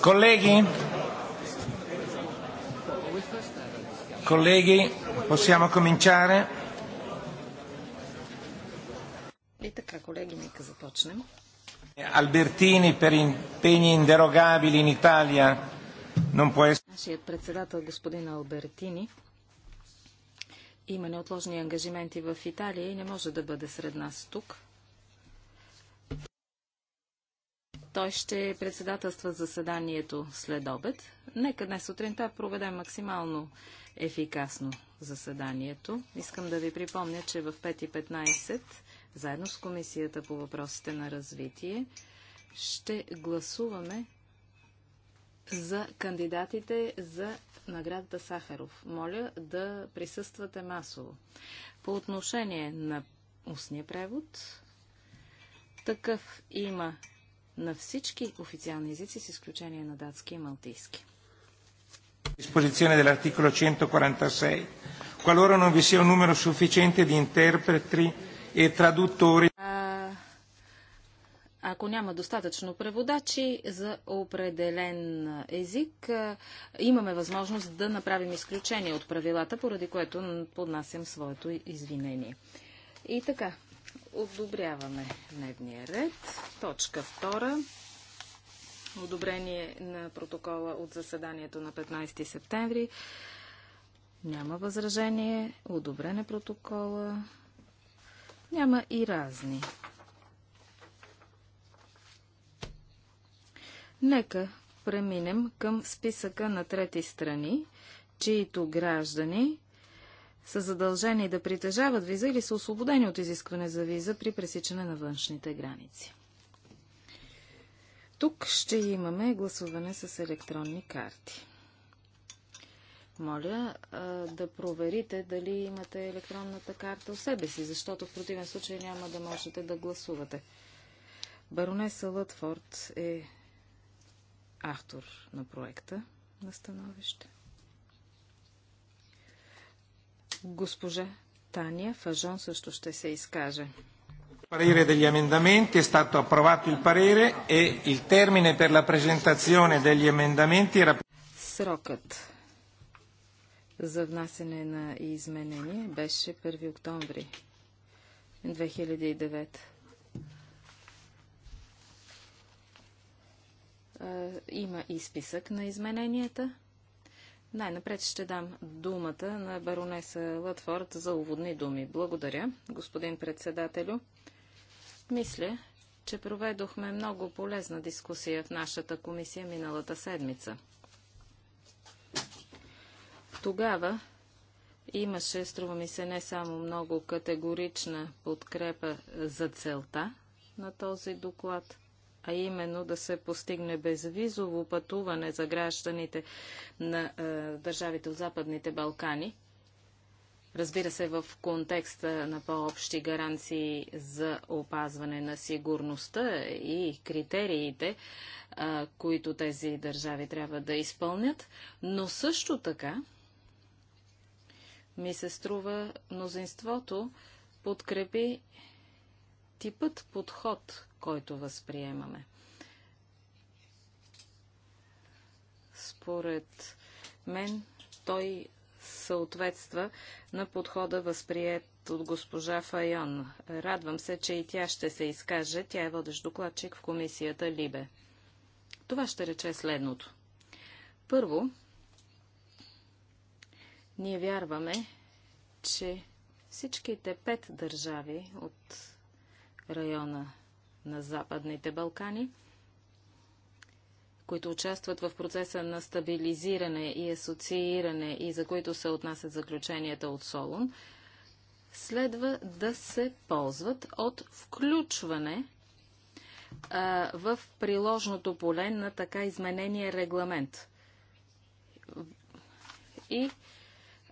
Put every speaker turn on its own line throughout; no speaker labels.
Colleghi, colleghi, possiamo cominciare? Albertini per impegni inderogabili in Italia non può
essere... има неотложни ангажименти в Италия и не може да бъде сред нас тук. ще председателства заседанието след обед. Нека днес сутринта проведем максимално ефикасно заседанието. Искам да ви припомня, че в 5.15, заедно с Комисията по въпросите на развитие, ще гласуваме за кандидатите за наградата Сахаров. Моля да присъствате масово. По отношение на устния превод, такъв има на всички официални езици, с изключение на датски и малтийски.
Диспозиция на артикул 146. Qualora non vi sia un numero sufficiente di interpreti e traduttori.
Ако няма достатъчно преводачи за определен език, имаме възможност да направим изключение от правилата, поради което поднасям своето извинение. И така, Одобряваме дневния ред. Точка 2. Одобрение на протокола от заседанието на 15 септември. Няма възражение. Одобрен е протокола. Няма и разни. Нека преминем към списъка на трети страни, чието граждани са задължени да притежават виза или са освободени от изискване за виза при пресичане на външните граници. Тук ще имаме гласуване с електронни карти. Моля а, да проверите дали имате електронната карта у себе си, защото в противен случай няма да можете да гласувате. Баронеса Лътфорд е автор на проекта на становище. Госпожа Таня Фажон също ще се изкаже. Parere
degli emendamenti è stato approvato il parere e il termine per la presentazione degli emendamenti era...
Срокът за внасене на изменение беше 1 октомври 2009. Има и списък на измененията. Най-напред ще дам думата на баронеса Латфорд за уводни думи. Благодаря, господин председателю. Мисля, че проведохме много полезна дискусия в нашата комисия миналата седмица. Тогава имаше, струва ми се, не само много категорична подкрепа за целта на този доклад – а именно да се постигне безвизово пътуване за гражданите на е, държавите от Западните Балкани. Разбира се, в контекста на по-общи гаранции за опазване на сигурността и критериите, е, които тези държави трябва да изпълнят, но също така ми се струва мнозинството подкрепи типът подход, който възприемаме. Според мен той съответства на подхода възприят от госпожа Файон. Радвам се, че и тя ще се изкаже. Тя е водещ докладчик в комисията Либе. Това ще рече следното. Първо, ние вярваме, че всичките пет държави от района на Западните Балкани, които участват в процеса на стабилизиране и асоцииране и за които се отнасят заключенията от Солун, следва да се ползват от включване а, в приложното поле на така изменения регламент. И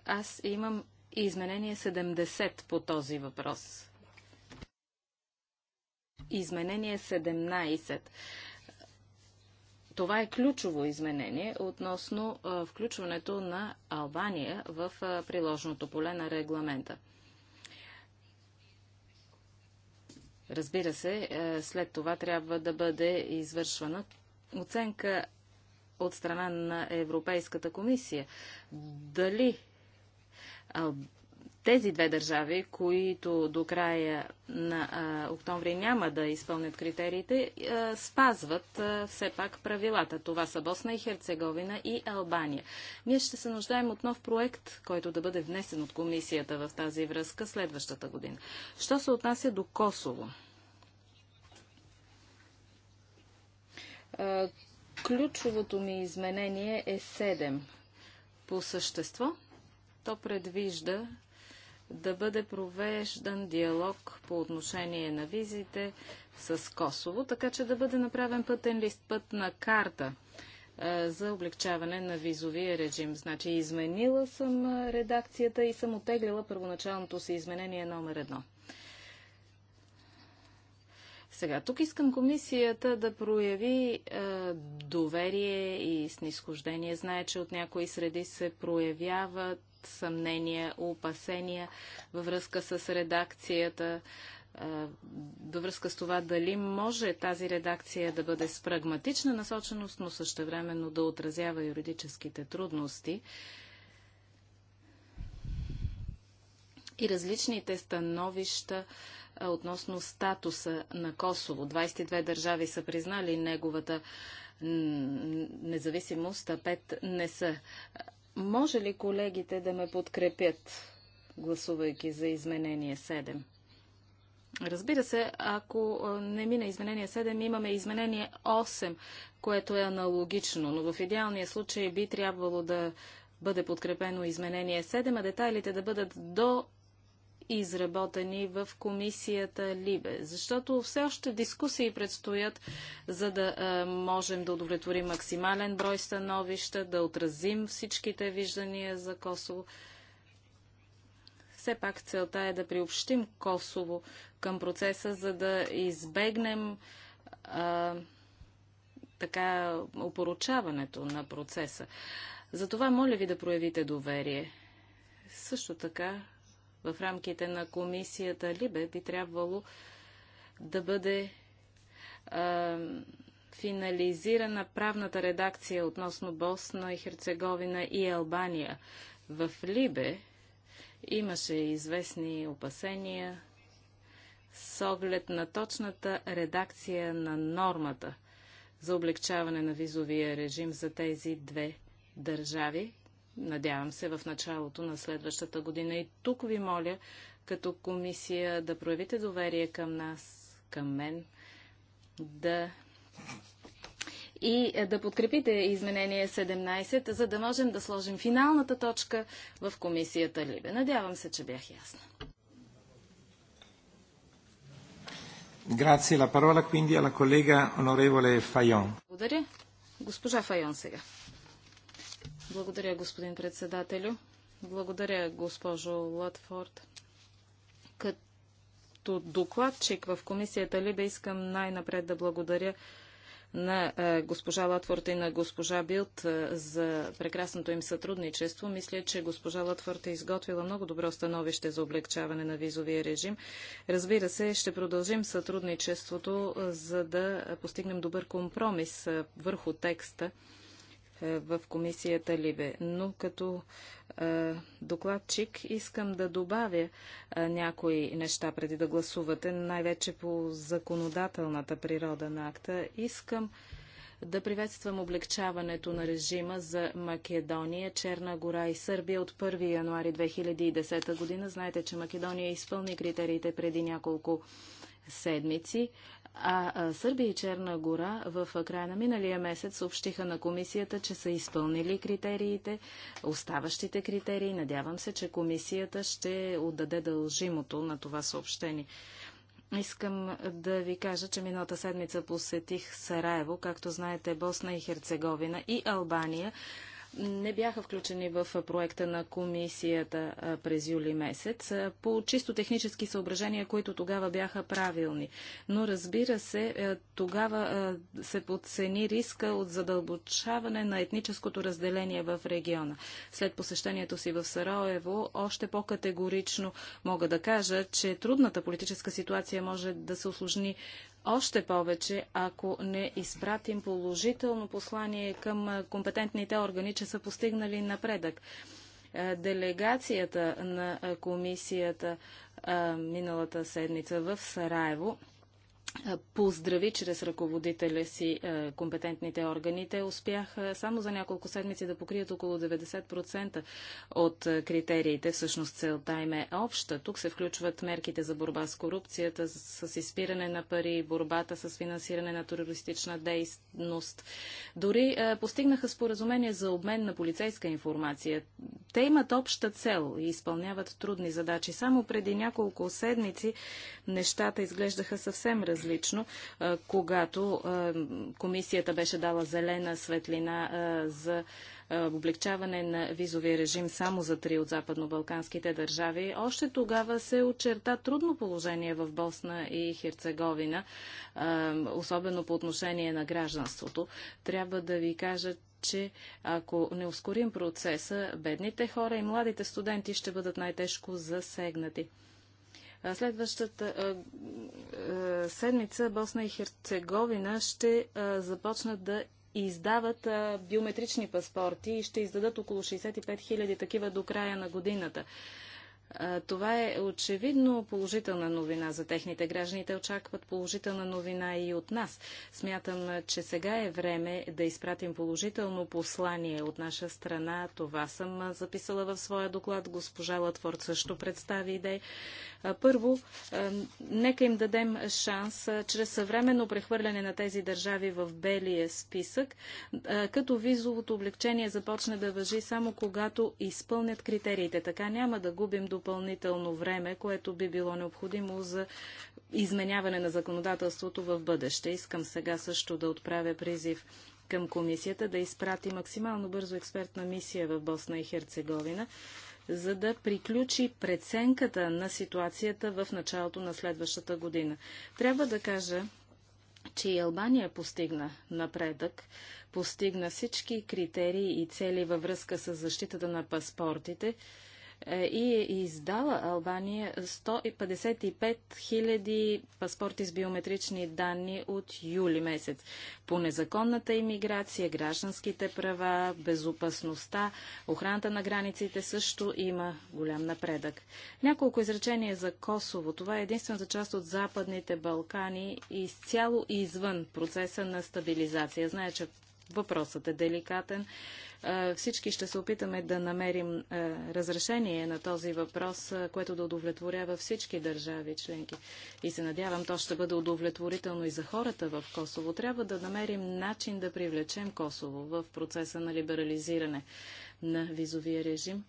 аз имам изменение 70 по този въпрос. Изменение 17. Това е ключово изменение относно включването на Албания в приложното поле на регламента. Разбира се, след това трябва да бъде извършвана оценка от страна на Европейската комисия. Дали тези две държави, които до края на а, октомври няма да изпълнят критериите, а, спазват а, все пак правилата. Това са Босна и Херцеговина и Албания. Ние ще се нуждаем от нов проект, който да бъде внесен от комисията в тази връзка следващата година. Що се отнася до Косово? А, ключовото ми изменение е 7. По същество то предвижда да бъде провеждан диалог по отношение на визите с Косово, така че да бъде направен пътен лист, път на карта е, за облегчаване на визовия режим. Значи изменила съм е, редакцията и съм отеглила първоначалното си изменение номер едно. Сега, тук искам комисията да прояви е, доверие и снисхождение. Знае, че от някои среди се проявяват съмнения, опасения във връзка с редакцията, във връзка с това дали може тази редакция да бъде с прагматична насоченост, но същевременно да отразява юридическите трудности и различните становища относно статуса на Косово. 22 държави са признали неговата независимост, а 5 не са. Може ли колегите да ме подкрепят, гласувайки за изменение 7? Разбира се, ако не мине изменение 7, имаме изменение 8, което е аналогично, но в идеалния случай би трябвало да бъде подкрепено изменение 7, а детайлите да бъдат до изработени в комисията Либе, защото все още дискусии предстоят, за да можем да удовлетворим максимален брой становища, да отразим всичките виждания за Косово. Все пак целта е да приобщим Косово към процеса, за да избегнем а, така опоручаването на процеса. Затова моля ви да проявите доверие. Също така в рамките на комисията Либе би трябвало да бъде а, финализирана правната редакция относно Босна и Херцеговина и Албания. В Либе имаше известни опасения с оглед на точната редакция на нормата за облегчаване на визовия режим за тези две държави, надявам се, в началото на следващата година. И тук ви моля, като комисия, да проявите доверие към нас, към мен, да и да подкрепите изменение 17, за да можем да сложим финалната точка в комисията Либе. Надявам се, че бях ясна.
Grazie. La parola quindi alla collega onorevole Fayon.
Благодаря. Госпожа Файон сега. Благодаря, господин председателю. Благодаря, госпожо Латфорд. Като докладчик в комисията Либе искам най-напред да благодаря на е, госпожа Латфорд и на госпожа Билт е, за прекрасното им сътрудничество. Мисля, че госпожа Латфорд е изготвила много добро становище за облегчаване на визовия режим. Разбира се, ще продължим сътрудничеството, е, за да постигнем добър компромис върху текста е, в комисията Либе. Но като е, докладчик искам да добавя е, някои неща преди да гласувате, най-вече по законодателната природа на акта. Искам да приветствам облегчаването на режима за Македония, Черна гора и Сърбия от 1 януари 2010 година. Знаете, че Македония изпълни критериите преди няколко седмици. А Сърбия и Черна гора в края на миналия месец съобщиха на комисията, че са изпълнили критериите, оставащите критерии. Надявам се, че комисията ще отдаде дължимото на това съобщение. Искам да ви кажа, че миналата седмица посетих Сараево, както знаете, Босна и Херцеговина и Албания не бяха включени в проекта на комисията през юли месец по чисто технически съображения, които тогава бяха правилни. Но разбира се, е, тогава се подцени риска от задълбочаване на етническото разделение в региона. След посещението си в Сараево, още по-категорично мога да кажа, че трудната политическа ситуация може да се осложни още повече, ако не изпратим положително послание към компетентните органи, че са постигнали напредък. Е, делегацията на комисията миналата седмица в Сараево поздрави чрез ръководителя си компетентните органи. Те успяха само за няколко седмици да покрият около 90% от критериите. Всъщност целта им е обща. Тук се включват мерките за борба с корупцията, с, изпиране на пари, борбата с финансиране на терористична дейност. Дори постигнаха споразумение за обмен на полицейска информация. Те имат обща цел и изпълняват трудни задачи. Само преди няколко седмици нещата изглеждаха съвсем различни различно. Когато комисията беше дала зелена светлина за облегчаване на визовия режим само за три от западно-балканските държави. Още тогава се очерта трудно положение в Босна и Херцеговина, особено по отношение на гражданството. Трябва да ви кажа, че ако не ускорим процеса, бедните хора и младите студенти ще бъдат най-тежко засегнати. Следващата а, а, седмица Босна и Херцеговина ще а, започнат да издават биометрични паспорти и ще издадат около 65 000 такива до края на годината. Това е очевидно положителна новина за техните граждани. Те очакват положителна новина и от нас. Смятам, че сега е време да изпратим положително послание от наша страна. Това съм записала в своя доклад. Госпожа Латворд също представи идеи. Първо, нека им дадем шанс чрез съвременно прехвърляне на тези държави в белия списък, като визовото облегчение започне да въжи само когато изпълнят критериите. Така няма да губим до допълнително време, което би било необходимо за изменяване на законодателството в бъдеще. Искам сега също да отправя призив към комисията да изпрати максимално бързо експертна мисия в Босна и Херцеговина, за да приключи преценката на ситуацията в началото на следващата година. Трябва да кажа, че и Албания постигна напредък, постигна всички критерии и цели във връзка с защитата на паспортите, е, и е издала Албания 155 000 паспорти с биометрични данни от юли месец. По незаконната иммиграция, гражданските права, безопасността, охраната на границите също има голям напредък. Няколко изречения за Косово. Това е единствената част от Западните Балкани изцяло извън процеса на стабилизация. Знае, че Въпросът е деликатен. Всички ще се опитаме да намерим разрешение на този въпрос, което да удовлетворява всички държави членки. И се надявам, то ще бъде удовлетворително и за хората в Косово. Трябва да намерим начин да привлечем Косово в процеса на либерализиране на визовия режим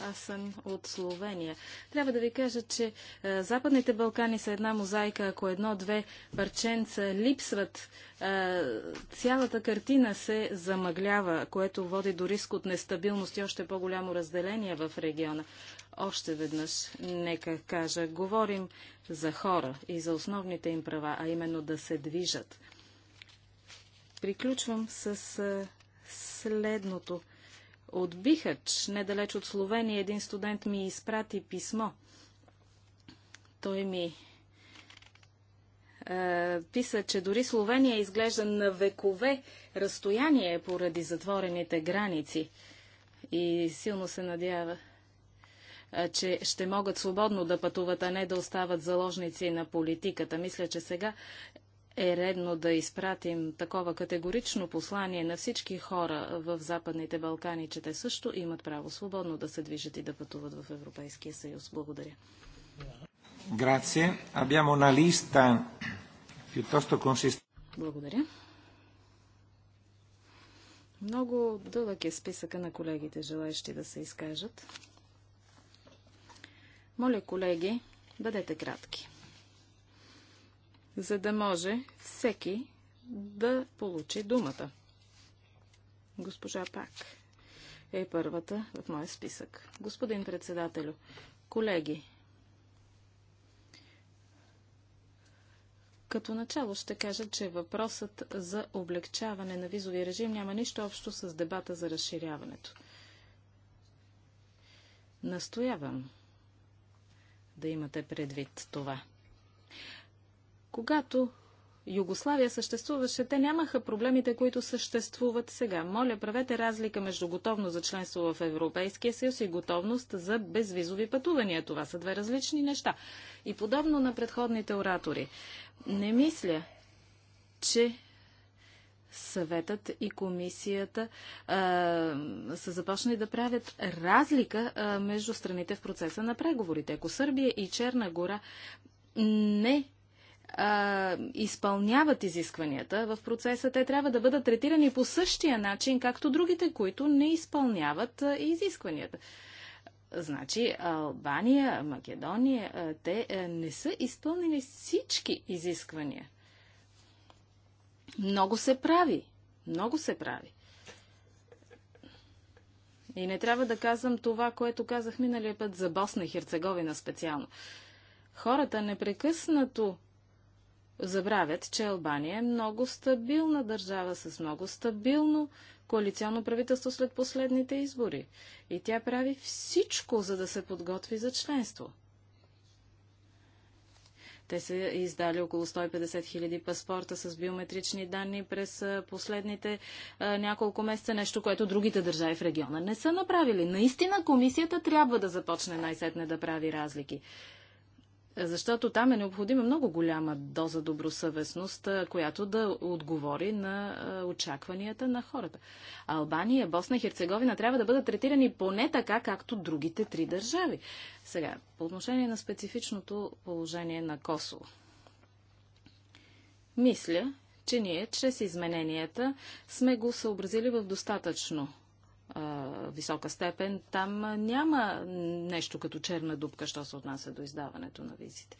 аз съм от Словения. Трябва да ви кажа, че е, Западните Балкани са една мозайка. Ако едно-две парченца липсват, е, цялата картина се замъглява, което води до риск от нестабилност и още по-голямо разделение в региона. Още веднъж, нека кажа, говорим за хора и за основните им права, а именно да се движат. Приключвам с е, следното от Бихач, недалеч от Словения, един студент ми изпрати писмо. Той ми е, писа, че дори Словения изглежда на векове разстояние поради затворените граници и силно се надява, че ще могат свободно да пътуват, а не да остават заложници на политиката. Мисля, че сега е редно да изпратим такова категорично послание на всички хора в Западните Балкани, че те също имат право свободно да се движат и да пътуват в Европейския съюз. Благодаря. Благодаря. Много дълъг е списъка на колегите, желаещи да се изкажат. Моля, колеги, бъдете кратки за да може всеки да получи думата. Госпожа Пак е първата в моя списък. Господин председателю, колеги, Като начало ще кажа, че въпросът за облегчаване на визови режим няма нищо общо с дебата за разширяването. Настоявам да имате предвид това. Когато Югославия съществуваше, те нямаха проблемите, които съществуват сега. Моля, правете разлика между готовност за членство в Европейския съюз и готовност за безвизови пътувания. Това са две различни неща. И подобно на предходните оратори, не мисля, че съветът и комисията а, са започнали да правят разлика а, между страните в процеса на преговорите. Ако Сърбия и Черна гора не а, изпълняват изискванията в процеса, те трябва да бъдат третирани по същия начин, както другите, които не изпълняват а, изискванията. Значи Албания, Македония, а, те а, не са изпълнили всички изисквания. Много се прави. Много се прави. И не трябва да казвам това, което казах миналия път за Босна и Херцеговина специално. Хората непрекъснато забравят, че Албания е много стабилна държава с много стабилно коалиционно правителство след последните избори. И тя прави всичко, за да се подготви за членство. Те са издали около 150 хиляди паспорта с биометрични данни през последните а, няколко месеца, нещо, което другите държави в региона не са направили. Наистина комисията трябва да започне най-сетне да прави разлики. Защото там е необходима много голяма доза добросъвестност, която да отговори на очакванията на хората. Албания, Босна и Херцеговина трябва да бъдат третирани поне така, както другите три държави. Сега, по отношение на специфичното положение на Косово. Мисля, че ние, чрез измененията, сме го съобразили в достатъчно висока степен, там няма нещо като черна дупка, що се отнася до издаването на визите.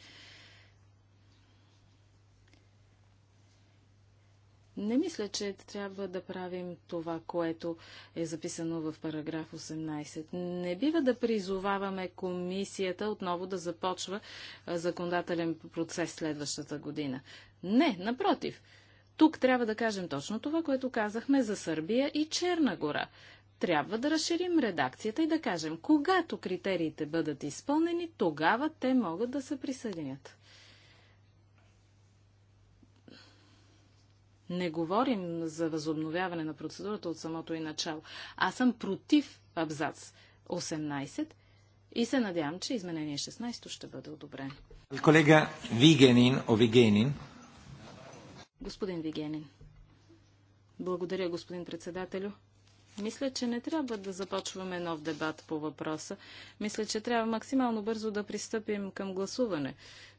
Не мисля, че трябва да правим това, което е записано в параграф 18. Не бива да призоваваме комисията отново да започва законодателен процес следващата година. Не, напротив. Тук трябва да кажем точно това, което казахме за Сърбия и Черна гора трябва да разширим редакцията и да кажем, когато критериите бъдат изпълнени, тогава те могат да се присъединят. Не говорим за възобновяване на процедурата от самото и начало. Аз съм против абзац 18 и се надявам, че изменение 16 ще бъде одобрено.
Колега Вигенин, о Вигенин.
Господин Вигенин. Благодаря, господин председателю. Мисля, че не трябва да започваме нов дебат по въпроса. Мисля, че трябва максимално бързо да пристъпим към гласуване,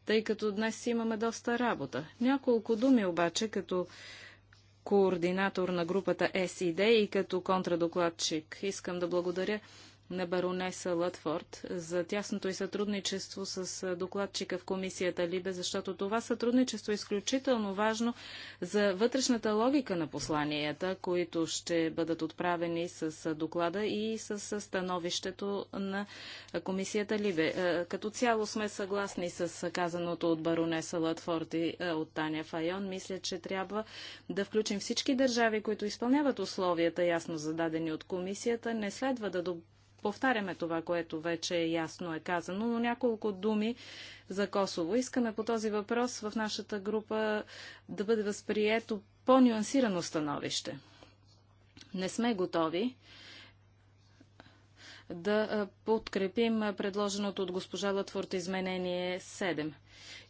тъй като днес имаме доста работа. Няколко думи обаче, като координатор на групата SID и като контрадокладчик. Искам да благодаря на баронеса Лътфорд за тясното и сътрудничество с докладчика в комисията Либе, защото това сътрудничество е изключително важно за вътрешната логика на посланията, които ще бъдат отправени с доклада и с становището на комисията Либе. Като цяло сме съгласни с казаното от баронеса Лътфорд и от Таня Файон. Мисля, че трябва да включим всички държави, които изпълняват условията, ясно зададени от комисията. Не следва да допускаме повтаряме това, което вече е ясно е казано, но няколко думи за Косово. Искаме по този въпрос в нашата група да бъде възприето по-нюансирано становище. Не сме готови да подкрепим предложеното от госпожа Латворд изменение 7.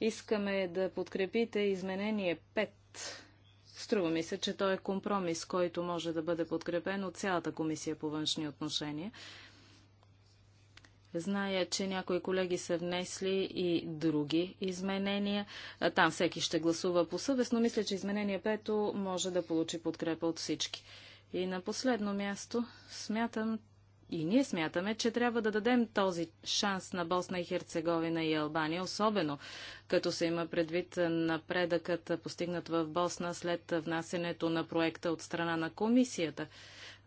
Искаме да подкрепите изменение 5. Струва ми се, че то е компромис, който може да бъде подкрепен от цялата комисия по външни отношения. Зная, че някои колеги са внесли и други изменения. Там всеки ще гласува по съвест, но мисля, че изменение пето може да получи подкрепа от всички. И на последно място смятам, и ние смятаме, че трябва да дадем този шанс на Босна и Херцеговина и Албания, особено като се има предвид напредъкът постигнат в Босна след внасенето на проекта от страна на комисията.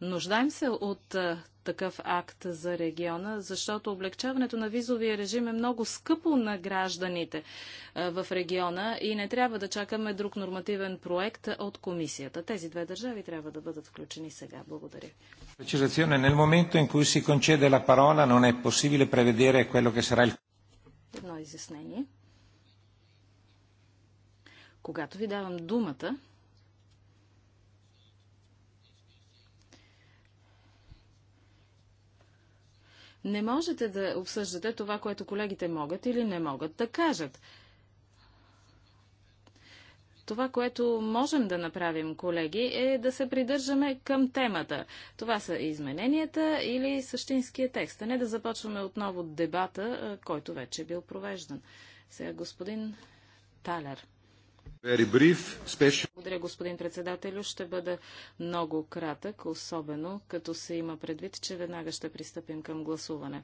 Нуждаем се от такъв акт за региона, защото облегчаването на визовия режим е много скъпо на гражданите в региона и не трябва да чакаме друг нормативен проект от комисията. Тези две държави трябва да бъдат включени сега. Благодаря.
Precisazione, nel momento in cui si concede la parola non è possibile prevedere quello che sarà il...
Едно изяснение. Когато ви давам думата, Не можете да обсъждате това, което колегите могат или не могат да кажат. Това, което можем да направим, колеги, е да се придържаме към темата. Това са измененията или същинския текст, а не да започваме отново дебата, който вече е бил провеждан. Сега господин Талер. Благодаря, господин председателю. Ще бъда много кратък, особено като се има предвид, че веднага ще пристъпим към гласуване.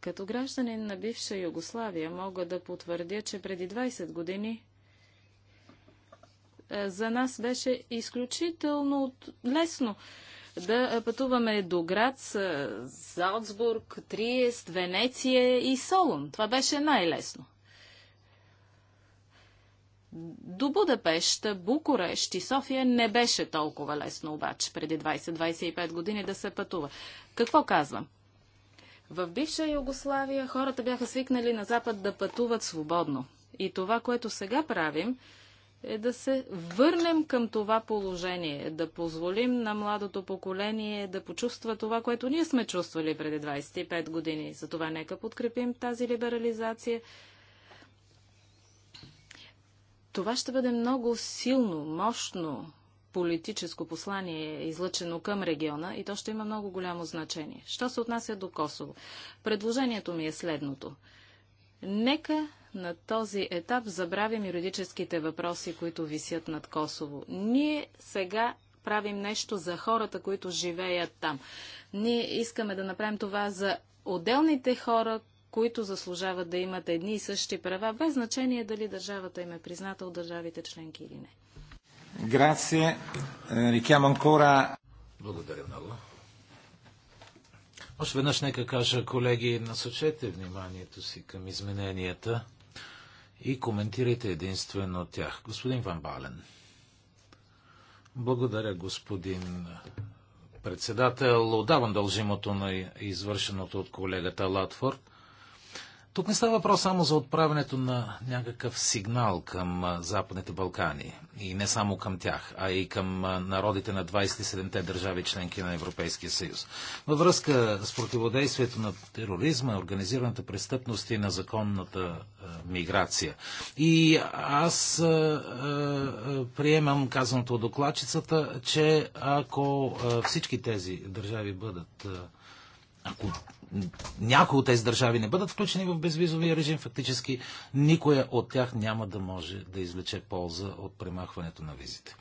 Като гражданин на бивша Югославия мога да потвърдя, че преди 20 години е, за нас беше изключително лесно да е, пътуваме до град е, Залцбург, Триест, Венеция и Солун. Това беше най-лесно до Будапешта, Букурещ и София не беше толкова лесно обаче преди 20-25 години да се пътува. Какво казвам? В бивша Югославия хората бяха свикнали на Запад да пътуват свободно. И това, което сега правим, е да се върнем към това положение, да позволим на младото поколение да почувства това, което ние сме чувствали преди 25 години. Затова нека подкрепим тази либерализация това ще бъде много силно, мощно политическо послание, излъчено към региона и то ще има много голямо значение. Що се отнася до Косово? Предложението ми е следното. Нека на този етап забравим юридическите въпроси, които висят над Косово. Ние сега правим нещо за хората, които живеят там. Ние искаме да направим това за отделните хора, които заслужават да имат едни и същи права, без значение дали държавата им е призната от държавите членки или не.
Грация. Рикям анкора. Благодаря много.
Още веднъж нека кажа, колеги, насочете вниманието си към измененията и коментирайте единствено от тях. Господин Ван Бален. Благодаря, господин председател. Отдавам дължимото на извършеното от колегата Латфорд. Тук не става въпрос само за отправянето на някакъв сигнал към Западните Балкани и не само към тях, а и към народите на 27-те държави членки на Европейския съюз. Във връзка с противодействието на тероризма, организираната престъпност и на законната миграция. И аз приемам казаното от докладчицата, че ако всички тези държави бъдат ако някои от тези държави не бъдат включени в безвизовия режим, фактически никоя от тях няма да може да извлече полза от премахването на визите.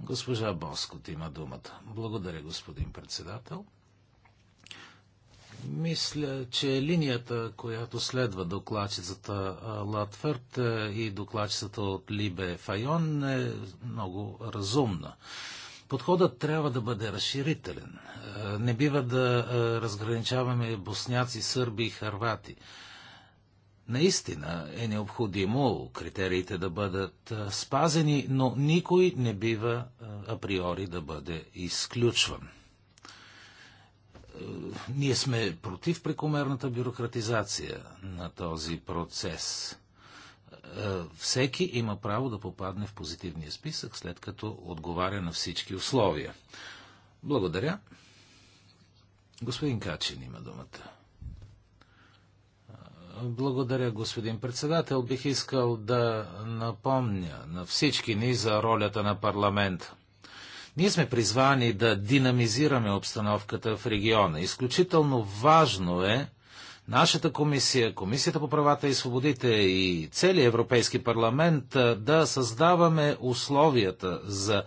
Госпожа Боскот има думата. Благодаря, господин председател. Мисля, че линията, която следва докладчицата Латвърт и докладчицата от Либе Файон е много разумна. Подходът трябва да бъде разширителен. Е, не бива да е, разграничаваме босняци, сърби и харвати. Наистина е необходимо критериите да бъдат е, спазени, но никой не бива априори да бъде изключван. Ние сме против прекомерната бюрократизация на този процес. Е, всеки има право да попадне в позитивния списък, след като отговаря на всички условия. Благодаря. Господин Качин има думата. Благодаря, господин председател. Бих искал да напомня на всички ни за ролята на парламента. Ние сме призвани да динамизираме обстановката в региона. Изключително важно е нашата комисия, Комисията по правата и свободите и целият Европейски парламент да създаваме условията за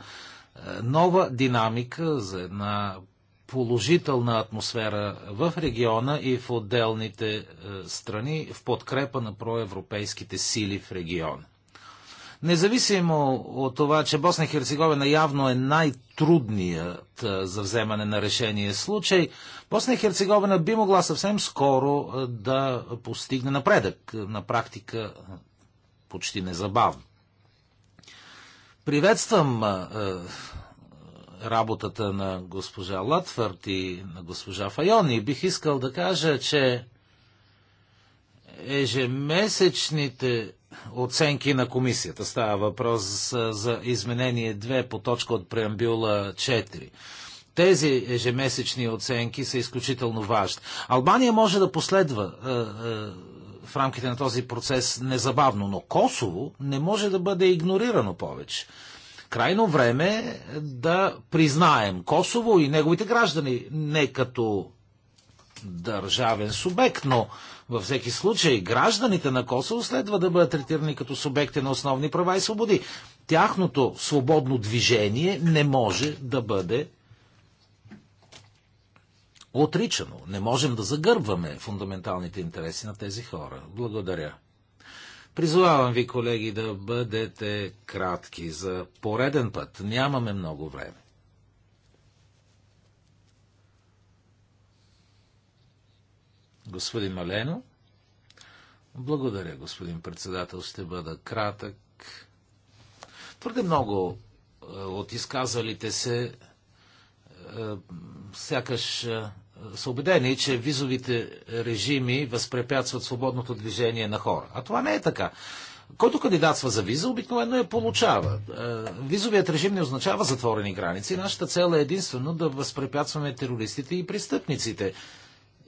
нова динамика, за една положителна атмосфера в региона и в отделните страни в подкрепа на проевропейските сили в региона. Независимо от това, че Босна и Херцеговина явно е най-трудният за вземане на решение случай, Босна и Херцеговина би могла съвсем скоро да постигне напредък, на практика почти незабавно. Приветствам работата на госпожа Латвърт и на госпожа Файон и бих искал да кажа, че ежемесечните оценки на комисията. Става въпрос за изменение 2 по точка от преамбюла 4. Тези ежемесечни оценки са изключително важни. Албания може да последва е, е, в рамките на този процес незабавно, но Косово не може да бъде игнорирано повече. Крайно време е да признаем Косово и неговите граждани не като държавен субект, но във всеки случай гражданите на Косово следва да бъдат третирани като субекти на основни права и свободи. Тяхното свободно движение не може да бъде отричано. Не можем да загърбваме фундаменталните интереси на тези хора. Благодаря. Призовавам ви, колеги, да бъдете кратки. За пореден път нямаме много време. Господин Малено. Благодаря, господин председател. Ще бъда кратък. Твърде много е, от изказалите се е, сякаш е, са убедени, че визовите режими възпрепятстват свободното движение на хора. А това не е така. Който кандидатства за виза, обикновено я получава. Визовият режим не означава затворени граници. Нашата цел е единствено да възпрепятстваме терористите и престъпниците.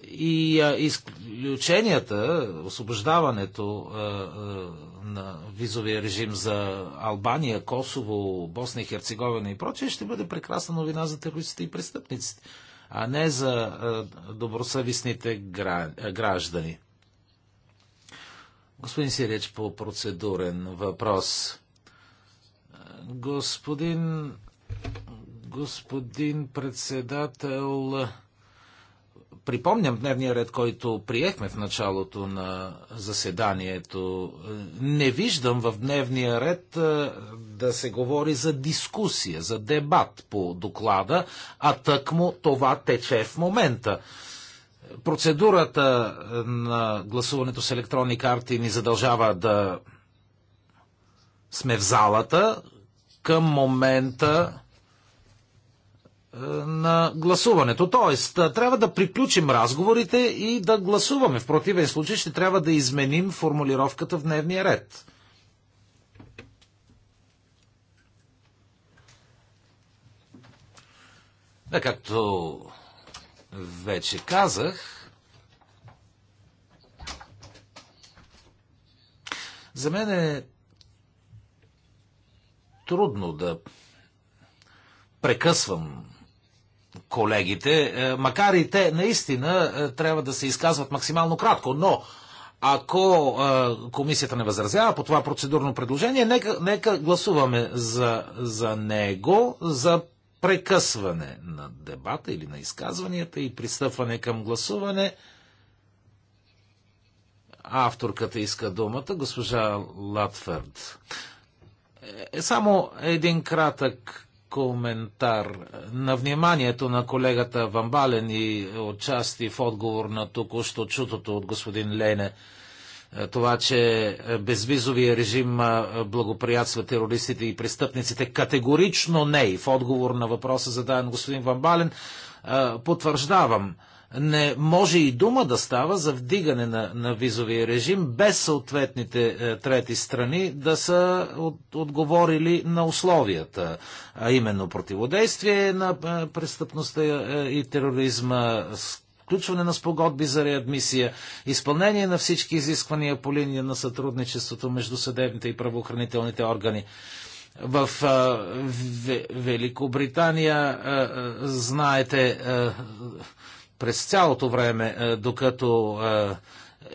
И а, изключенията, освобождаването а, а, на визовия режим за Албания, Косово, Босна и Херцеговина и прочее, ще бъде прекрасна новина за терористите и престъпниците, а не за а, добросъвестните гра, а, граждани. Господин Сиреч, по процедурен въпрос. Господин, господин председател, припомням дневния ред, който приехме в началото на заседанието. Не виждам в дневния ред да се говори за дискусия, за дебат по доклада, а тъкмо това тече в момента. Процедурата на гласуването с електронни карти ни задължава да сме в залата. Към момента е, на гласуването. Тоест, е, трябва да приключим разговорите и да гласуваме. В противен случай ще трябва да изменим формулировката в дневния ред. Да, както вече казах, за мен е трудно да прекъсвам колегите, е, макар и те наистина е, трябва да се изказват максимално кратко, но ако е, комисията не възразява по това процедурно предложение, нека, нека гласуваме за, за него, за прекъсване на дебата или на изказванията и пристъпване към гласуване. Авторката иска думата, госпожа Латфърд. Е, само един кратък коментар. На вниманието на колегата Вамбален и отчасти в отговор на току-що чутото от господин Лене, е, това, че безвизовия режим е, благоприятства терористите и престъпниците, категорично не. И в отговор на въпроса зададен господин Вамбален, е, потвърждавам – не може и дума да става за вдигане на, на визовия режим без съответните е, трети страни да са от, отговорили на условията, а именно противодействие на е, престъпността е, и тероризма, включване на спогодби за реадмисия, изпълнение на всички изисквания по линия на сътрудничеството между съдебните и правоохранителните органи. В, а, е, в Великобритания, а, е, а, знаете, а, през цялото време, е, докато е,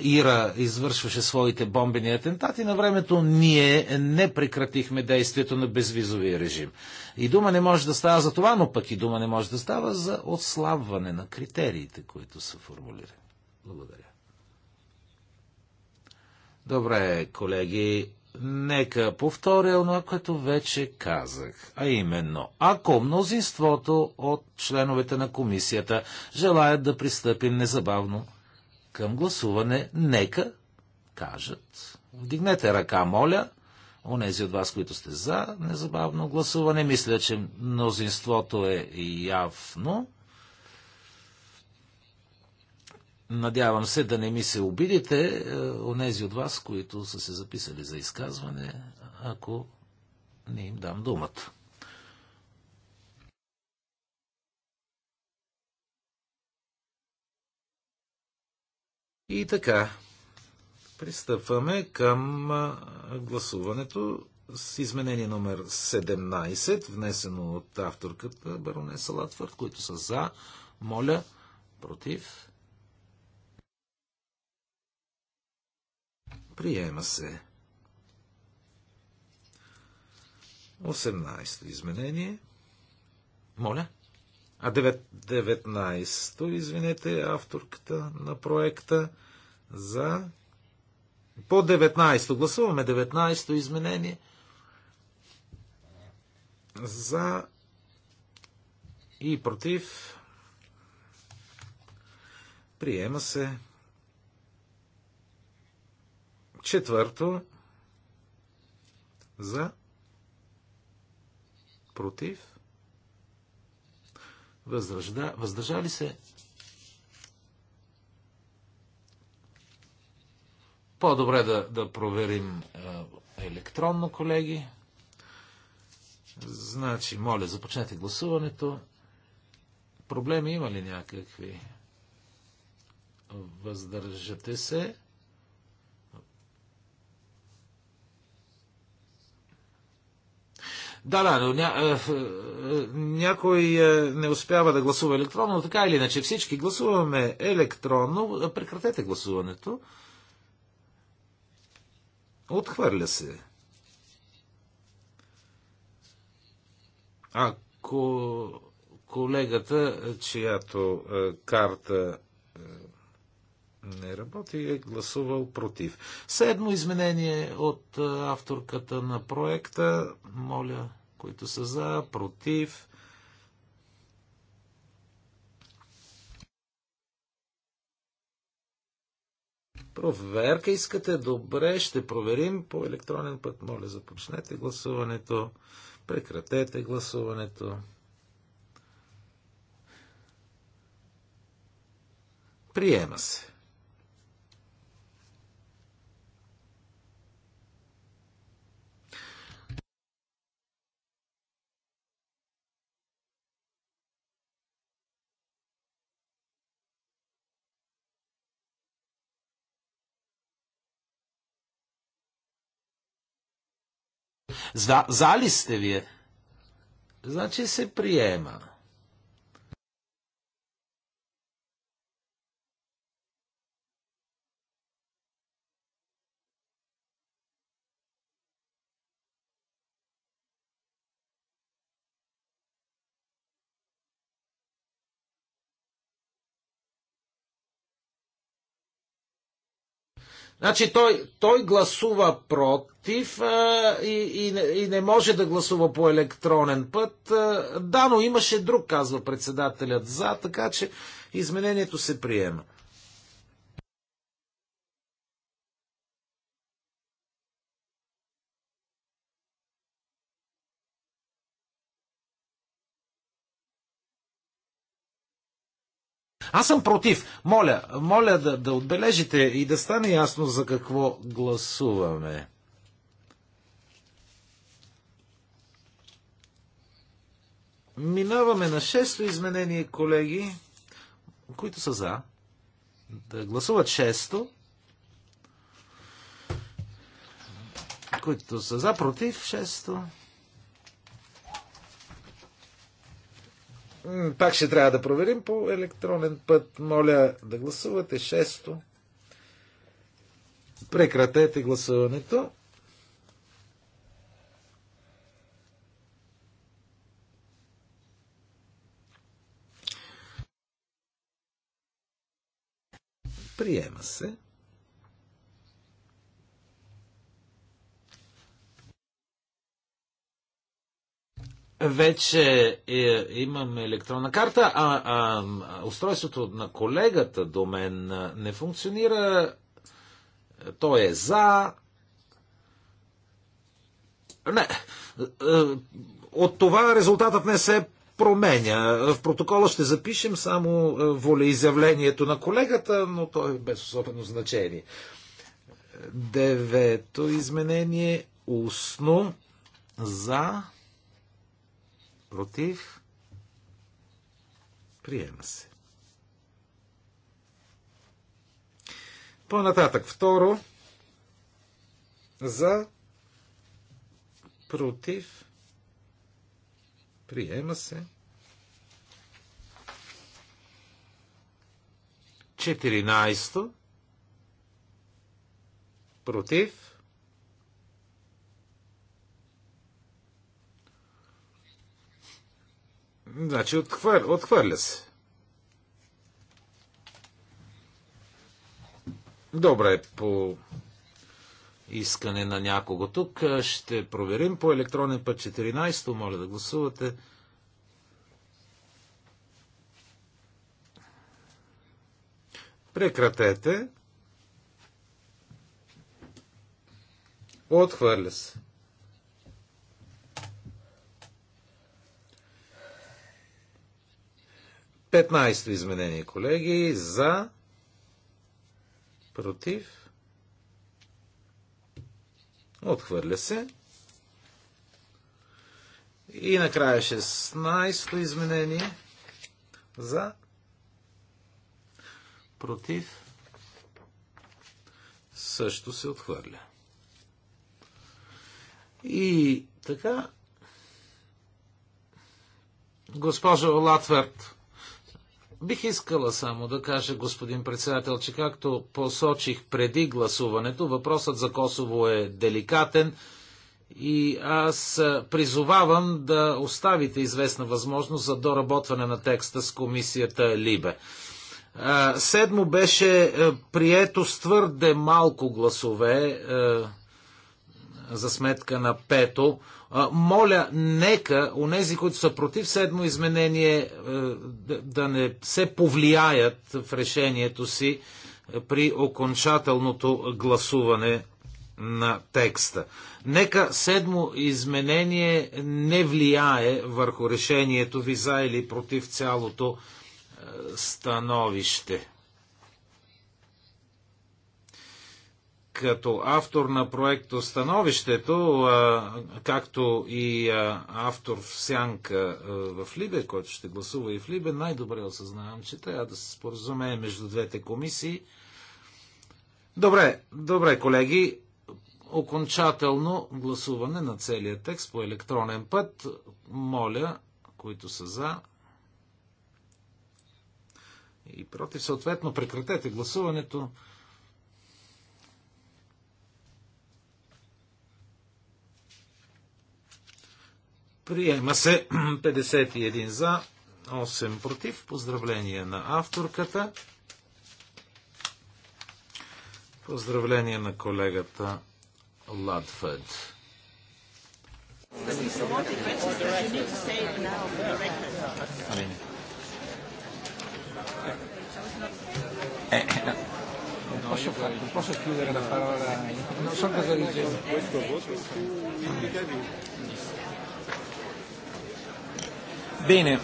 Ира извършваше своите бомбени атентати, на времето ние не прекратихме действието на безвизовия режим. И дума не може да става за това, но пък и дума не може да става за отслабване на критериите, които са формулирани. Благодаря. Добре, колеги, нека повторя онова, което вече казах, а именно, ако мнозинството от членовете на комисията желаят да пристъпим незабавно към гласуване, нека кажат. Вдигнете ръка, моля, онези от вас, които сте за незабавно гласуване. Мисля, че мнозинството е явно. Надявам се да не ми се обидите, е, онези от вас, които са се записали за изказване, ако не им дам думата. И така, пристъпваме към гласуването с изменение номер 17, внесено от авторката Баронеса Латвард, които са за, моля, против, Приема се. 18-то изменение. Моля. А 19-то, извинете, авторката на проекта за... По 19-то. Гласуваме 19-то изменение за и против. Приема се. Четвърто, за, против, Въздържа, въздържали се. По-добре да, да проверим електронно, колеги. Значи, моля, започнете гласуването. Проблеми има ли някакви? Въздържате се. Да, да, но ня... Е, е, някой е, не успява да гласува електронно, така или иначе всички гласуваме електронно. Прекратете гласуването. Отхвърля се. Ако колегата, чиято карта не работи, е гласувал против. Седмо изменение от авторката на проекта. Моля, които са за, против. Проверка искате? Добре, ще проверим по електронен път. Моля, започнете гласуването. Прекратете гласуването. Приема се. За, ste vi, сте вие? Значи се приема. Значи той, той гласува против а, и, и, и не може да гласува по електронен път. А, да, но имаше друг, казва председателят за, така че изменението се приема. Аз съм против. Моля, моля да, да отбележите и да стане ясно за какво гласуваме. Минаваме на шесто изменение, колеги, които са за. Да гласуват шесто. Които са за, против шесто. Пак ще трябва да проверим по електронен път. Моля да гласувате. Шесто. Прекратете гласуването. Приема се. Вече е, имам електронна карта, а, а устройството на колегата до мен не функционира. Той е за. Не. Е, е, от това резултатът не се променя. В протокола ще запишем само е, волеизявлението на колегата, но то е без особено значение. Девето изменение устно за Против. Приема се. По-нататък второ. За. Против. Приема се. Четиринайсто, Против. Значи отхвър, отхвърля се. Добре, по искане на някого тук ще проверим по електронен път 14. Моля да гласувате.
Прекратете. Отхвърля се.
15-то изменение, колеги, за, против, отхвърля се. И накрая 16-то изменение за, против, също се отхвърля. И така, госпожо Латвард, Бих искала само да кажа, господин председател, че както посочих преди гласуването, въпросът за Косово е деликатен и аз призовавам да оставите известна възможност за доработване на текста с комисията Либе. Седмо беше прието с твърде малко гласове за сметка на пето. Моля, нека онези, които са против седмо изменение, е, да не се повлияят в решението си е, при окончателното гласуване на текста. Нека седмо изменение не влияе върху решението ви за или против цялото е, становище. като автор на проекта Становището, както и автор в Сянка в Либе, който ще гласува и в Либе, най-добре осъзнавам, че трябва да се споразумее между двете комисии. Добре, добре, колеги, окончателно гласуване на целия текст по електронен път. Моля, които са за и против, съответно прекратете гласуването. Приема се 51 за, 8 против. Поздравление на авторката. Поздравление на колегата Ладфед.
Posso, fare, posso chiudere Bene.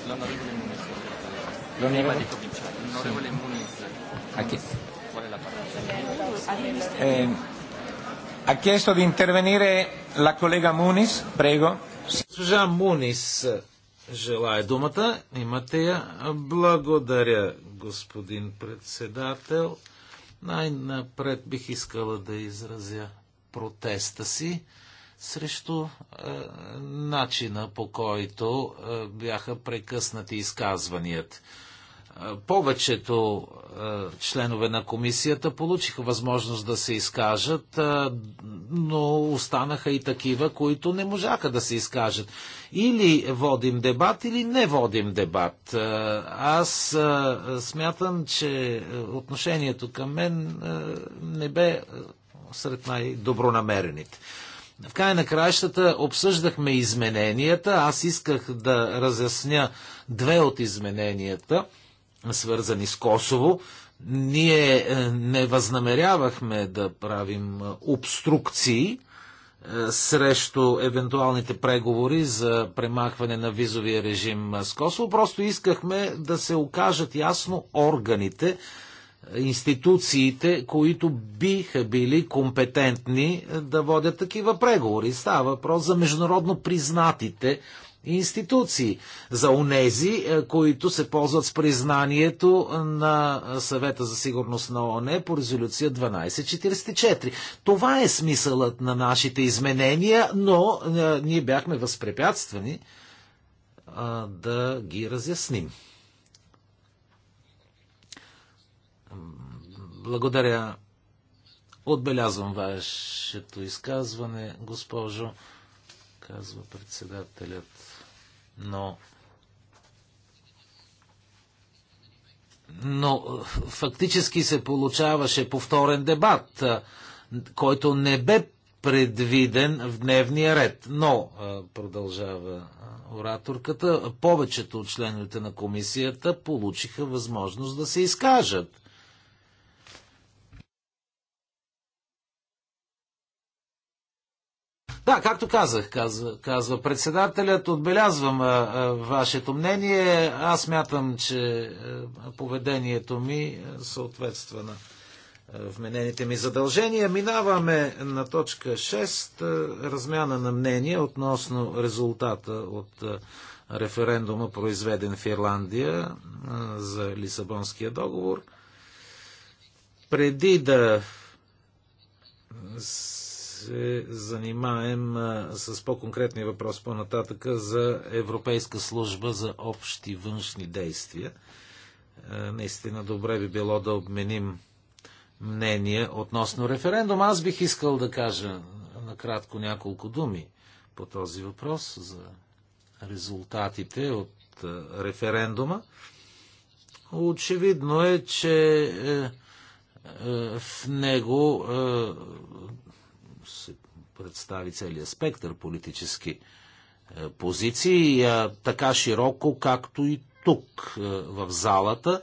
L'onorevole Muniz. Ha chiesto. Eh, ha chiesto di intervenire la collega Muniz, prego. Госпожа Мунис
желая думата. Имате я. Благодаря, господин председател. Най-напред бих искала да изразя протеста си срещу е, начина по който е, бяха прекъснати изказванията. Е, повечето е, членове на комисията получиха възможност да се изкажат, е, но останаха и такива, които не можаха да се изкажат. Или водим дебат, или не водим дебат. Е, аз е, смятам, че е, отношението към мен е, не бе е, сред най-добронамерените. В край на краищата обсъждахме измененията. Аз исках да разясня две от измененията, свързани с Косово. Ние е, не възнамерявахме да правим е, обструкции е, срещу евентуалните преговори за премахване на визовия режим с Косово. Просто искахме да се окажат ясно органите, институциите, които биха били компетентни е, да водят такива преговори. Става въпрос за международно признатите институции, за унези, е, които се ползват с признанието на съвета за сигурност на ОНЕ по резолюция 1244. Това е смисълът на нашите изменения, но е, ние бяхме възпрепятствани да ги разясним. Благодаря. Отбелязвам вашето изказване, госпожо, казва председателят. Но. Но фактически се получаваше повторен дебат, който не бе предвиден в дневния ред. Но, продължава ораторката, повечето от членовете на комисията получиха възможност да се изкажат. Да, както казах, казва, казва председателят, отбелязвам а, а, вашето мнение. Аз мятам, че а, поведението ми съответства на а, вменените ми задължения. Минаваме на точка 6, а, размяна на мнение относно резултата от а, референдума, произведен в Ирландия а, за Лисабонския договор. Преди да се занимаем с по-конкретния въпрос по-нататъка за Европейска служба за общи външни действия. Наистина добре би било да обменим мнение относно референдум. Аз бих искал да кажа накратко няколко думи по този въпрос за резултатите от референдума. Очевидно е, че е, е, в него е, се представи целият спектър политически е, позиции, е, така широко, както и тук е, в залата,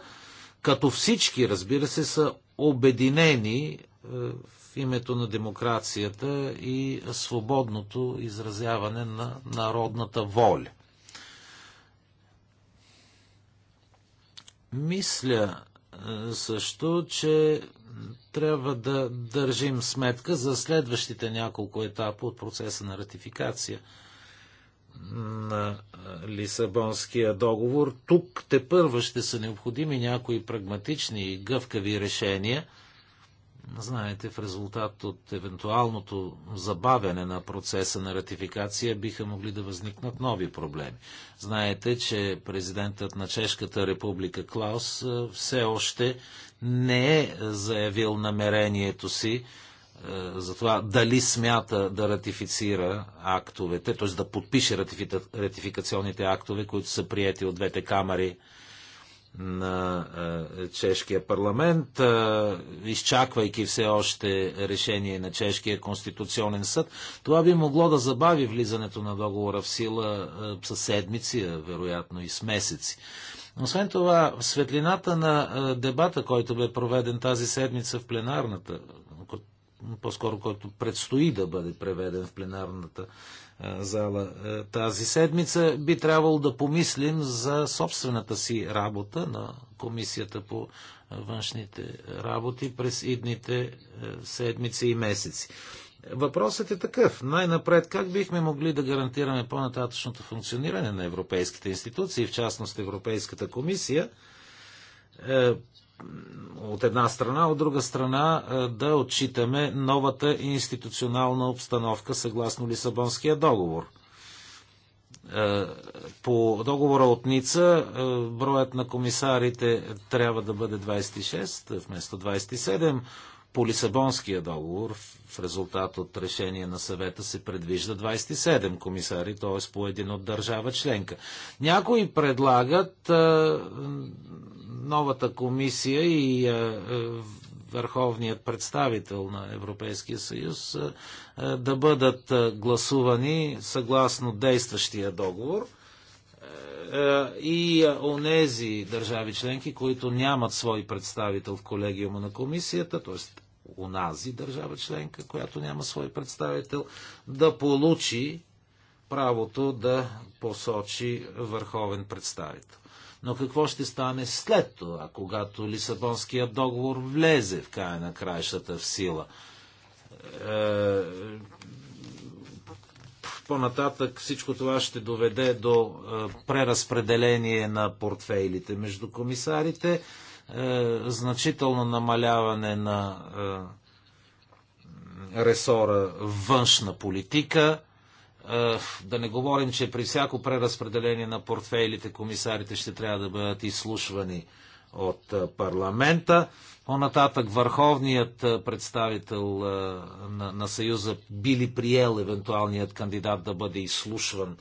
като всички, разбира се, са обединени в името на демокрацията и свободното изразяване на народната воля. Мисля също, че трябва да държим сметка за следващите няколко етапа от процеса на ратификация на Лисабонския договор. Тук те първа ще са необходими някои прагматични и гъвкави решения. Знаете, в резултат от евентуалното забавяне на процеса на ратификация биха могли да възникнат нови проблеми. Знаете, че президентът на Чешката република Клаус все още не е заявил намерението си е, за това дали смята да ратифицира актовете, т.е. да подпише ратификационните актове, които са приети от двете камери на е, чешкия парламент, е, изчаквайки все още решение на чешкия конституционен съд. Това би могло да забави влизането на договора в сила със седмици, вероятно и с месеци. Освен това, в светлината на дебата, който бе проведен тази седмица в пленарната, по-скоро който предстои да бъде преведен в пленарната зала тази седмица, би трябвало да помислим за собствената си работа на Комисията по външните работи през идните седмици и месеци. Въпросът е такъв. Най-напред, как бихме могли да гарантираме по-нататъчното функциониране на европейските институции, в частност Европейската комисия, е, от една страна, от друга страна е, да отчитаме новата институционална обстановка съгласно Лисабонския договор. Е, по договора от Ница, броят на комисарите трябва да бъде 26 вместо 27 по Лисабонския договор в резултат от решение на съвета се предвижда 27 комисари, т.е. по един от държава членка. Някои предлагат а, новата комисия и а, върховният представител на Европейския съюз да бъдат гласувани съгласно действащия договор и онези държави членки, които нямат свой представител в колегиума на комисията, т.е унази държава членка, която няма свой представител, да получи правото да посочи върховен представител. Но какво ще стане след това, когато Лисабонският договор влезе в края на краищата в сила? Е, по-нататък всичко това ще доведе до е, преразпределение на портфейлите между комисарите е, значително намаляване на е, ресора външна политика. Е, да не говорим, че при всяко преразпределение на портфейлите комисарите ще трябва да бъдат изслушвани от парламента. По-нататък върховният представител на, на Съюза били приел евентуалният кандидат да бъде изслушван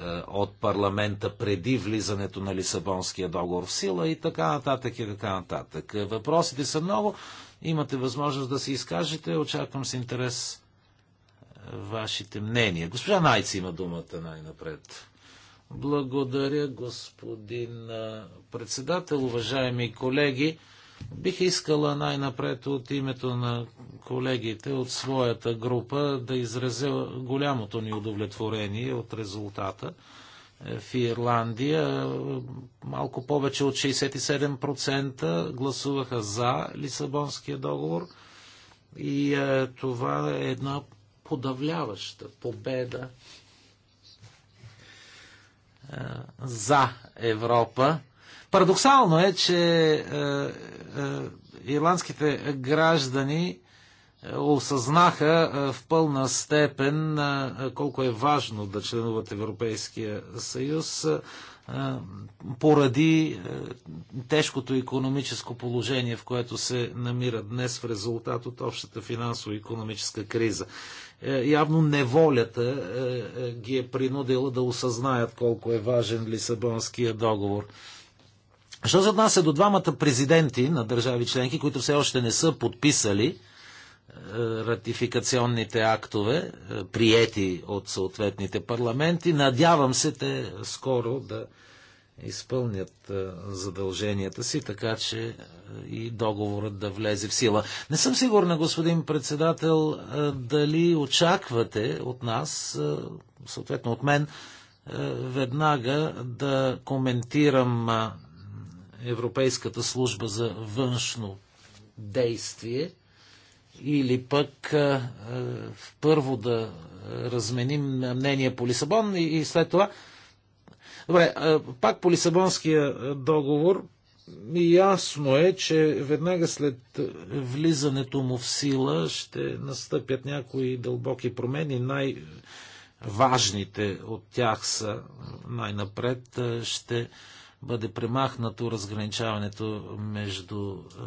е, от парламента преди влизането на Лисабонския договор в сила и така нататък и така нататък. Въпросите са много. Имате възможност да се изкажете. Очаквам с интерес е, вашите мнения. Госпожа Найци има думата най-напред. Благодаря, господин е, председател, уважаеми колеги. Бих искала най-напред от името на колегите от своята група да изразя голямото ни удовлетворение от резултата е, в Ирландия. Е, малко повече от 67% гласуваха за Лисабонския договор и е, това е една подавляваща победа е, за Европа. Парадоксално е, че е, е, ирландските граждани е, осъзнаха е, в пълна степен е, колко е важно да членуват Европейския съюз поради тежкото економическо положение, в което се намира днес в резултат от общата финансово-економическа криза. Явно неволята ги е принудила да осъзнаят колко е важен Лисабонския договор. Що се отнася до двамата президенти на държави членки, които все още не са подписали е, ратификационните актове, е, приети от съответните парламенти. Надявам се те скоро да изпълнят е, задълженията си, така че и договорът да влезе в сила. Не съм сигурна, господин председател, дали очаквате от нас, съответно от мен, веднага да коментирам Европейската служба за външно действие или пък е, първо да разменим мнение по Лисабон и, и след това. Добре, пак по Лисабонския договор ясно е, че веднага след влизането му в сила ще настъпят някои дълбоки промени. Най-важните от тях са най-напред ще бъде премахнато разграничаването между е,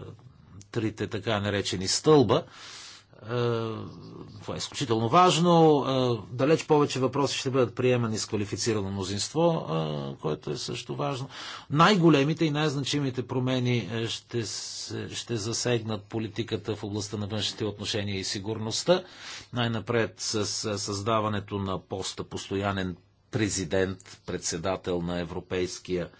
трите така наречени стълба. Е, това е изключително важно. Е, далеч повече въпроси ще бъдат приемани с квалифицирано мнозинство, което е също важно. Най-големите и най-значимите промени ще, ще засегнат политиката в областта на външните отношения и сигурността. Най-напред с създаването на поста постоянен президент, председател на Европейския съюз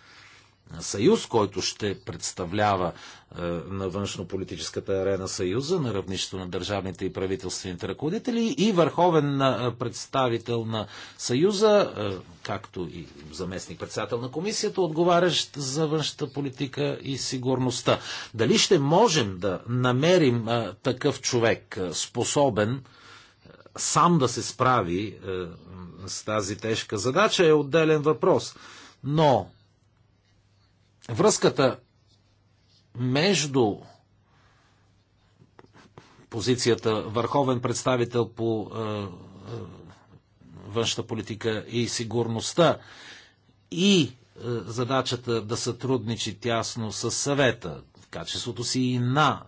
съюз, който ще представлява е, на външнополитическата арена съюза на равнището на държавните и правителствените ръководители и върховен е, представител на съюза, е, както и заместник председател на комисията, отговарящ за външната политика и сигурността. Дали ще можем да намерим е, такъв човек, е, способен е, сам да се справи с тази тежка задача, е отделен въпрос. Но връзката между позицията върховен представител по е, е, външната политика и сигурността и е, задачата да сътрудничи тясно с съвета, в качеството си и на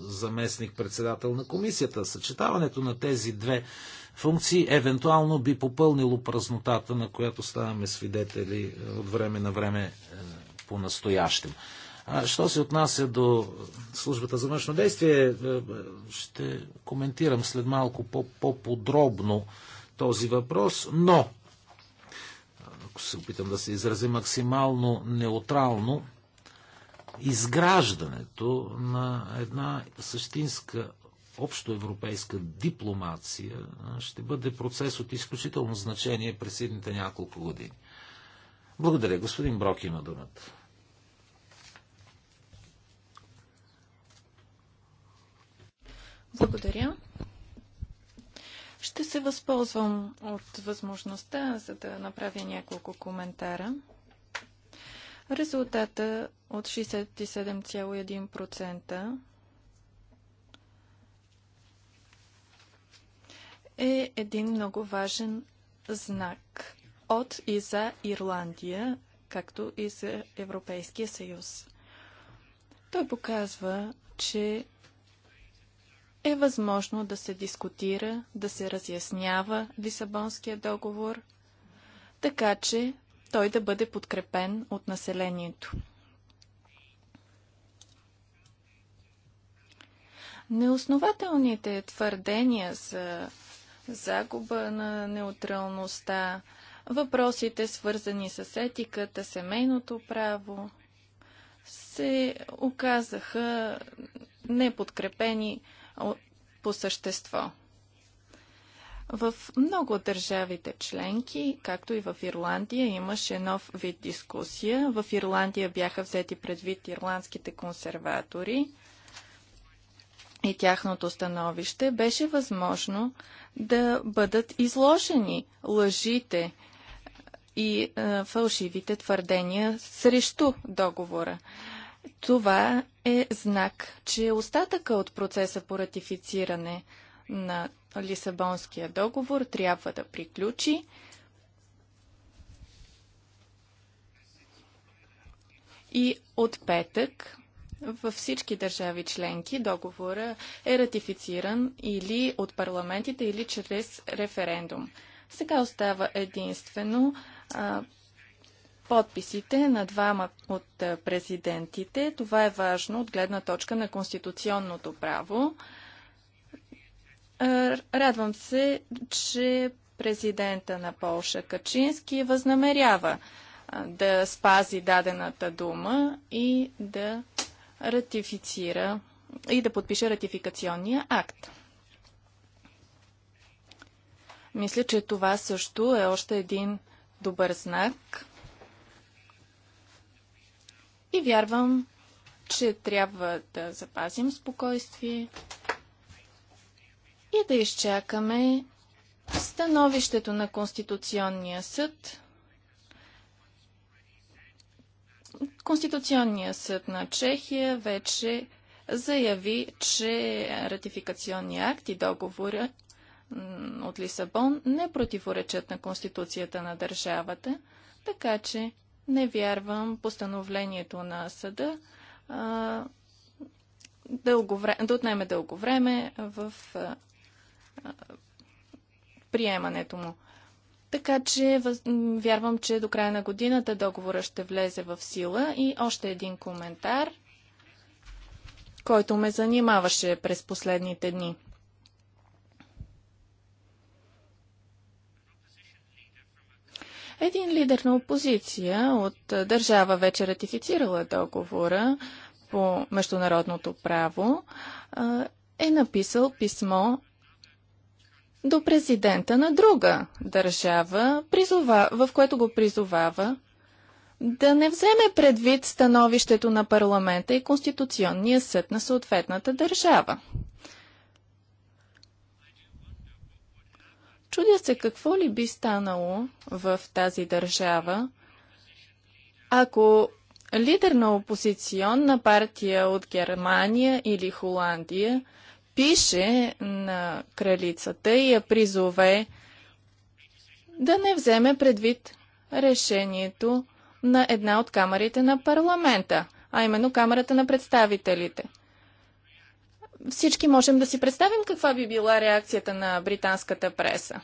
заместник-председател на комисията. Съчетаването на тези две функции евентуално би попълнило празнотата, на която ставаме свидетели от време на време по-настоящем. Що се отнася до службата за външно действие, е, е, ще коментирам след малко по-подробно -по този въпрос, но ако се опитам да се изразя максимално неутрално, изграждането на една същинска общоевропейска дипломация ще бъде процес от изключително значение през следните няколко години. Благодаря. Господин Брок има думата.
Благодаря. Ще се възползвам от възможността, за да направя няколко коментара. Резултата от 67,1% е един много важен знак от и за Ирландия, както и за Европейския съюз. Той показва, че е възможно да се дискутира, да се разяснява Лисабонския договор, така че той да бъде подкрепен от населението. Неоснователните твърдения за загуба на неутралността, Въпросите, свързани с етиката, семейното право, се оказаха неподкрепени по същество. В много от държавите членки, както и в Ирландия, имаше нов вид дискусия. В Ирландия бяха взети предвид ирландските консерватори и тяхното становище. Беше възможно да бъдат изложени лъжите и а, фалшивите твърдения срещу договора. Това е знак, че остатъка от процеса по ратифициране на Лисабонския договор трябва да приключи. И от петък във всички държави членки договора е ратифициран или от парламентите, или чрез референдум. Сега остава единствено подписите на двама от президентите. Това е важно от гледна точка на конституционното право. Радвам се, че президента на Полша Качински възнамерява да спази дадената дума и да ратифицира и да подпише ратификационния акт. Мисля, че това също е още един добър знак. И вярвам, че трябва да запазим спокойствие и да изчакаме становището на Конституционния съд. Конституционния съд на Чехия вече заяви, че ратификационния акт и договора от Лисабон не противоречат на Конституцията на държавата, така че не вярвам постановлението на съда а, дълго време, да отнеме дълго време в а, а, приемането му. Така че вярвам, че до края на годината договора ще влезе в сила. И още един коментар, който ме занимаваше през последните дни. Един лидер на опозиция от държава вече ратифицирала договора по международното право е написал писмо до президента на друга държава, призова, в което го призовава да не вземе предвид становището на парламента и Конституционния съд на съответната държава. Чудя се какво ли би станало в тази държава, ако лидер на опозиционна партия от Германия или Холандия пише на кралицата и я призове да не вземе предвид решението на една от камерите на парламента, а именно камерата на представителите – всички можем да си представим каква би била реакцията на британската преса.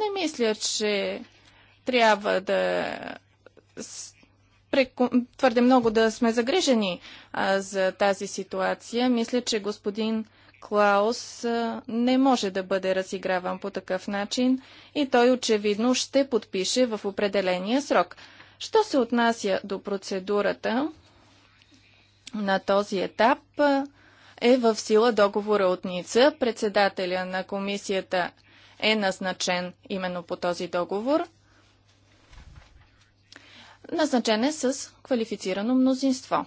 Не мисля, че трябва да твърде много да сме загрижени за тази ситуация. Мисля, че господин Клаус не може да бъде разиграван по такъв начин и той очевидно ще подпише в определения срок. Що се отнася до процедурата, на този етап е в сила договора от Ница. Председателя на комисията е назначен именно по този договор. Назначен е с квалифицирано мнозинство.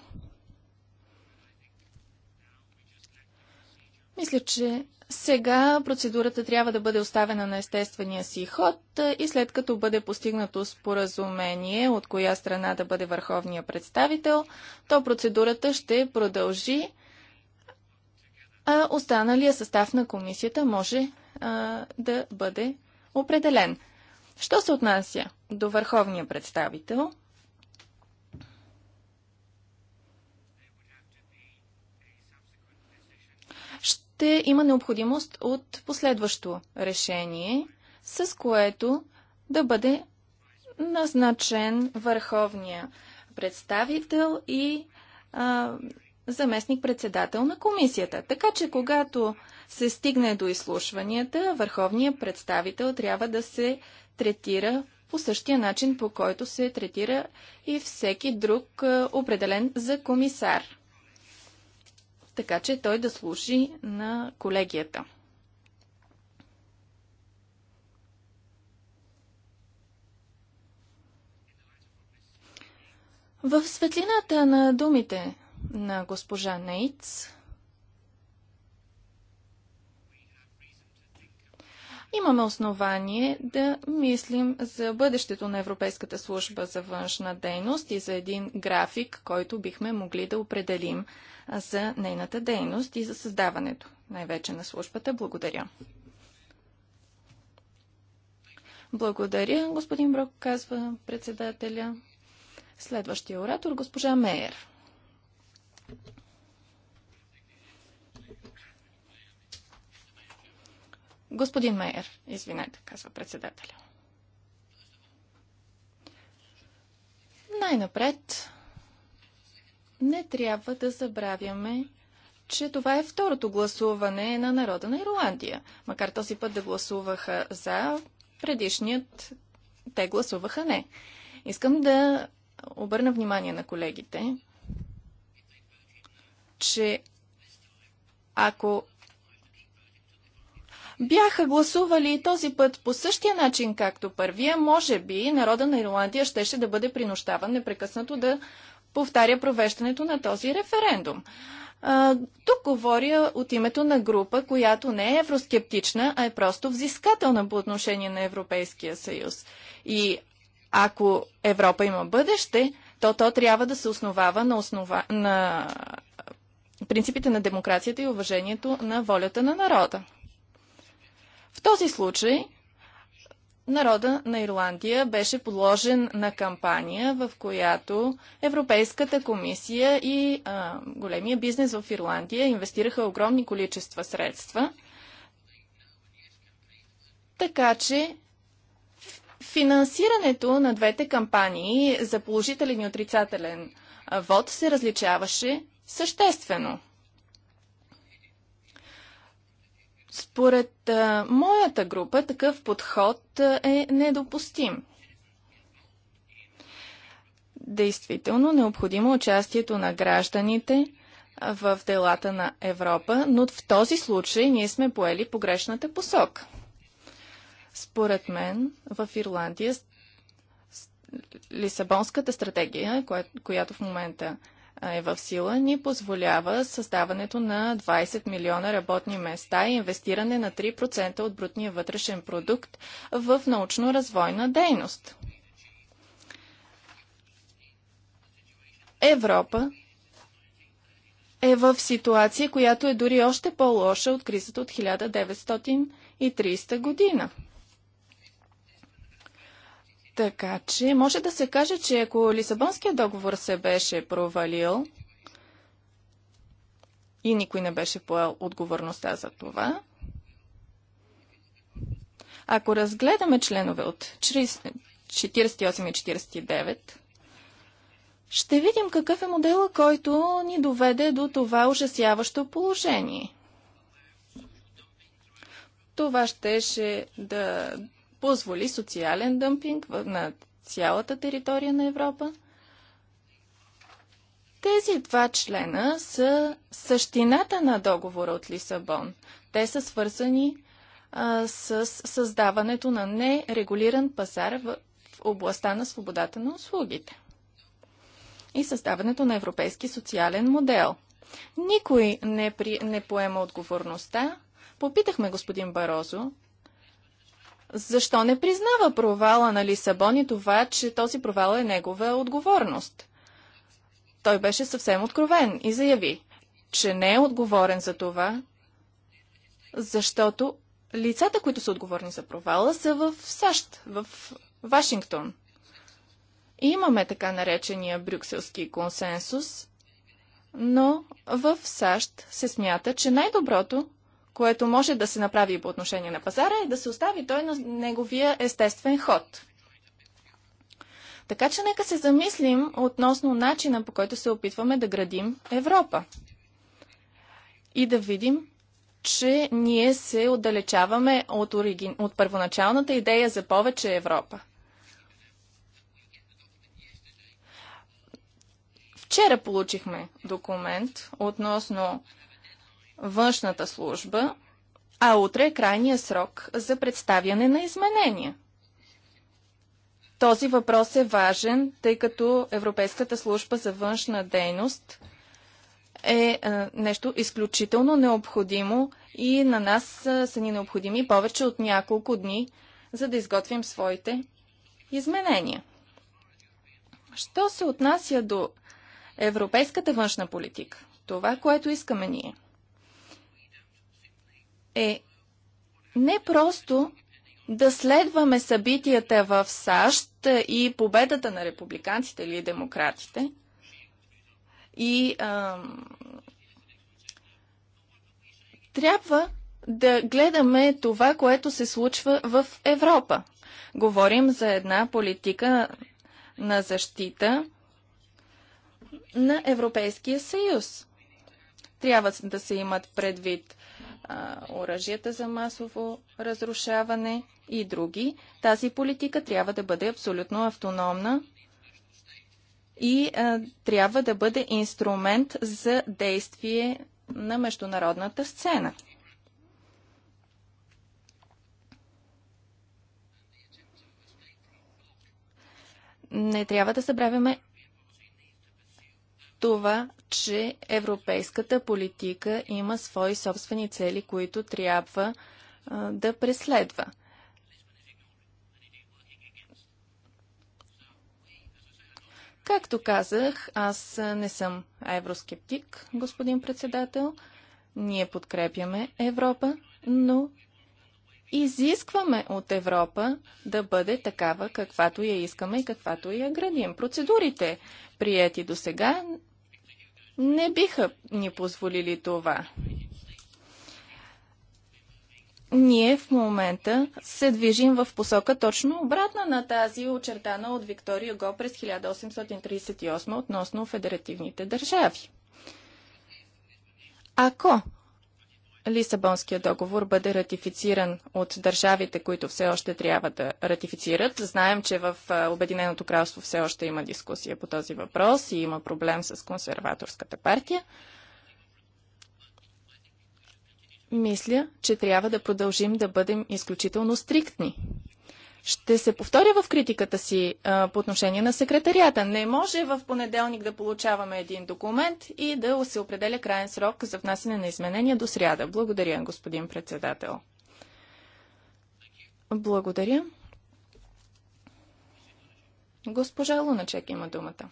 Мисля, че сега процедурата трябва да бъде оставена на естествения си ход и след като бъде постигнато споразумение от коя страна да бъде върховния представител, то процедурата ще продължи, а останалия състав на комисията може а, да бъде определен. Що се отнася до върховния представител – ще има необходимост от последващо решение, с което да бъде назначен върховния представител и а, заместник-председател на комисията. Така че, когато се стигне до изслушванията, върховният представител трябва да се третира по същия начин, по който се третира и всеки друг определен за комисар така че той да служи на колегията. В светлината на думите на госпожа Нейтс, имаме основание да мислим за бъдещето на Европейската служба за външна дейност и за един график, който бихме могли да определим за нейната дейност и за създаването най-вече на службата. Благодаря. Благодаря, господин Брок, казва председателя. Следващия оратор, госпожа Мейер. Господин Мейер, извинете, казва председателя. Най-напред не трябва да забравяме, че това е второто гласуване на народа на Ирландия. Макар този път да гласуваха за, предишният те гласуваха не. Искам да обърна внимание на колегите, че ако бяха гласували и този път по същия начин, както първия, може би народа на Ирландия щеше да бъде принощаван непрекъснато да повтаря провеждането на този референдум. Тук говоря от името на група, която не е евроскептична, а е просто взискателна по отношение на Европейския съюз. И ако Европа има бъдеще, то то трябва да се основава на, основа... на принципите на демокрацията и уважението на волята на народа. В този случай народа на Ирландия беше подложен на кампания, в която Европейската комисия и а, големия бизнес в Ирландия инвестираха огромни количества средства. Така че финансирането на двете кампании за положителен и отрицателен вод се различаваше съществено. Според а, моята група такъв подход а, е недопустим. Действително необходимо участието на гражданите в делата на Европа, но в този случай ние сме поели погрешната посока. Според мен в Ирландия Лисабонската стратегия, която в момента е в сила, ни позволява създаването на 20 милиона работни места и инвестиране на 3% от брутния вътрешен продукт в научно-развойна дейност. Европа е в ситуация, която е дори още по-лоша от кризата от 1930 година. Така че може да се каже, че ако Лисабонския договор се беше провалил и никой не беше поел отговорността за това, ако разгледаме членове от 48 и 49, ще видим какъв е модела, който ни доведе до това ужасяващо положение. Това щеше да позволи социален дъмпинг на цялата територия на Европа. Тези два члена са същината на договора от Лисабон. Те са свързани а, с създаването на нерегулиран пазар в, в областта на свободата на услугите и създаването на европейски социален модел. Никой не, при, не поема отговорността. Попитахме господин Барозо защо не признава провала на Лисабон и това, че този провал е негова отговорност? Той беше съвсем откровен и заяви, че не е отговорен за това, защото лицата, които са отговорни за провала, са в САЩ, в Вашингтон. И имаме така наречения брюкселски консенсус, но в САЩ се смята, че най-доброто което може да се направи по отношение на пазара, е да се остави той на неговия естествен ход. Така че нека се замислим относно начина по който се опитваме да градим Европа. И да видим, че ние се отдалечаваме от, оригин... от първоначалната идея за повече Европа. Вчера получихме документ относно външната служба, а утре е крайният срок за представяне на изменения. Този въпрос е важен, тъй като Европейската служба за външна дейност е, е нещо изключително необходимо и на нас е, са ни необходими повече от няколко дни, за да изготвим своите изменения. Що се отнася до европейската външна политика? Това, което искаме ние – е не просто да следваме събитията в САЩ и победата на републиканците или демократите и а, трябва да гледаме това, което се случва в Европа. Говорим за една политика на защита на Европейския съюз. Трябва да се имат предвид оръжията за масово разрушаване и други. Тази политика трябва да бъде абсолютно автономна и а, трябва да бъде инструмент за действие на международната сцена. Не трябва да събравяме това, че европейската политика има свои собствени цели, които трябва а, да преследва. Както казах, аз не съм евроскептик, господин председател. Ние подкрепяме Европа, но изискваме от Европа да бъде такава, каквато я искаме и каквато я градим. Процедурите, приети до сега, не биха ни позволили това. Ние в момента се движим в посока точно обратна на тази, очертана от Виктория Го през 1838 относно федеративните държави. Ако Лисабонския договор бъде ратифициран от държавите, които все още трябва да ратифицират. Знаем, че в Обединеното кралство все още има дискусия по този въпрос и има проблем с консерваторската партия. Мисля, че трябва да продължим да бъдем изключително стриктни ще се повторя в критиката си а, по отношение на секретарията. Не може в понеделник да получаваме един документ и да се определя крайен срок за внасяне на изменения до сряда. Благодаря, господин председател. Благодаря. Госпожа Луначек има думата.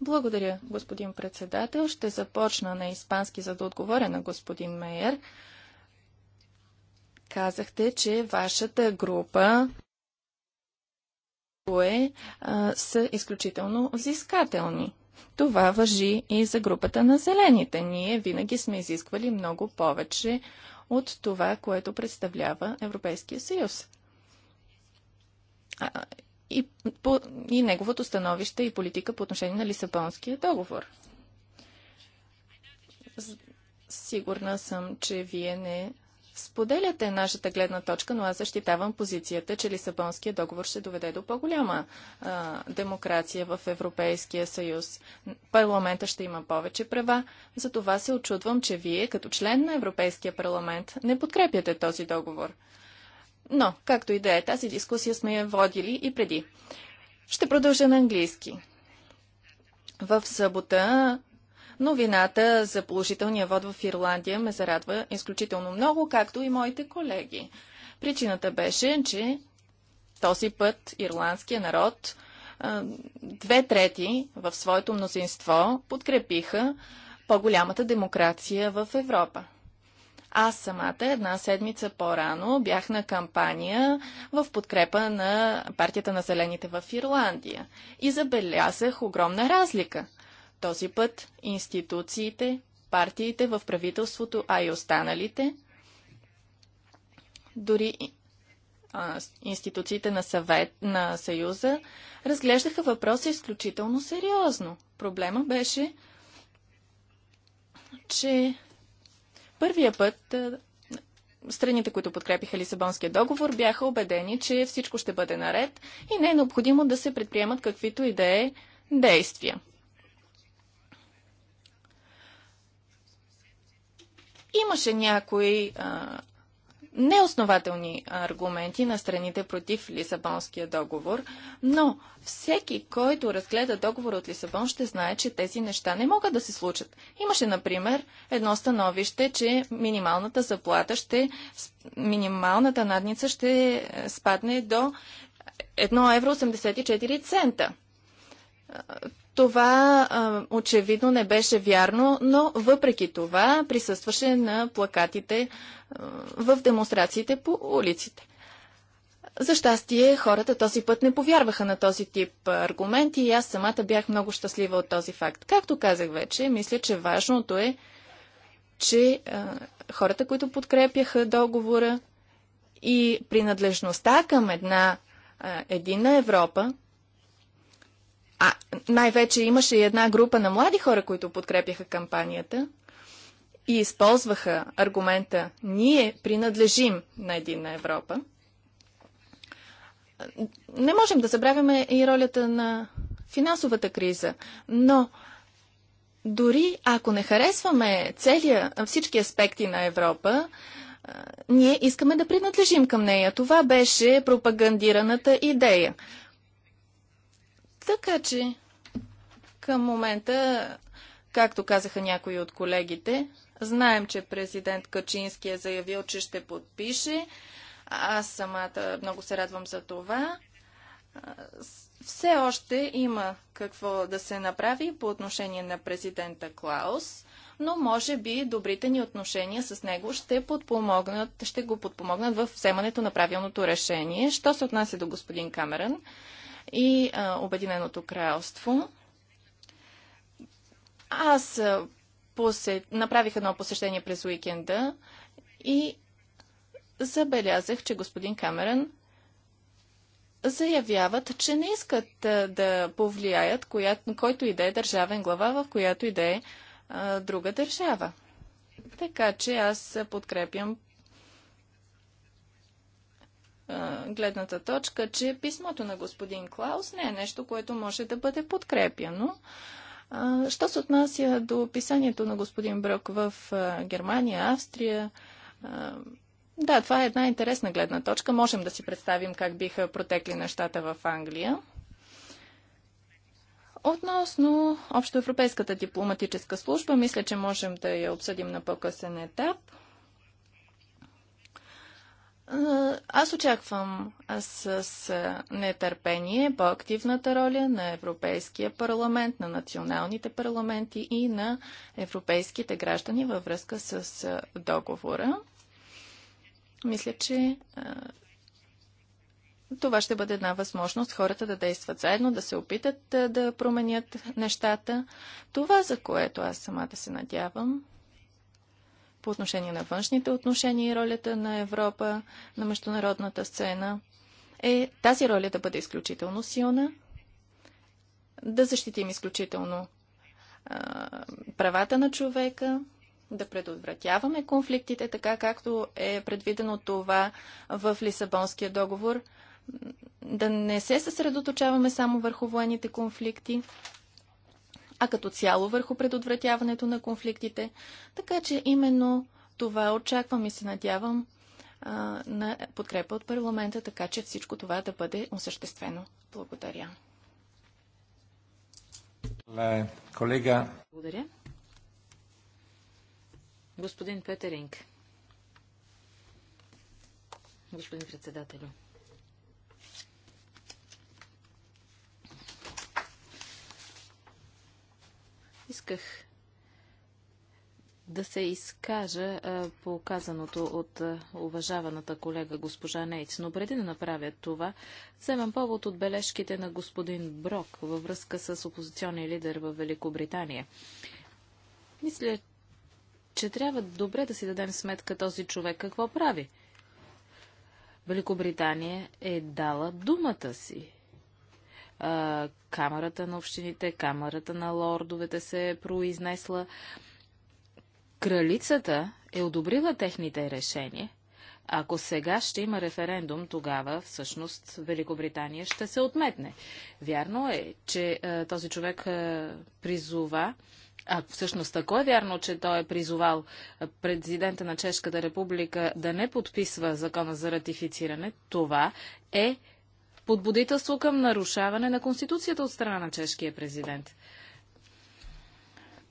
Благодаря, господин председател. Ще започна на испански, за да отговоря на господин Мейер. Казахте, че вашата група е, а, са изключително взискателни. Това въжи и за групата на зелените. Ние винаги сме изисквали много повече от това, което представлява Европейския съюз. А, и, по, и неговото становище и политика по отношение на Лисабонския договор. Сигурна съм, че вие не Споделяте нашата гледна точка, но аз защитавам позицията, че Лисабонския договор ще доведе до по-голяма демокрация в Европейския съюз. Парламента ще има повече права. За това се очудвам, че вие, като член на Европейския парламент, не подкрепяте този договор. Но, както и да е, тази дискусия сме я водили и преди. Ще продължа на английски. В събота Новината за положителния вод в Ирландия ме зарадва изключително много, както и моите колеги. Причината беше, че този път ирландския народ две трети в своето мнозинство подкрепиха по-голямата демокрация в Европа. Аз самата една седмица по-рано бях на кампания в подкрепа на партията на зелените в Ирландия и забелязах огромна разлика. Този път институциите, партиите в правителството, а и останалите, дори а, институциите на, съвет, на Съюза, разглеждаха въпроса изключително сериозно. Проблема беше, че първия път страните, които подкрепиха Лисабонския договор, бяха убедени, че всичко ще бъде наред и не е необходимо да се предприемат каквито и да е действия. Имаше някои а, неоснователни аргументи на страните против Лисабонския договор, но всеки, който разгледа договор от Лисабон, ще знае, че тези неща не могат да се случат. Имаше, например, едно становище, че минималната заплата ще, минималната надница ще е, спадне до 1,84 евро. Това а, очевидно не беше вярно, но въпреки това присъстваше на плакатите а, в демонстрациите по улиците. За щастие, хората този път не повярваха на този тип аргументи и аз самата бях много щастлива от този факт. Както казах вече, мисля, че важното е, че а, хората, които подкрепяха договора и принадлежността към една а, едина Европа, а най-вече имаше и една група на млади хора, които подкрепяха кампанията и използваха аргумента «Ние принадлежим на Единна Европа». Не можем да забравяме и ролята на финансовата криза, но дори ако не харесваме целия, всички аспекти на Европа, ние искаме да принадлежим към нея. Това беше пропагандираната идея. Така че към момента, както казаха някои от колегите, знаем, че президент Качински е заявил, че ще подпише. Аз самата много се радвам за това. Все още има какво да се направи по отношение на президента Клаус, но може би добрите ни отношения с него ще, подпомогнат, ще го подпомогнат в вземането на правилното решение. Що се отнася до господин Камерън? и а, Обединеното кралство. Аз посет... направих едно посещение през уикенда и забелязах, че господин Камерън заявяват, че не искат да повлияят коя... който и да е държавен глава, в която и да е друга държава. Така че аз подкрепям гледната точка, че писмото на господин Клаус не е нещо, което може да бъде подкрепяно. що се отнася до описанието на господин Брок в Германия, Австрия, да, това е една интересна гледна точка. Можем да си представим как биха протекли нещата в Англия. Относно Общоевропейската дипломатическа служба, мисля, че можем да я обсъдим на по-късен етап – аз очаквам с, с нетърпение по-активната роля на Европейския парламент, на националните парламенти и на европейските граждани във връзка с договора. Мисля, че това ще бъде една възможност хората да действат заедно, да се опитат да променят нещата. Това, за което аз самата да се надявам, по отношение на външните отношения и ролята на Европа на международната сцена, е тази роля да бъде изключително силна, да защитим изключително а, правата на човека, да предотвратяваме конфликтите, така както е предвидено това в Лисабонския договор, да не се съсредоточаваме само върху военните конфликти, а като цяло върху предотвратяването на конфликтите. Така че именно това очаквам и се надявам а, на подкрепа от парламента, така че всичко това да бъде осъществено. Благодаря.
Е, колега.
Благодаря. Господин Петеринг. Господин председателю. Исках да се изкажа а, по казаното от а, уважаваната колега госпожа Нейц. Но преди да направя това, вземам повод от бележките на господин Брок във връзка с опозиционния лидер в Великобритания. Мисля, че трябва добре да си дадем сметка този човек какво прави. Великобритания е дала думата си а, камерата на общините, камерата на лордовете се е произнесла. Кралицата е одобрила техните решения. Ако сега ще има референдум, тогава всъщност Великобритания ще се отметне. Вярно е, че а, този човек а, призова а всъщност тако е вярно, че той е призовал президента на Чешката република да не подписва закона за ратифициране, това е подбудителство към нарушаване на Конституцията от страна на чешкия президент.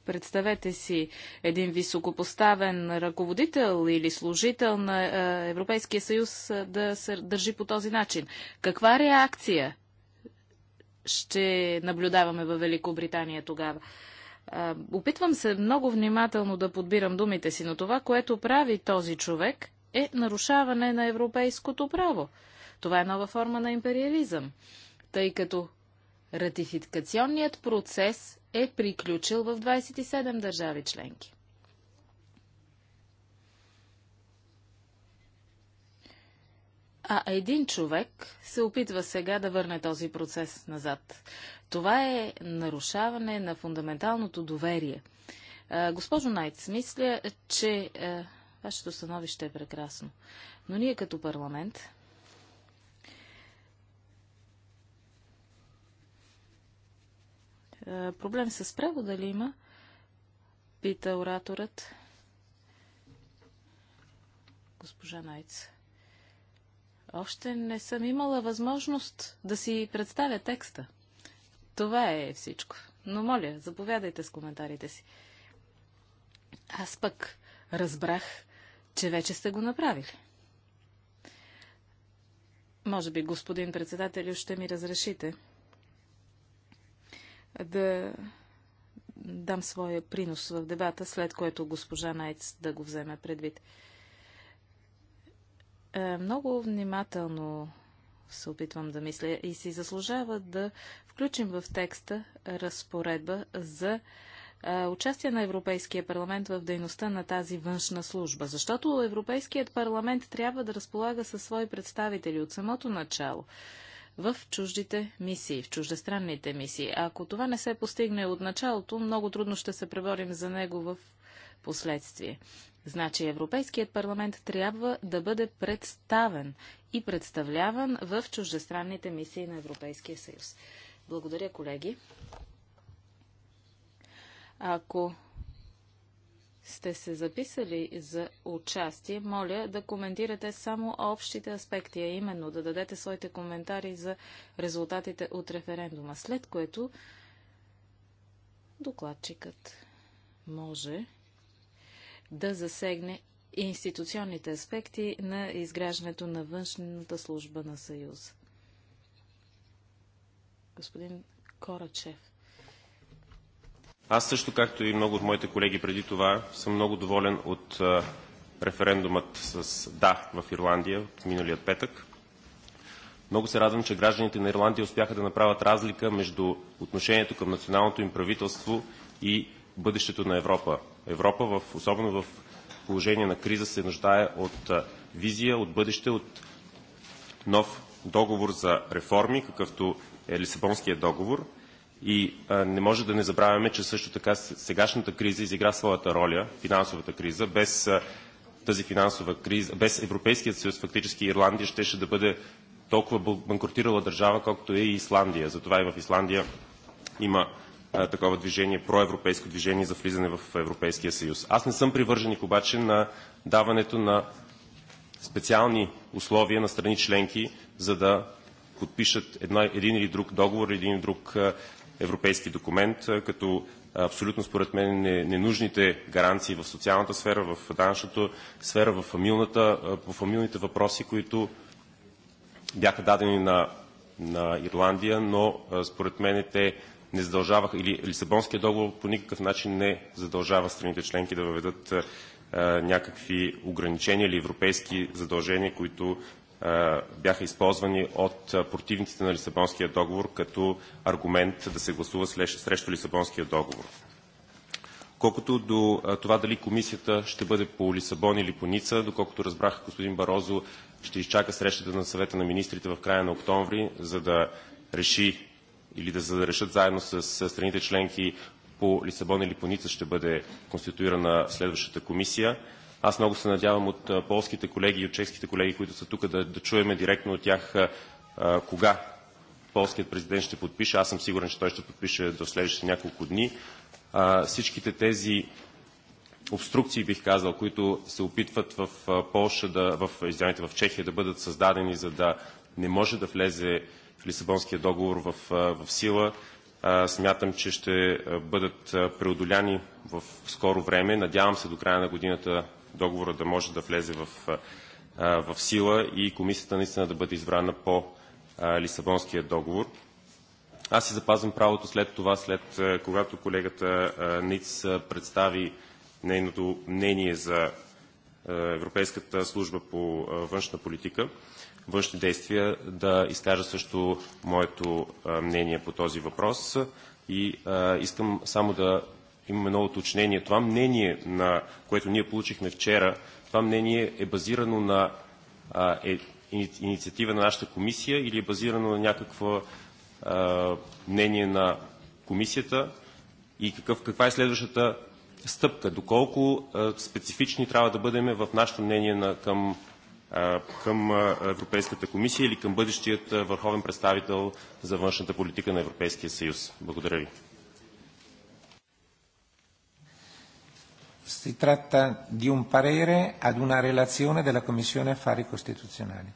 Представете си един високопоставен ръководител или служител на е, Европейския съюз е, да се държи по този начин. Каква реакция ще наблюдаваме във Великобритания тогава? Е, опитвам се много внимателно да подбирам думите си, но това, което прави този човек, е нарушаване на европейското право. Това е нова форма на империализъм, тъй като ратификационният процес е приключил в 27 държави членки. А един човек се опитва сега да върне този процес назад. Това е нарушаване на фундаменталното доверие. А, госпожо Найтс, мисля, че а, вашето становище е прекрасно. Но ние като парламент Е, проблем с превода ли има? Пита ораторът. Госпожа Найц. Още не съм имала възможност да си представя текста. Това е всичко. Но моля, заповядайте с коментарите си. Аз пък разбрах, че вече сте го направили. Може би, господин председател, ще ми разрешите да дам своя принос в дебата, след което госпожа Найц да го вземе предвид. Е, много внимателно се опитвам да мисля и си заслужава да включим в текста разпоредба за е, участие на Европейския парламент в дейността на тази външна служба. Защото Европейският парламент трябва да разполага със свои представители от самото начало в чуждите мисии, в чуждестранните мисии. А ако това не се постигне от началото, много трудно ще се преборим за него в последствие. Значи Европейският парламент трябва да бъде представен и представляван в чуждестранните мисии на Европейския съюз. Благодаря, колеги. Ако сте се записали за участие, моля да коментирате само общите аспекти, а именно да дадете своите коментари за резултатите от референдума, след което докладчикът може да засегне институционните аспекти на изграждането на външната служба на Съюз. Господин Корачев.
Аз също, както и много от моите колеги преди това, съм много доволен от референдумът с да в Ирландия от миналият петък. Много се радвам, че гражданите на Ирландия успяха да направят разлика между отношението към националното им правителство и бъдещето на Европа. Европа, в, особено в положение на криза, се нуждае от визия, от бъдеще, от нов договор за реформи, какъвто е Лисабонският договор – и а, не може да не забравяме, че също така сегашната криза изигра своята роля, финансовата криза. Без а, тази финансова криза, без Европейският съюз, фактически Ирландия щеше да бъде толкова банкротирала държава, колкото е и Исландия. Затова и в Исландия има а, такова движение, проевропейско движение за влизане в Европейския съюз. Аз не съм привърженик обаче на даването на специални условия на страни членки, за да подпишат един или друг договор, един или друг европейски документ, като абсолютно според мен ненужните гаранции в социалната сфера, в данъчната сфера, в, фамилната, по фамилните въпроси, които бяха дадени на, на Ирландия, но според мен те не задължаваха, или Лисабонския договор по никакъв начин не задължава страните членки да въведат някакви ограничения или европейски задължения, които бяха използвани от противниците на Лисабонския договор като аргумент да се гласува срещу Лисабонския договор. Колкото до това дали комисията ще бъде по Лисабон или по Ница, доколкото разбрах, господин Барозо ще изчака срещата на съвета на министрите в края на октомври, за да реши или да, за да решат заедно с, с страните членки по Лисабон или по Ница ще бъде конституирана следващата комисия. Аз много се надявам от полските колеги и от чешските колеги, които са тук, да, да чуем директно от тях а, кога полският президент ще подпише. Аз съм сигурен, че той ще подпише до следващите няколко дни. А, всичките тези обструкции, бих казал, които се опитват в Полша, да, в, извините, в Чехия да бъдат създадени, за да не може да влезе в Лисабонския договор в, в сила, смятам, че ще бъдат преодоляни в скоро време. Надявам се до края на годината договора да може да влезе в, в сила и комисията наистина да бъде избрана по Лисабонския договор. Аз си запазвам правото след това, след когато колегата Ниц представи нейното мнение за Европейската служба по външна политика, външни действия, да изкажа също моето мнение по този въпрос. И искам само да имаме ново уточнение. Това мнение, на, което ние получихме вчера, това мнение е базирано на а, е, инициатива на нашата комисия или е базирано на някаква а, мнение на комисията и какъв, каква е следващата стъпка, доколко а, специфични трябва да бъдем в нашето мнение на, към, а, към Европейската комисия или към бъдещият върховен представител за външната политика на Европейския съюз. Благодаря ви.
Si tratta di un parere ad una relazione della Commissione Affari Costituzionali.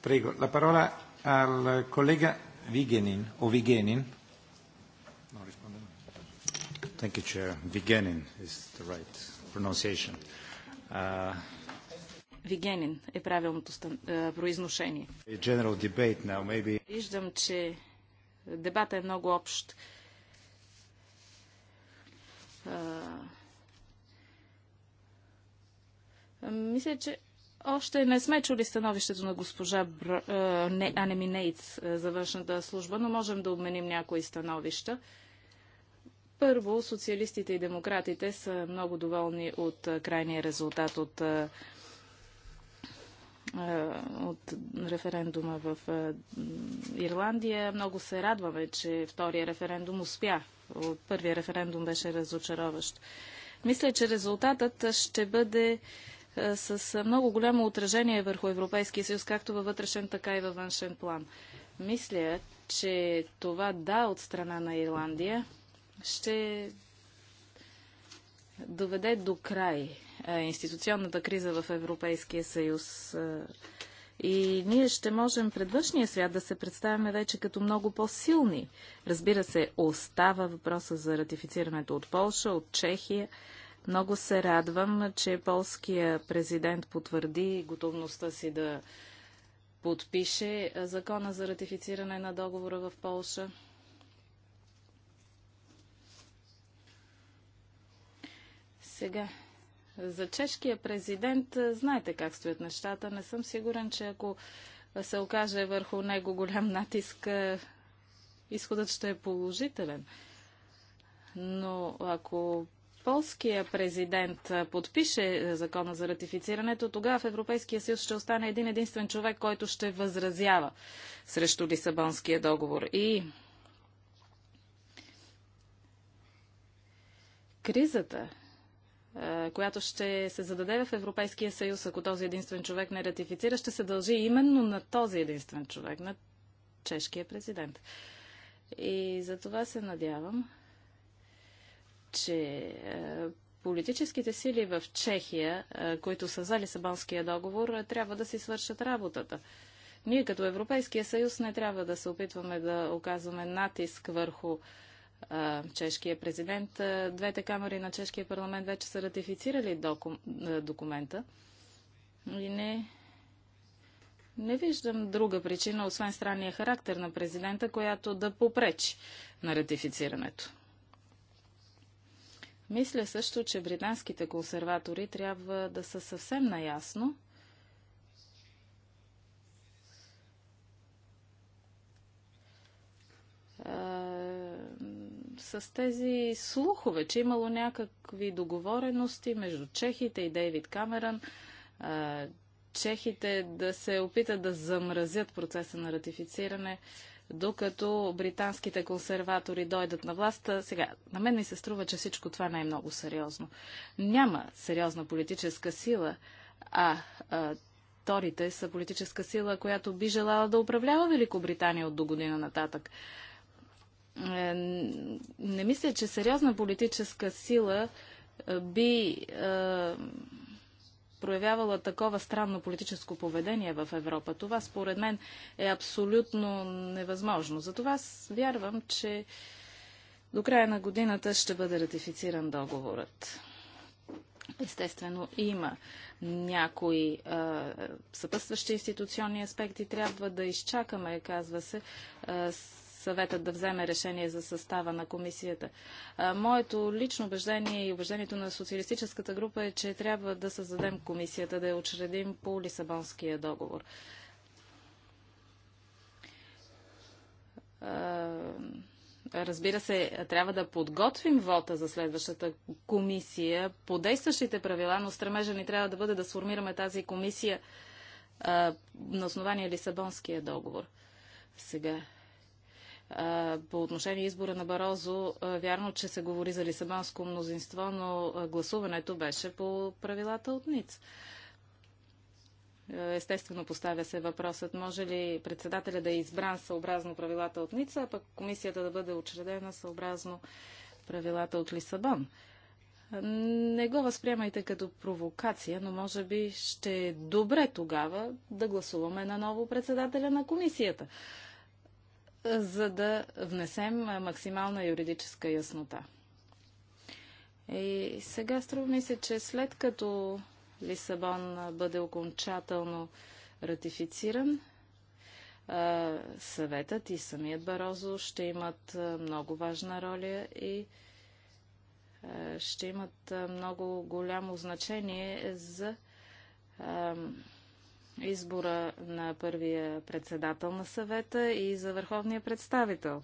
Prego, la parola al collega Vigenin o Vigenin. Thank you, Chair. Vigenin is the right pronunciation. Uh,
Вигенин е правилното произношение.
Now, maybe...
Виждам, че Дебата е много общ. Мисля, че още не сме чули становището на госпожа Бр... не, Анеминейц за външната служба, но можем да обменим някои становища. Първо, социалистите и демократите са много доволни от крайния резултат от е, от референдума в е, Ирландия. Много се радваме, че втория референдум успя. Първия референдум беше разочароващ. Мисля, че резултатът ще бъде е, с много голямо отражение върху Европейския съюз, както във вътрешен, така и във външен план. Мисля, че това да от страна на Ирландия ще доведе до край е, институционната криза в Европейския съюз. Е, и ние ще можем пред външния свят да се представяме вече като много по-силни. Разбира се, остава въпроса за ратифицирането от Полша, от Чехия. Много се радвам, че полския президент потвърди готовността си да подпише е, закона за ратифициране на договора в Полша. Сега за чешкия президент знаете как стоят нещата. Не съм сигурен, че ако се окаже върху него голям натиск, изходът ще е положителен. Но ако полския президент подпише закона за ратифицирането, тогава в Европейския съюз ще остане един единствен човек, който ще възразява срещу Лисабонския договор. И кризата, е, която ще се зададе в Европейския съюз, ако този единствен човек не ратифицира, ще се дължи именно на този единствен човек, на чешкия президент. И за това се надявам, че е, политическите сили в Чехия, е, които са за Лисабонския договор, трябва да си свършат работата. Ние като Европейския съюз не трябва да се опитваме да оказваме натиск върху чешкия президент. Двете камери на чешкия парламент вече са ратифицирали докум, документа. И не, не виждам друга причина, освен странния характер на президента, която да попречи на ратифицирането. Мисля също, че британските консерватори трябва да са съвсем наясно, а, с тези слухове, че имало някакви договорености между чехите и Дейвид Камеран, чехите да се опитат да замразят процеса на ратифициране, докато британските консерватори дойдат на власт. Сега, на мен ми се струва, че всичко това не е много сериозно. Няма сериозна политическа сила, а, а Торите са политическа сила, която би желала да управлява Великобритания от до година нататък не мисля, че сериозна политическа сила е, би е, проявявала такова странно политическо поведение в Европа. Това според мен е абсолютно невъзможно. Затова аз вярвам, че до края на годината ще бъде ратифициран договорът. Естествено, има някои а, е, съпътстващи институционни аспекти. Трябва да изчакаме, казва се, а, е, съветът да вземе решение за състава на комисията. Моето лично убеждение и убеждението на социалистическата група е, че трябва да създадем комисията, да я очредим по Лисабонския договор. Разбира се, трябва да подготвим вота за следващата комисия по действащите правила, но стремежа ни трябва да бъде да сформираме тази комисия на основание Лисабонския договор. Сега, по отношение избора на Барозо, вярно, че се говори за лисабонско мнозинство, но гласуването беше по правилата от НИЦ. Естествено поставя се въпросът, може ли председателя да е избран съобразно правилата от Ница, а пък комисията да бъде учредена съобразно правилата от Лисабон. Не го възприемайте като провокация, но може би ще е добре тогава да гласуваме на ново председателя на комисията за да внесем максимална юридическа яснота. И сега струва ми се, че след като Лисабон бъде окончателно ратифициран, съветът и самият Барозо ще имат много важна роля и ще имат много голямо значение за избора на първия председател на съвета и за върховния представител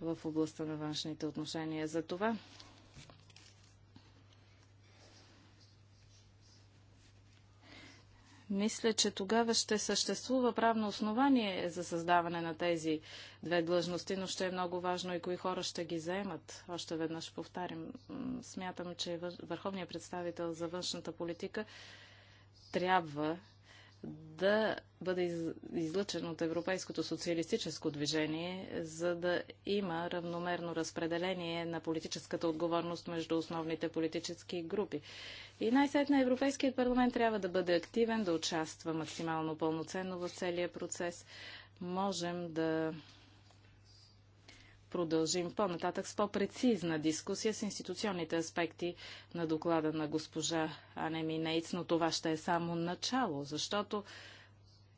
в областта на външните отношения. За това Мисля, че тогава ще съществува правно основание за създаване на тези две длъжности, но ще е много важно и кои хора ще ги заемат. Още веднъж повтарям. Смятам, че върховният представител за външната политика трябва да бъде излъчен от Европейското социалистическо движение, за да има равномерно разпределение на политическата отговорност между основните политически групи. И най-сетна Европейският парламент трябва да бъде активен, да участва максимално пълноценно в целия процес. Можем да продължим по-нататък с по-прецизна дискусия с институционните аспекти на доклада на госпожа Анеми Нейц, но това ще е само начало, защото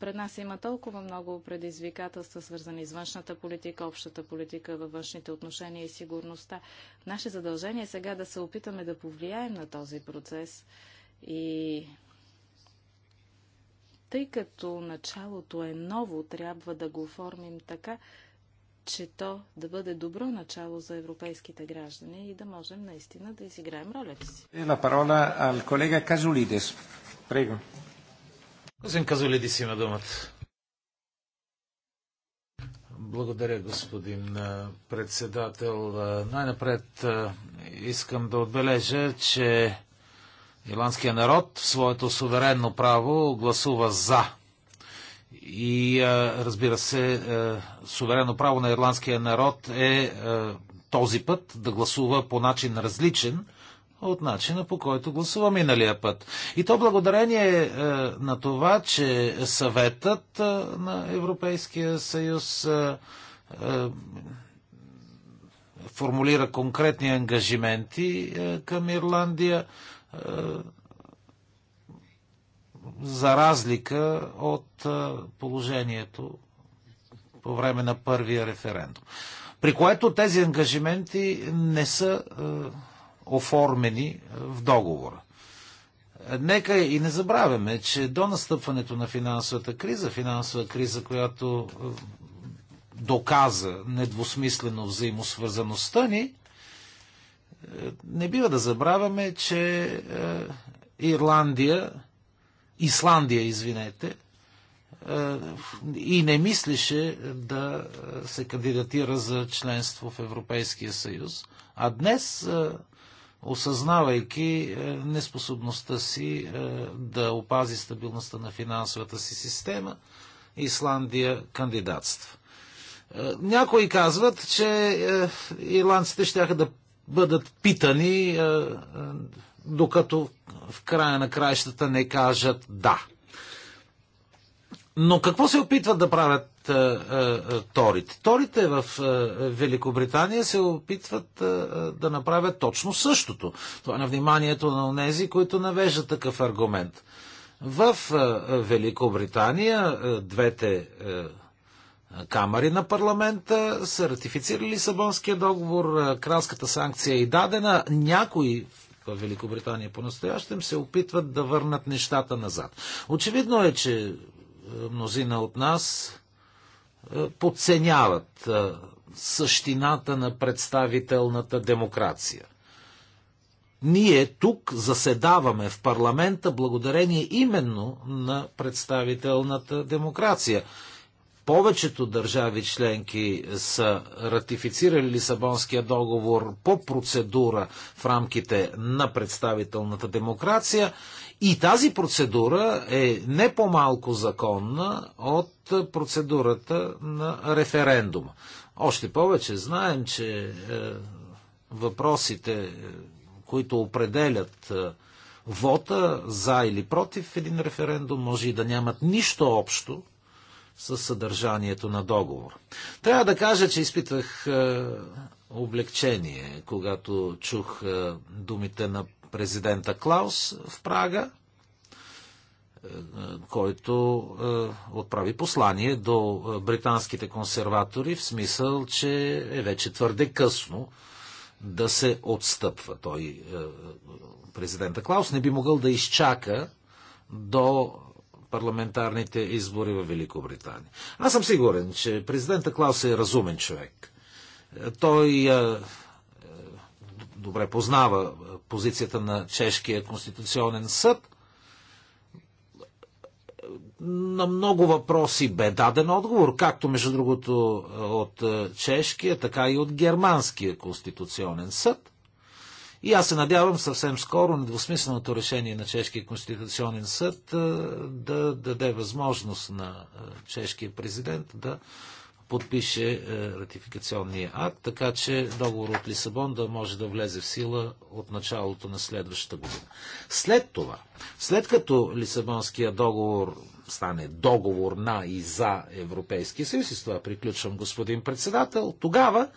пред нас има толкова много предизвикателства, свързани с външната политика, общата политика във външните отношения и сигурността. Наше задължение е сега да се опитаме да повлияем на този процес и тъй като началото е ново, трябва да го оформим така, че то да бъде добро начало за европейските граждани и да можем наистина да изиграем ролята си.
La parola al collega Casulides. Prego. Господин Казолидис има думата.
Благодаря, господин председател. Най-напред искам да отбележа, че ирландският народ в своето суверенно право гласува за и разбира се, суверено право на ирландския народ е този път да гласува по начин различен от начина по който гласува миналия път. И то благодарение на това, че съветът на Европейския съюз формулира конкретни ангажименти към Ирландия, за разлика от положението по време на първия референдум. При което тези ангажименти не са оформени в договора. Нека и не забравяме, че до настъпването на финансовата криза, финансова криза, която доказа недвусмислено взаимосвързаността ни, не бива да забравяме, че Ирландия Исландия, извинете, е, и не мислеше да се кандидатира за членство в Европейския съюз. А днес, е, осъзнавайки е, неспособността си да опази стабилността на финансовата си система, Исландия кандидатства. Някои казват, че ирландците ще да бъдат питани докато в края на краищата не кажат да. Но какво се опитват да правят а, е, а, е, е, торите? Торите в а, Великобритания се опитват а, да направят точно същото. Това е на вниманието на онези, които навеждат такъв аргумент. В а, Великобритания а, двете а, камари на парламента са ратифицирали Сабонския договор, кралската санкция е и дадена. Някои в е Великобритания по-настоящем, се опитват да върнат нещата назад. Очевидно е, че е, мнозина от нас е, подценяват същината на представителната демокрация. Ние тук заседаваме в парламента благодарение именно на представителната демокрация повечето държави членки са ратифицирали Лисабонския договор по процедура в рамките на представителната демокрация и тази процедура е не по-малко законна от процедурата на референдума. Още повече знаем, че е, въпросите, е, които определят е, вота за или против един референдум, може и да нямат нищо общо с съдържанието на договор. Трябва да кажа, че изпитах е, облегчение, когато чух е, думите на президента Клаус в Прага, е, е който е, отправи послание до е, британските консерватори в смисъл, че е вече твърде късно да се отстъпва. Той, президента Клаус, не би могъл да изчака до парламентарните избори в Великобритания. Аз съм сигурен, че президента Клаус е разумен човек. Той е, е, добре познава позицията на Чешкия конституционен съд. На много въпроси бе даден отговор, както между другото от е, Чешкия, така и от Германския конституционен съд. И аз се надявам съвсем скоро недвусмисленото решение на Чешкия конституционен съд да даде възможност на чешкия президент да подпише ратификационния акт, така че договор от Лисабон да може да влезе в сила от началото на следващата година. След това, след като Лисабонския договор стане договор на и за Европейския съюз, и с това приключвам господин председател, тогава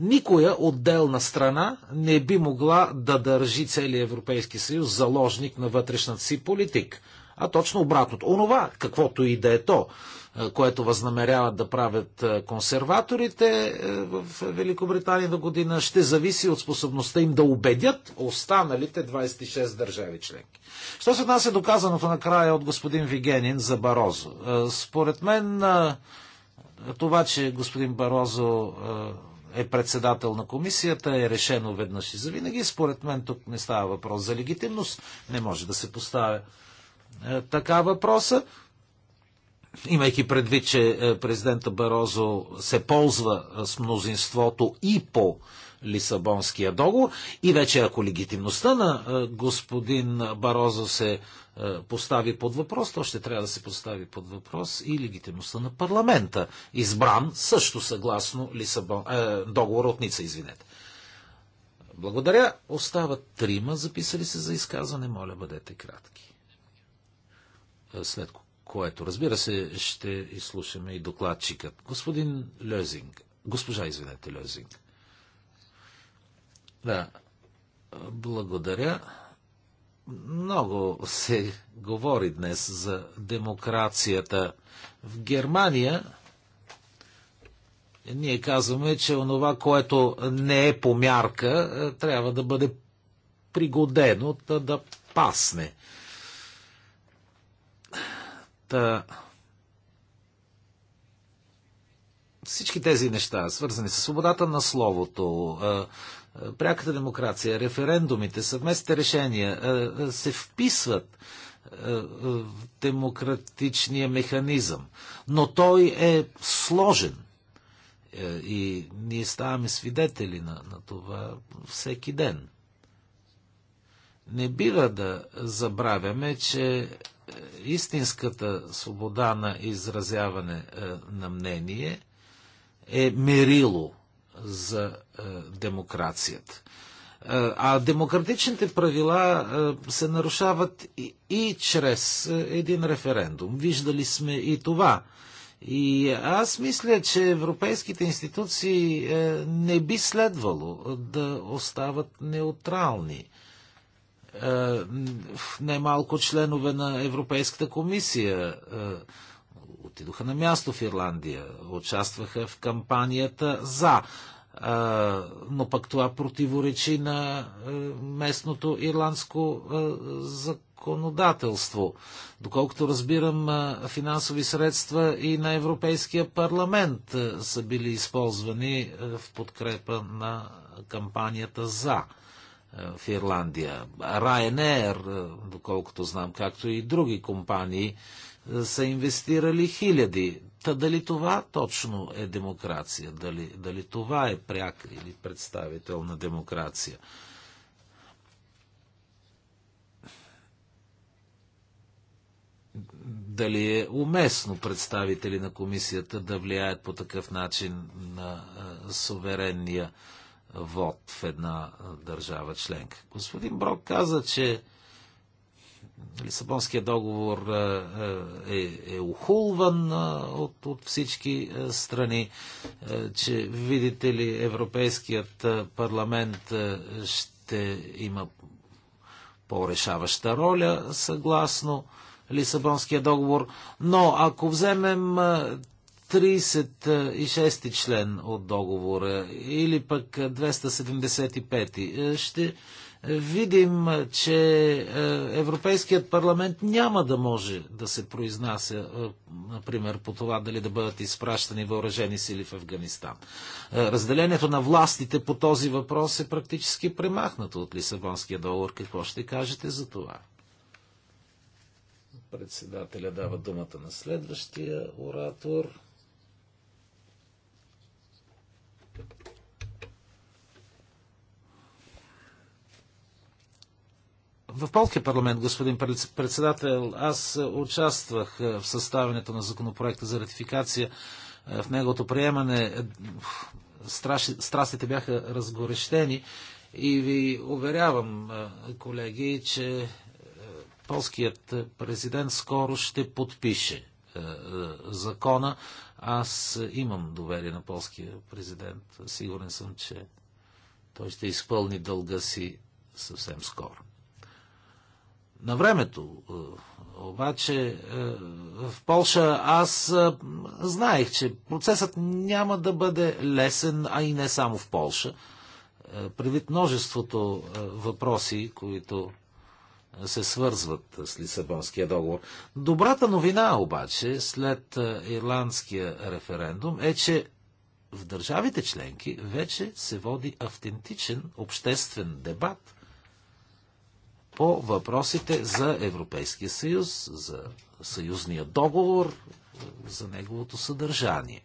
Никоя отделна страна не би могла да държи целия Европейски съюз заложник на вътрешната си политика. А точно обратното. Онова, каквото и да е то, е, което възнамеряват да правят е, консерваторите е, в Великобритания до година, ще зависи от способността им да убедят останалите 26 държави членки. Що се отнася до казаното накрая от господин Вигенин за Барозо? Според мен това, че господин Барозо е председател на комисията, е решено веднъж и завинаги. Според мен тук не става въпрос за легитимност. Не може да се поставя е, така въпроса. Имайки предвид, че е, президента Барозо се ползва е, с мнозинството и по Лисабонския договор. И вече ако легитимността на е, господин Барозо се е, постави под въпрос, то ще трябва да се постави под въпрос и легитимността на парламента, избран също съгласно Лисабон, е, договор от Ница, извинете. Благодаря. Остават трима записали се за изказване. Моля, бъдете кратки. Е, след което, разбира се, ще изслушаме и докладчикът. Господин Лезинг. Госпожа, извинете, Лезинг. Да, благодаря. Много се говори днес за демокрацията. В Германия ние казваме, че онова, което не е по мярка, е, трябва да бъде пригодено да, да пасне. Та... Всички тези неща, свързани с свободата на словото, е, пряката демокрация, референдумите, съвместните решения се вписват в демократичния механизъм. Но той е сложен. Е, и ние ставаме свидетели на, на това всеки ден. Не бива да забравяме, че е, истинската свобода на изразяване е, на мнение е мерило за е, демокрацията. Е, а демократичните правила е, се нарушават и, и чрез един референдум. Виждали сме и това. И аз мисля, че европейските институции не би следвало да остават неутрални. Немалко членове на Европейската комисия отидоха на място в Ирландия, участваха в кампанията за. Но пък това противоречи на местното ирландско законодателство. Доколкото разбирам, финансови средства и на Европейския парламент са били използвани в подкрепа на кампанията за в Ирландия. Ryanair, доколкото знам, както и други компании, е, са инвестирали хиляди. Та дали това точно е демокрация? Дали, дали това е пряк или представител на демокрация? Дали е уместно представители на комисията да влияят по такъв начин на е, суверенния вод в една е, държава членка? Господин Брок каза, че Лисабонския договор е, е ухулван е е, от, от всички е, страни, че видите ли Европейският парламент ще има по-решаваща роля съгласно Лисабонския договор. Но ако вземем 36 член от договора или пък 275 ще видим, че е, Европейският парламент няма да може да се произнася, е, например, по това дали да бъдат изпращани въоръжени сили в Афганистан. Е, разделението на властите по този въпрос е практически премахнато от Лисабонския договор. Какво ще кажете за това? Председателя дава думата на следващия оратор. В Полския парламент, господин председател, аз участвах е, в съставянето на законопроекта за ратификация, е, в неговото приемане. Страстите бяха разгорещени и ви уверявам, е, колеги, че полският президент скоро ще подпише закона. Аз имам доверие на полския президент. Сигурен съм, че той ще изпълни дълга си съвсем скоро на времето. Е, обаче е, в Полша аз е, знаех, че процесът няма да бъде лесен, а и не само в Полша. привид множеството въпроси, които се свързват с Лисабонския договор. Добрата новина обаче след ирландския референдум е, че в държавите членки вече се води автентичен обществен дебат по въпросите за Европейския съюз, за съюзния договор, за неговото съдържание.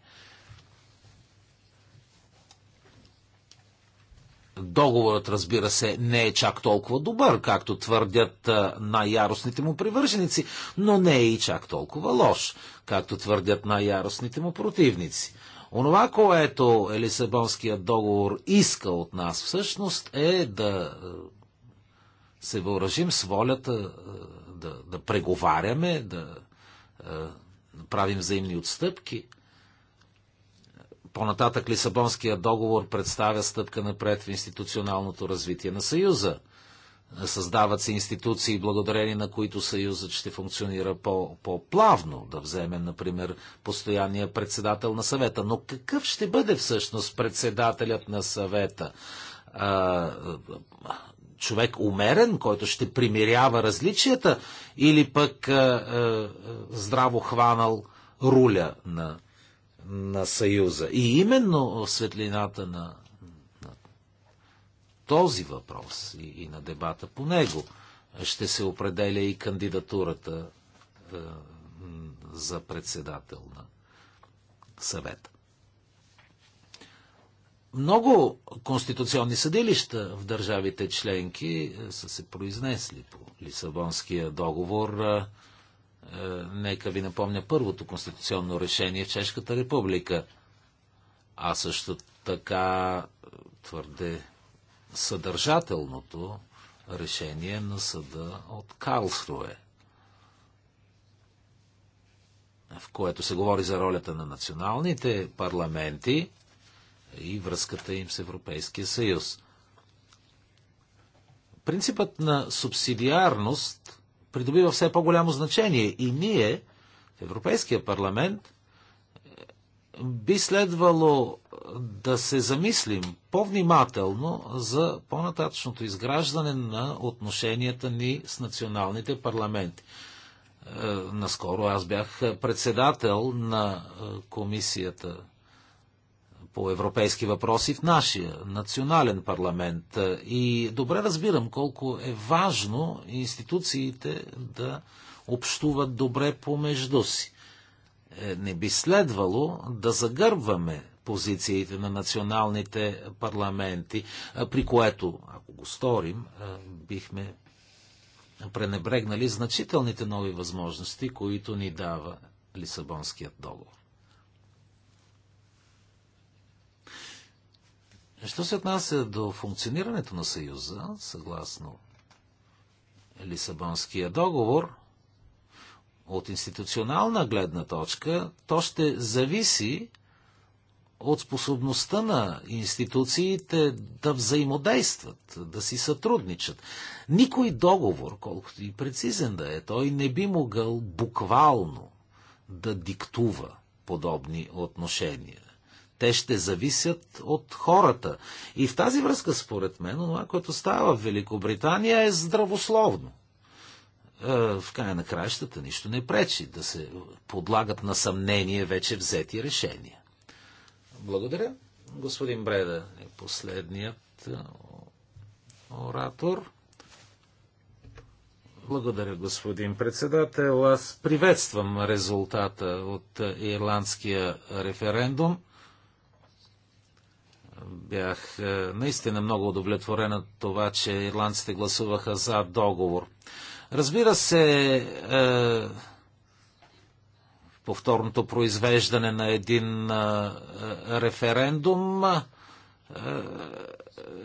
Договорът, разбира се, не е чак толкова добър, както твърдят най-яростните му привърженици, но не е и чак толкова лош, както твърдят най-яростните му противници. Онова, което Елисабонският договор иска от нас всъщност е да се въоръжим с волята е, да, да преговаряме, да е, правим взаимни отстъпки. По-нататък Лисабонския договор представя стъпка напред в институционалното развитие на Съюза. Създават се институции, благодарение на които Съюзът ще функционира по-плавно. -по да вземем, например, постоянния председател на съвета. Но какъв ще бъде всъщност председателят на съвета? човек умерен, който ще примирява различията, или пък а, е, а, е, здраво хванал руля на, на Съюза. И именно в светлината на, на този въпрос и, и на дебата по него ще се определя и кандидатурата а, е, за председател на съвета. Много конституционни съдилища в държавите членки е, са се произнесли по Лисабонския договор. Е, е, нека ви напомня първото конституционно решение в Чешката република. А също така твърде съдържателното решение на съда от Карлсруе, в което се говори за ролята на националните парламенти и връзката им с Европейския съюз. Принципът на субсидиарност придобива все по-голямо значение и ние в Европейския парламент би следвало да се замислим по-внимателно за по-нататъчното изграждане на отношенията ни с националните парламенти. Е, наскоро аз бях председател на е, комисията по европейски въпроси в нашия национален парламент. Е, и добре разбирам колко е важно институциите да общуват добре помежду си. Е, не би следвало да загърбваме позициите на националните парламенти, е, при което, ако го сторим, бихме пренебрегнали значителните нови възможности, които ни дава Лисабонският договор. Що се отнася до функционирането на Съюза, съгласно Лисабонския договор, от институционална гледна точка, то ще зависи от способността на институциите да взаимодействат, да си сътрудничат. Никой договор, колкото и прецизен да е, той не би могъл буквално да диктува подобни отношения. Те ще зависят от хората. И в тази връзка, според мен, това, което става в Великобритания е здравословно. Е, в края на краищата нищо не пречи да се подлагат на съмнение вече взети решения. Благодаря. Господин Бреда е последният е, оратор. Благодаря, господин председател. Аз приветствам резултата от ирландския референдум. Бях е, наистина много удовлетворен от това, че ирландците гласуваха за договор. Разбира се, е, повторното произвеждане на един е, референдум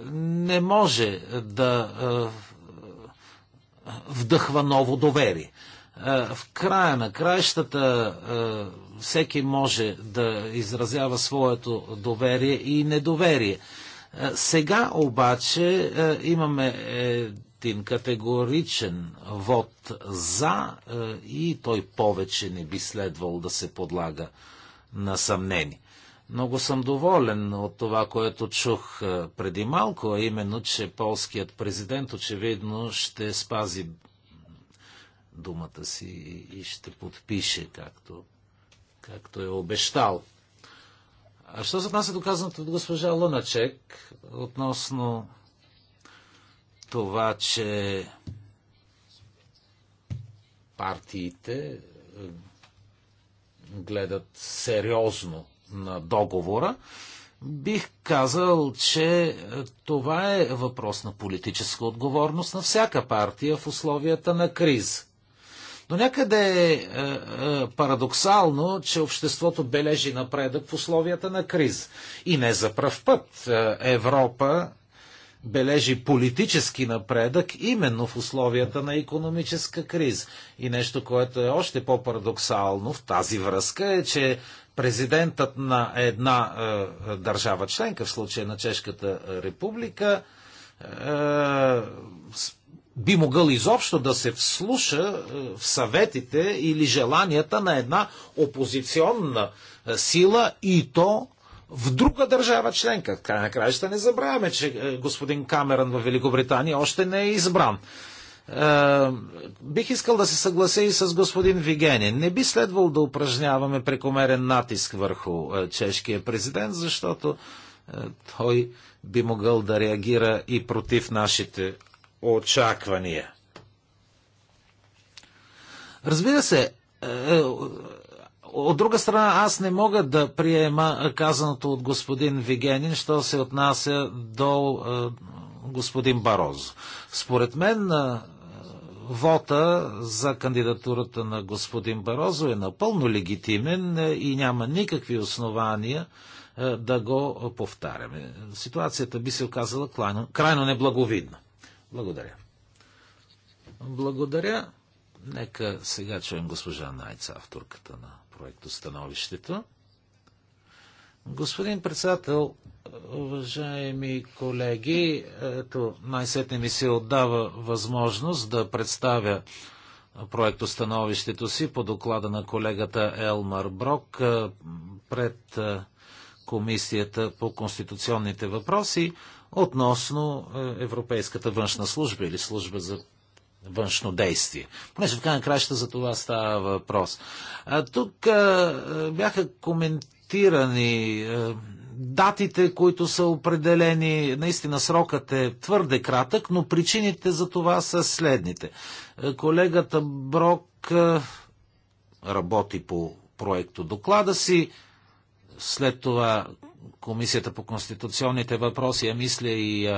не може да вдъхва ново доверие. Е, в края на краищата е, всеки може да изразява своето доверие и недоверие. Е, сега обаче имаме един категоричен вод за и той повече не би следвал да се подлага на съмнение. Много съм доволен от това, което чух преди малко, а именно, че полският президент очевидно ще спази думата си и ще подпише, както, както е обещал. А що се отнася е доказаното от госпожа Лъначек относно това, че партиите е, гледат сериозно на договора, бих казал, че е, това е въпрос на политическа отговорност на всяка партия в условията на криза. Но някъде е, е парадоксално, че обществото бележи напредък в условията на криз. И не за пръв път е, Европа бележи политически напредък именно в условията на економическа криза. И нещо, което е още по-парадоксално в тази връзка е, че президентът на една е, държава членка, в случая на Чешката република, е, би могъл изобщо да се вслуша е, в съветите или желанията на една опозиционна е, сила и то в друга държава членка. Край на краища не забравяме, че е, господин Камерън в Великобритания още не е избран. бих искал да се съглася и с господин Вигенин. Не би следвало да упражняваме прекомерен натиск върху чешкия президент, защото той би могъл да реагира и против нашите очаквания. Разбира се, е, е, от друга страна, аз не мога да приема казаното от господин Вигенин, що се отнася до е, господин Барозо. Според мен, вота за кандидатурата на господин Барозо е напълно легитимен и няма никакви основания да го повтаряме. Ситуацията би се оказала крайно неблаговидна. Благодаря. Благодаря. Нека сега чуем госпожа Найца, авторката на проекто Становището. Господин председател, уважаеми колеги, ето, най-сетне ми се отдава възможност да представя проекто становището си по доклада на колегата Елмар Брок пред Комисията по конституционните въпроси относно е, Европейската външна служба или служба за външно действие. Понеже в крайна краща за това става въпрос. А, тук а, е, е, бяха коментирани а, датите, които са определени. Наистина срокът е твърде кратък, но причините за това са следните. А, колегата Брок а, работи по проекто доклада си, след това Комисията по конституционните въпроси, а мисля и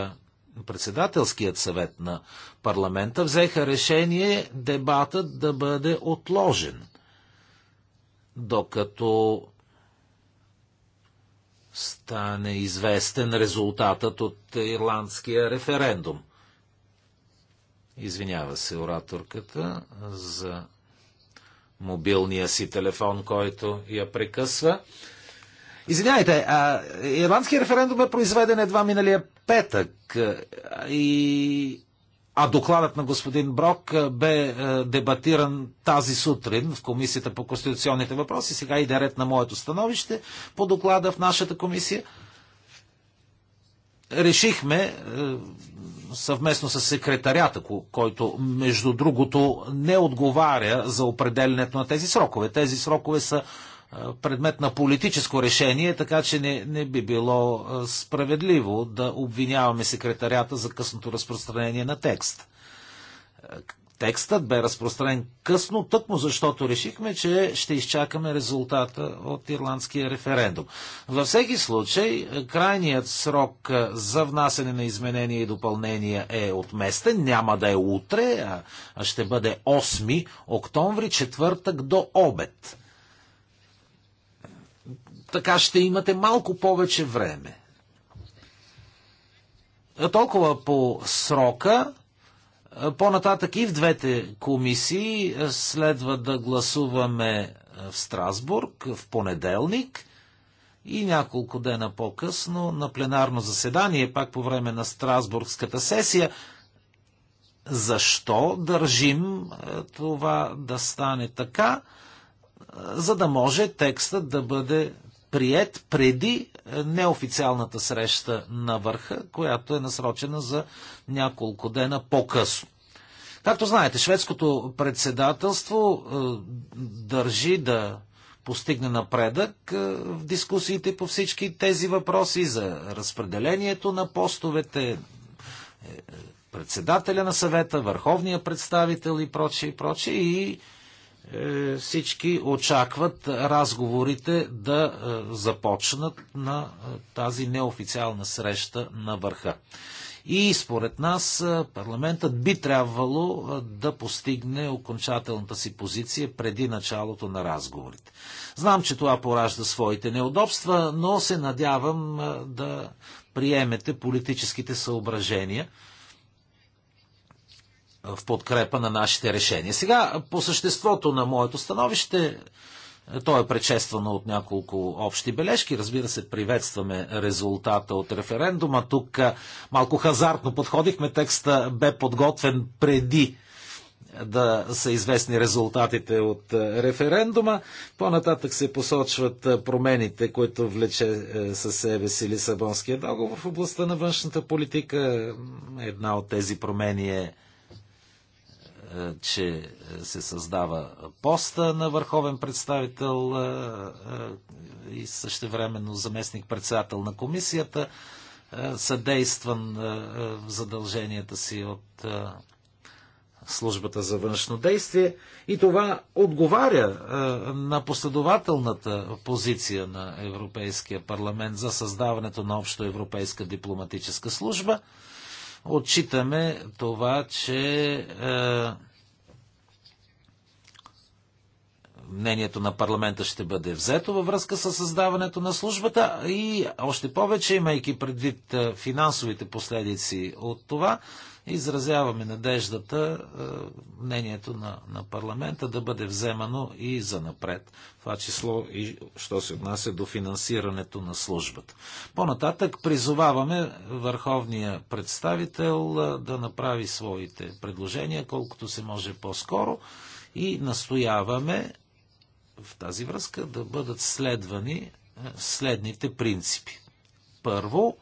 председателският съвет на парламента, взеха решение дебатът да бъде отложен, докато стане известен резултатът от ирландския референдум. Извинява се ораторката за мобилния си телефон, който я прекъсва. Извинявайте, а, референдум е произведен едва миналия петък и а докладът на господин Брок бе дебатиран тази сутрин в Комисията по конституционните въпроси. Сега иде ред на моето становище по доклада в нашата комисия. Решихме съвместно с секретарята, който между другото не отговаря за определенето на тези срокове. Тези срокове са предмет на политическо решение, така че не, не би било справедливо да обвиняваме секретарята за късното разпространение на текст. Текстът бе разпространен късно, тъкмо защото решихме, че ще изчакаме резултата от ирландския референдум. Във всеки случай, крайният срок за внасене на изменения и допълнения е отместен. Няма да е утре, а ще бъде 8 октомври, четвъртък до обед така ще имате малко повече време. А толкова по срока, по-нататък и в двете комисии следва да гласуваме в Страсбург в понеделник и няколко дена по-късно на пленарно заседание, пак по време на Страсбургската сесия. Защо държим това да стане така, за да може текстът да бъде прият преди е, неофициалната среща на върха, която е насрочена за няколко дена по-късно. Както знаете, шведското председателство е, държи да постигне напредък е, в дискусиите по всички тези въпроси за разпределението на постовете, председателя на съвета, върховния представител и прочее, и прочее. И е, всички очакват разговорите да е, започнат на е, тази неофициална среща на върха. И според нас парламентът би трябвало да постигне окончателната си позиция преди началото на разговорите. Знам, че това поражда своите неудобства, но се надявам да приемете политическите съображения, в подкрепа на нашите решения. Сега, по съществото на моето становище, то е предшествано от няколко общи бележки. Разбира се, приветстваме резултата от референдума. Тук малко хазартно подходихме. Текста бе подготвен преди да са известни резултатите от референдума. По-нататък се посочват промените, които влече със себе си Лисабонския договор в областта на външната политика. Една от тези промени е е, че се създава поста на върховен представител е, е, и същевременно заместник-председател на комисията, съдействан в задълженията си от службата за външно действие. И това отговаря на последователната позиция на Европейския парламент за създаването на общо европейска дипломатическа служба – отчитаме това, че е, мнението на парламента ще бъде взето във връзка с създаването на службата и още повече, имайки предвид е, финансовите последици от това, изразяваме надеждата е, мнението на, на парламента да бъде вземано и за напред. Това число и що се отнася до финансирането на службата. По-нататък призоваваме върховния представител е, да направи своите предложения колкото се може по-скоро и настояваме в тази връзка да бъдат следвани е, следните принципи. Първо,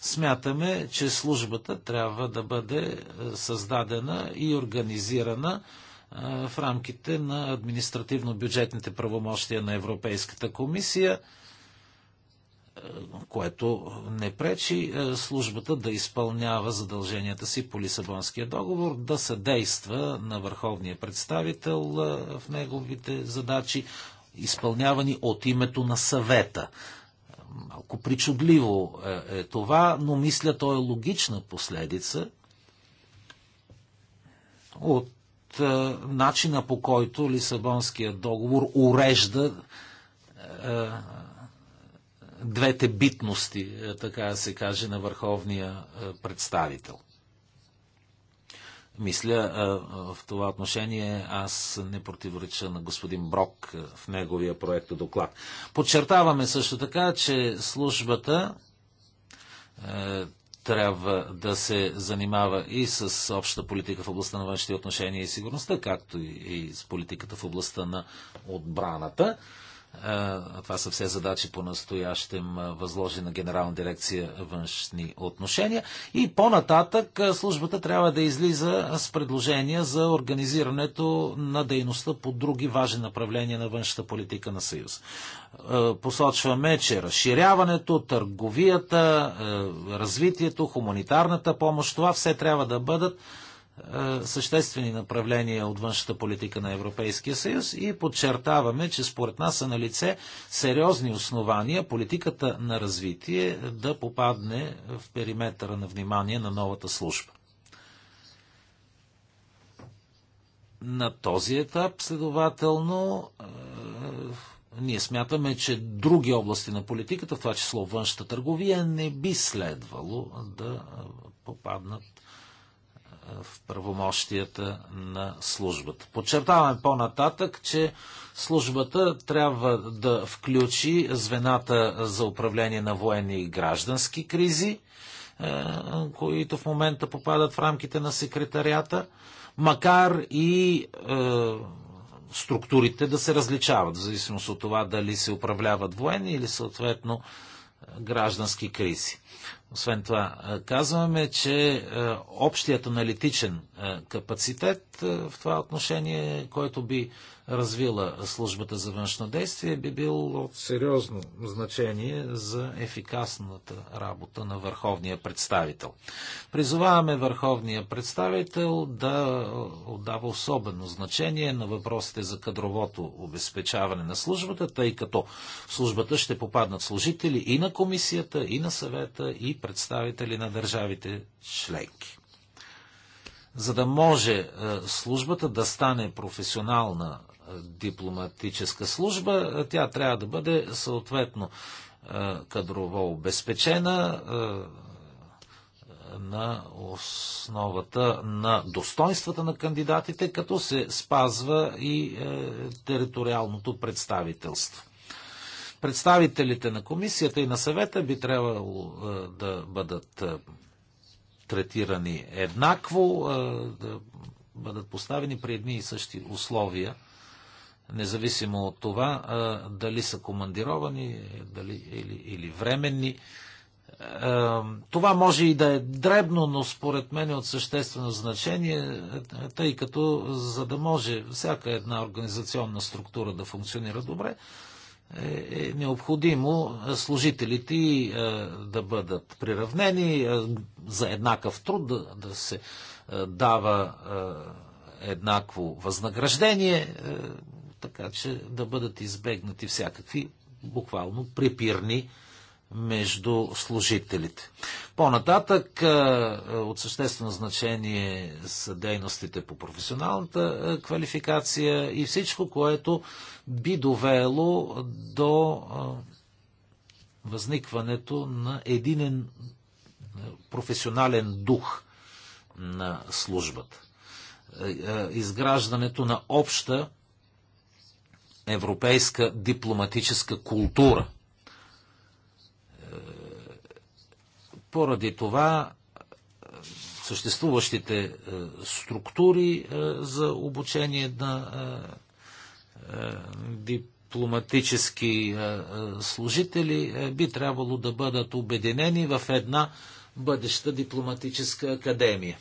смятаме, че службата трябва да бъде е, създадена и организирана е, в рамките на административно-бюджетните правомощия на Европейската комисия – което не пречи е, службата да изпълнява задълженията си по Лисабонския договор, да съдейства на върховния представител е, в неговите задачи, изпълнявани от името на съвета. Малко причудливо е, е това, но мисля, то е логична последица от начина по който Лисабонския договор урежда двете битности, е, така се каже, на върховния е, представител. Мисля, е, в това отношение аз не противореча на господин Брок в неговия проект доклад. Подчертаваме също така, че службата трябва да се занимава и с обща политика в областта на външните отношения и сигурността, както и, и с политиката в областта на отбраната. Това са все задачи по настоящем възложи на Генерална дирекция външни отношения. И по-нататък службата трябва да излиза с предложения за организирането на дейността по други важни направления на външната политика на Съюз. Посочваме, че разширяването, търговията, развитието, хуманитарната помощ, това все трябва да бъдат е, съществени направления от външната политика на Европейския съюз и подчертаваме, че според нас са на лице сериозни основания политиката на развитие да попадне в периметъра на внимание на новата служба. На този етап, следователно, е, ние смятаме, че други области на политиката, в това число външната търговия, не би следвало да попаднат в правомощията на службата. Подчертаваме по-нататък, че службата трябва да включи звената за управление на военни и граждански кризи, е, които в момента попадат в рамките на секретарията, макар и е, структурите да се различават, в зависимост от това дали се управляват военни или съответно е, граждански кризи. Освен това, казваме, че общият аналитичен е, капацитет е, в това отношение, който би развила службата за външно действие, би бил от сериозно значение за ефикасната работа на върховния представител. Призоваваме върховния представител да отдава особено значение на въпросите за кадровото обезпечаване на службата, тъй като в службата ще попаднат служители и на комисията, и на съвета, и представители на държавите членки за да може е, службата да стане професионална е, дипломатическа служба, е, тя трябва да бъде съответно кадрово обезпечена на основата на достоинствата на кандидатите, като се спазва и териториалното представителство. Представителите на комисията и на съвета би трябвало да бъдат третирани еднакво, да бъдат поставени при едни и същи условия, независимо от това дали са командировани дали, или, или временни. Това може и да е дребно, но според мен е от съществено значение, тъй като за да може всяка една организационна структура да функционира добре, е, е необходимо е, служителите е, да бъдат приравнени за еднакъв труд, да, се дава еднакво възнаграждение, така че да бъдат избегнати всякакви буквално припирни между служителите. По-нататък от съществено значение са дейностите по професионалната квалификация и всичко, което би довело до възникването на единен професионален дух на службата. Изграждането на обща европейска дипломатическа култура – Поради това е, съществуващите е, структури е, за обучение на дипломатически служители би трябвало да бъдат обединени в една бъдеща дипломатическа академия.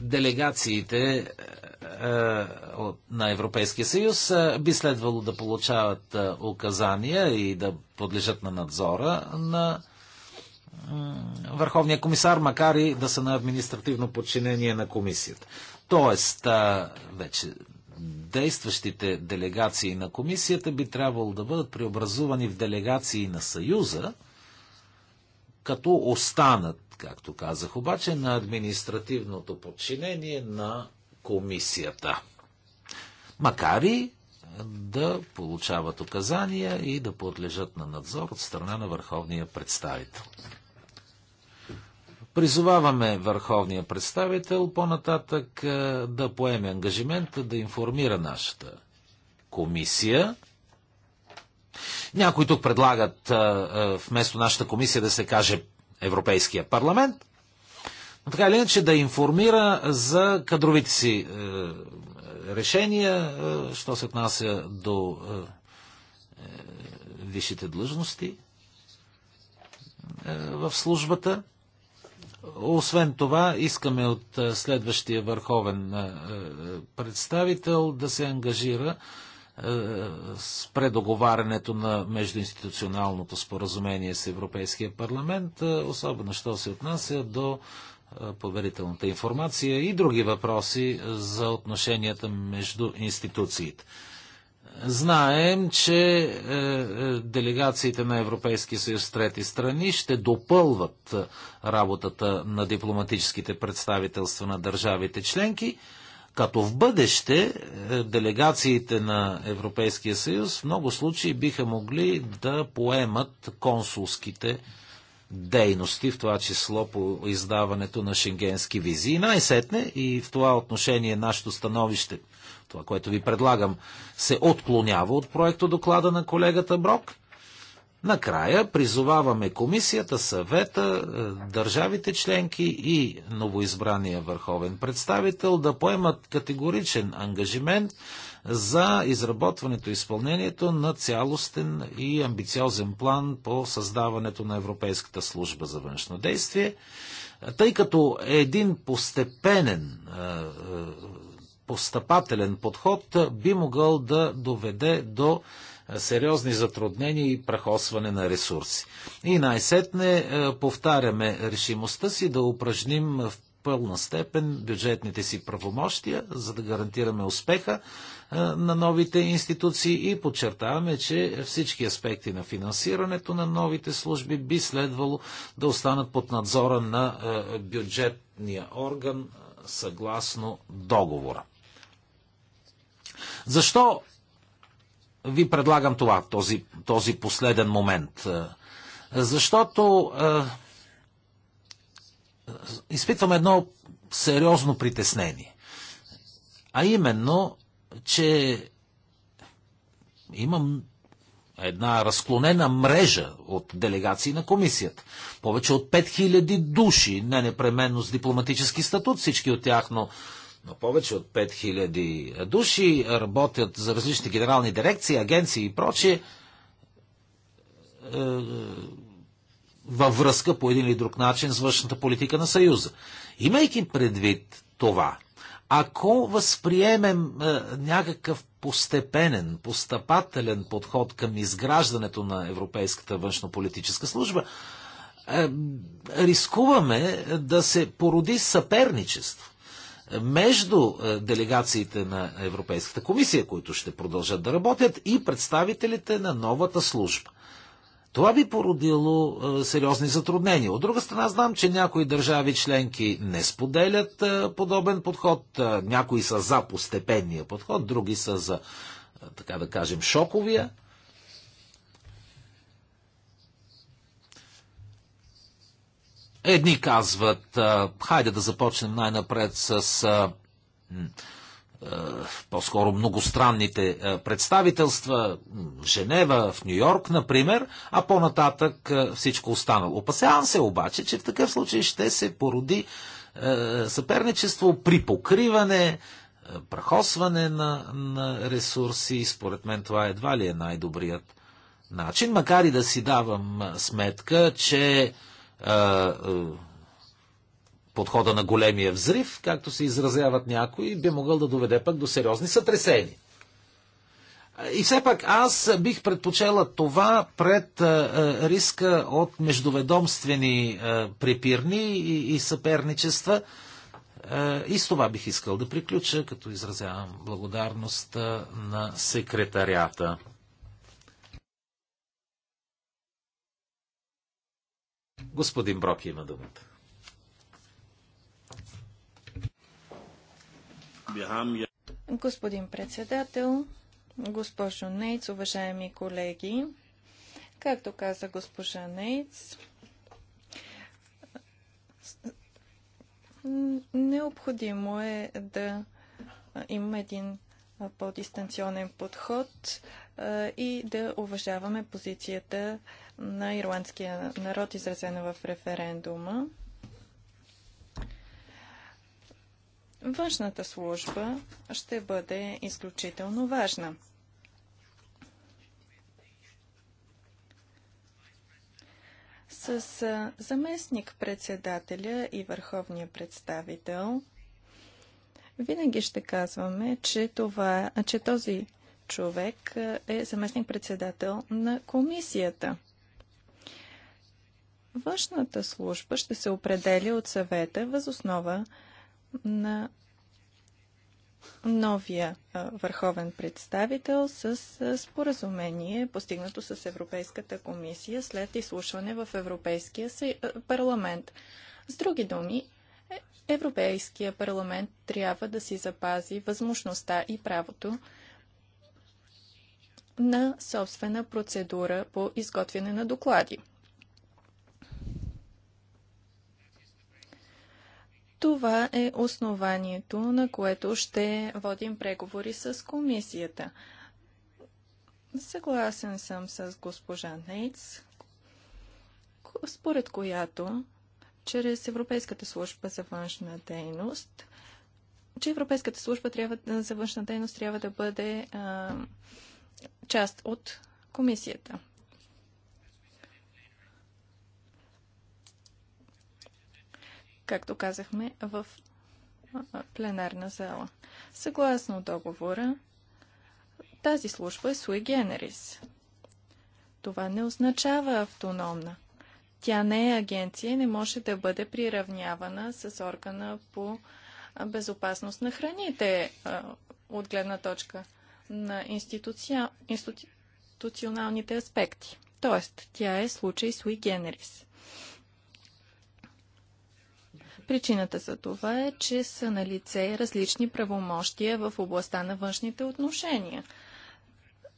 Делегациите е, на Европейския съюз е, би следвало да получават е, указания и да подлежат на надзора на Върховния комисар, макар и да са на административно подчинение на комисията. Тоест, вече действащите делегации на комисията би трябвало да бъдат преобразувани в делегации на Съюза, като останат, както казах обаче, на административното подчинение на комисията. Макар и да получават указания и да подлежат на надзор от страна на върховния представител. Призоваваме върховния представител по-нататък е, да поеме ангажимент да информира нашата комисия. Някои тук предлагат е, е, вместо нашата комисия да се каже Европейския парламент така или иначе да информира за кадровите си е, решения, е, що се отнася до е, е висшите длъжности е, в службата. Освен това, искаме от е, следващия върховен представител да се ангажира с предоговарянето на междуинституционалното споразумение с Европейския парламент, особено що се отнася до поверителната информация и други въпроси за отношенията между институциите. Знаем, че е, е, делегациите на Европейския съюз в трети страни ще допълват е, работата на дипломатическите представителства на държавите членки, като в бъдеще делегациите на Европейския съюз в много случаи биха могли да поемат консулските дейности, в това число по издаването на шенгенски визи. И най-сетне, и в това отношение нашето становище, това, което ви предлагам, се отклонява от проекто доклада на колегата Брок. Накрая призоваваме комисията, съвета, е, държавите членки и новоизбрания върховен представител да поемат категоричен ангажимент за изработването и изпълнението на цялостен и амбициозен план по създаването на Европейската служба за външно действие, тъй като е един постепенен, е, е, постъпателен подход би могъл да доведе до сериозни затруднения и прахосване на ресурси. И най-сетне повтаряме решимостта си да упражним в пълна степен бюджетните си правомощия, за да гарантираме успеха на новите институции и подчертаваме, че всички аспекти на финансирането на новите служби би следвало да останат под надзора на бюджетния орган съгласно договора. Защо ви предлагам това, този, този последен момент? Защото е, изпитвам едно сериозно притеснение. А именно че имам една разклонена мрежа от делегации на комисията. Повече от 5000 души, не непременно с дипломатически статут всички от тях, но, но повече от 5000 души работят за различни генерални дирекции, агенции и прочие е, във връзка по един или друг начин с външната политика на Съюза. Имайки предвид това, ако възприемем е, някакъв постепенен, постъпателен подход към изграждането на Европейската външнополитическа служба, е, рискуваме да се породи съперничество между е, делегациите на Европейската комисия, които ще продължат да работят, и представителите на новата служба. Това би породило сериозни затруднения. От друга страна, знам, че някои държави членки не споделят подобен подход. Някои са за постепенния подход, други са за, така да кажем, шоковия. Едни казват, хайде да започнем най-напред с е, по-скоро многостранните е, представителства, Женева, в Нью-Йорк, например, а по-нататък е, всичко останало. Опасявам се обаче, че в такъв случай ще се породи съперничество при покриване, прахосване на, на ресурси. Според мен това едва ли е най-добрият начин, макар и да си давам сметка, че подхода на големия взрив, както се изразяват някои, би могъл да доведе пък до сериозни сътресени. И все пак аз бих предпочела това пред риска от междуведомствени препирни и съперничества. И с това бих искал да приключа, като изразявам благодарност на секретарята. Господин Брок има думата.
Господин председател, госпожо Нейц, уважаеми колеги, както каза госпожа Нейц, необходимо е да имаме един по-дистанционен подход и да уважаваме позицията на ирландския народ, изразена в референдума. Външната служба ще бъде изключително важна. С заместник-председателя и върховния представител винаги ще казваме, че, това, че този човек е заместник-председател на комисията. Външната служба ще се определя от съвета възоснова основа на новия върховен представител с споразумение, постигнато с Европейската комисия след изслушване в Европейския парламент. С други думи, е, Европейския парламент трябва да си запази възможността и правото на собствена процедура по изготвяне на доклади. Това е основанието, на което ще водим преговори с комисията. Съгласен съм с госпожа Нейц, според която чрез Европейската служба за външна дейност, че Европейската служба трябва, за външна дейност трябва да бъде а, част от комисията. както казахме, в пленарна зала. Съгласно договора, тази служба е sui generis. Това не означава автономна. Тя не е агенция и не може да бъде приравнявана с органа по безопасност на храните от гледна точка на институци... институционалните аспекти. Тоест, тя е случай sui generis. Причината за това е, че са на лице различни правомощия в областта на външните отношения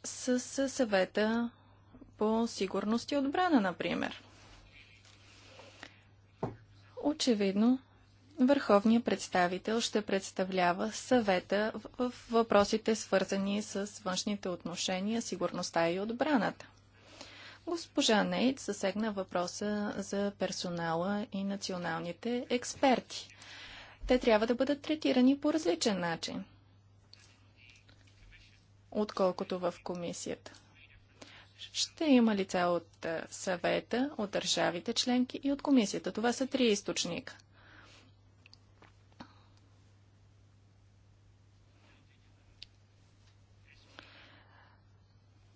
с съвета по сигурност и отбрана, например. Очевидно, върховният представител ще представлява съвета в въпросите свързани с външните отношения, сигурността и отбраната. Госпожа Нейт засегна въпроса за персонала и националните експерти. Те трябва да бъдат третирани по различен начин, отколкото в комисията. Ще има лица от съвета, от държавите членки и от комисията. Това са три източника.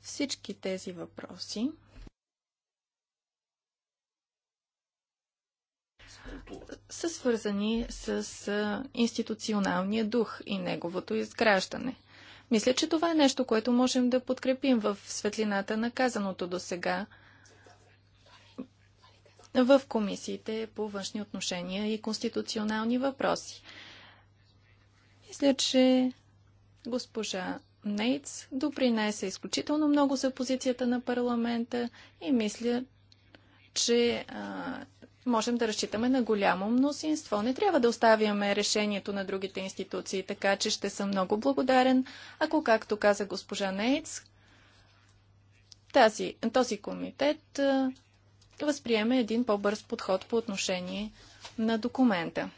Всички тези въпроси са свързани с институционалния дух и неговото изграждане. Мисля, че това е нещо, което можем да подкрепим в светлината на казаното до сега в комисиите по външни отношения и конституционални въпроси. Мисля, че госпожа Нейтс допринесе изключително много за позицията на парламента и мисля, че а, можем да разчитаме на голямо мнозинство. Не трябва да оставяме решението на другите институции, така че ще съм много благодарен, ако, както каза госпожа Нейц, тази, този комитет а, възприеме един по-бърз подход по отношение на документа.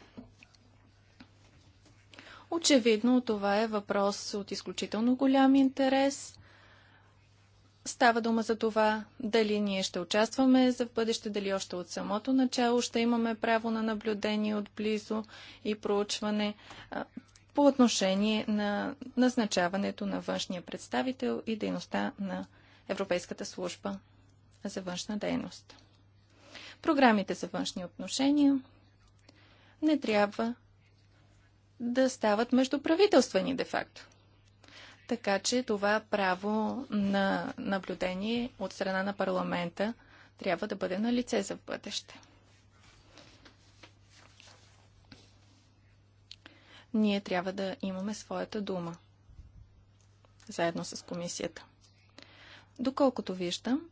Очевидно това е въпрос от изключително голям интерес Става дума за това дали ние ще участваме за в бъдеще, дали още от самото начало ще имаме право на наблюдение отблизо и проучване по отношение на назначаването на външния представител и дейността на Европейската служба за външна дейност. Програмите за външни отношения не трябва да стават междуправителствени де-факто. Така че това право на наблюдение от страна на парламента трябва да бъде на лице за бъдеще. Ние трябва да имаме своята дума, заедно с комисията. Доколкото виждам,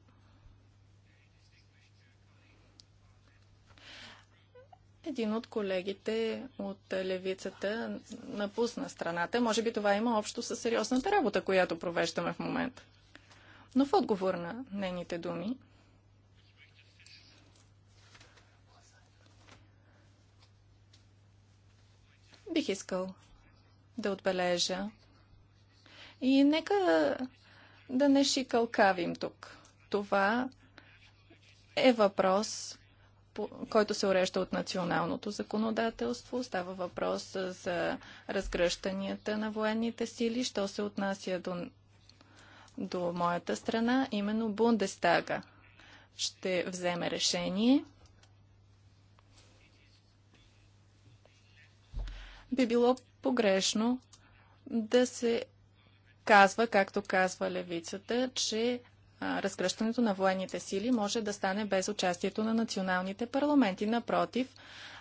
един от колегите от левицата напусна страната. Може би това има общо с сериозната работа, която провеждаме в момента. Но в отговор на нейните думи, бих искал да отбележа. И нека да не шикалкавим тук. Това е въпрос, който се урежда от националното законодателство. Става въпрос за разгръщанията на военните сили, що се отнася до, до моята страна, именно Бундестага ще вземе решение. Би било погрешно да се казва, както казва левицата, че разкръщането на военните сили може да стане без участието на националните парламенти. Напротив,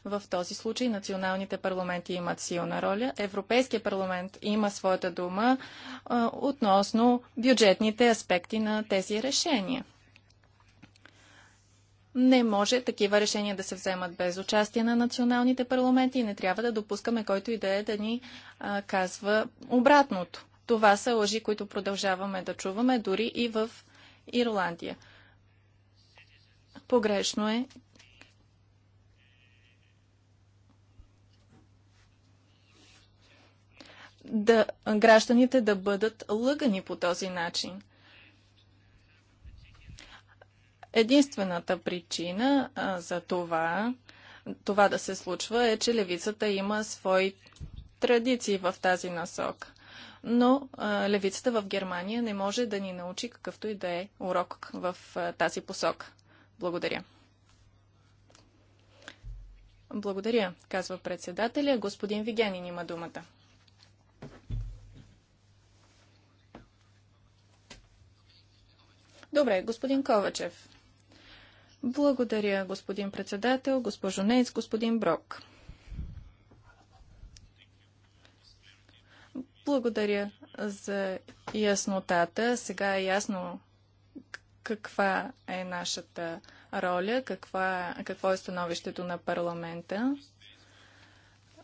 в този случай националните парламенти имат силна роля. Европейския парламент има своята дума относно бюджетните аспекти на тези решения. Не може такива решения да се вземат без участие на националните парламенти и не трябва да допускаме който и да е да ни а, казва обратното. Това са лъжи, които продължаваме да чуваме дори и в Ирландия. Погрешно е. Да, гражданите да бъдат лъгани по този начин. Единствената причина а, за това, това да се случва е, че левицата има свои традиции в тази насока но а, левицата в Германия не може да ни научи какъвто и да е урок в а, тази посока. Благодаря. Благодаря, казва председателя. Господин Вигянин има думата. Добре, господин Ковачев. Благодаря, господин председател, госпожо Нейц, господин Брок. Благодаря за яснотата. Сега е ясно каква е нашата роля, каква, какво е становището на парламента.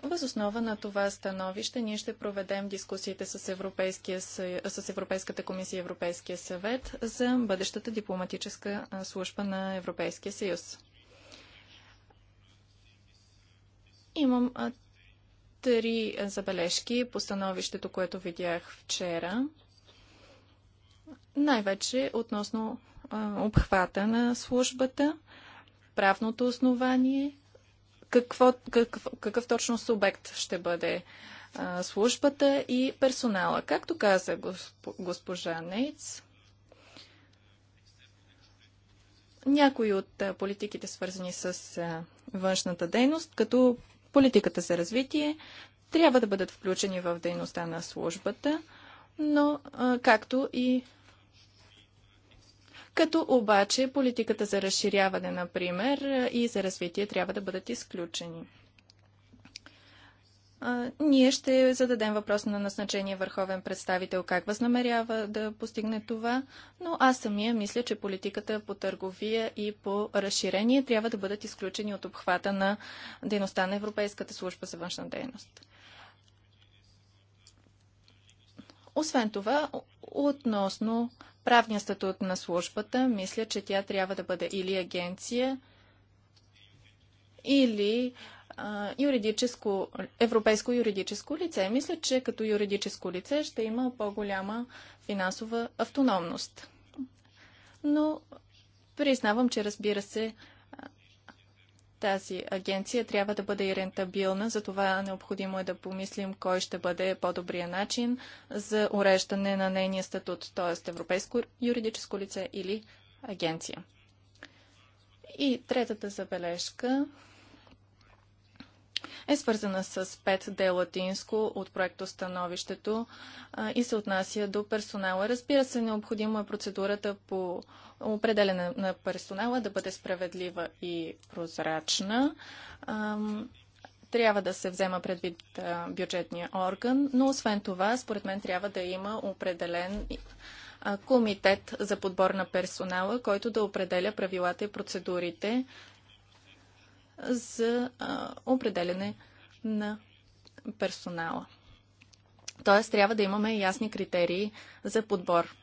Въз основа на това становище ние ще проведем дискусиите с, Европейския, с Европейската комисия и Европейския съвет за бъдещата дипломатическа служба на Европейския съюз. Имам три забележки по становището, което видях вчера. Най-вече относно обхвата на службата, правното основание, какво, какъв, какъв точно субект ще бъде службата и персонала. Както каза госпожа Нейц, някои от политиките свързани с външната дейност, като политиката за развитие трябва да бъдат включени в дейността на службата, но както и като обаче политиката за разширяване, например, и за развитие трябва да бъдат изключени ние ще зададем въпрос на назначение върховен представител как възнамерява да постигне това, но аз самия мисля, че политиката по търговия и по разширение трябва да бъдат изключени от обхвата на дейността на Европейската служба за външна дейност. Освен това, относно правния статут на службата, мисля, че тя трябва да бъде или агенция, или юридическо, европейско юридическо лице. Мисля, че като юридическо лице ще има по-голяма финансова автономност. Но признавам, че разбира се, тази агенция трябва да бъде и рентабилна, затова необходимо е да помислим кой ще бъде по-добрия начин за уреждане на нейния статут, т.е. европейско юридическо лице или агенция. И третата забележка е свързана с 5D латинско от проекто становището а, и се отнася до персонала. Разбира се, необходимо е процедурата по определене на персонала да бъде справедлива и прозрачна. А, трябва да се взема предвид а, бюджетния орган, но освен това, според мен трябва да има определен комитет за подбор на персонала, който да определя правилата и процедурите за определене на персонала. Тоест, трябва да имаме ясни критерии за подбор.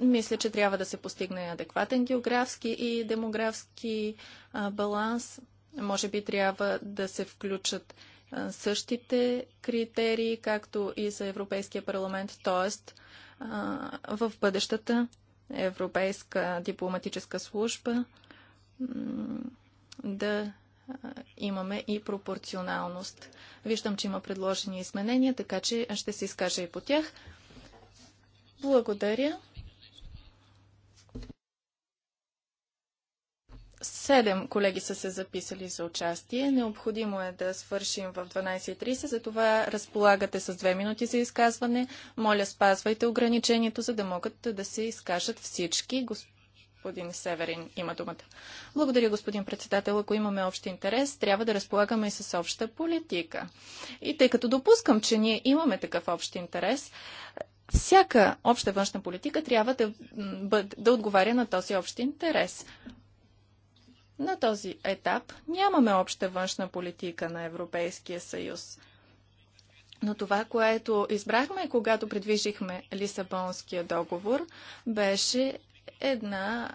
Мисля, че трябва да се постигне адекватен географски и демографски баланс. Може би трябва да се включат същите критерии, както и за Европейския парламент, т.е. в бъдещата Европейска дипломатическа служба да имаме и пропорционалност. Виждам, че има предложени изменения, така че ще се изкажа и по тях. Благодаря. Седем колеги са се записали за участие. Необходимо е да свършим в 12.30, затова разполагате с две минути за изказване. Моля, спазвайте ограничението, за да могат да се изкажат всички. Господин Северин има думата. Благодаря, господин председател. Ако имаме общ интерес, трябва да разполагаме и с обща политика. И тъй като допускам, че ние имаме такъв общ интерес, всяка обща външна политика трябва да, бъд, да отговаря на този общ интерес. На този етап нямаме обща външна политика на Европейския съюз. Но това, което избрахме, когато предвижихме Лисабонския договор, беше една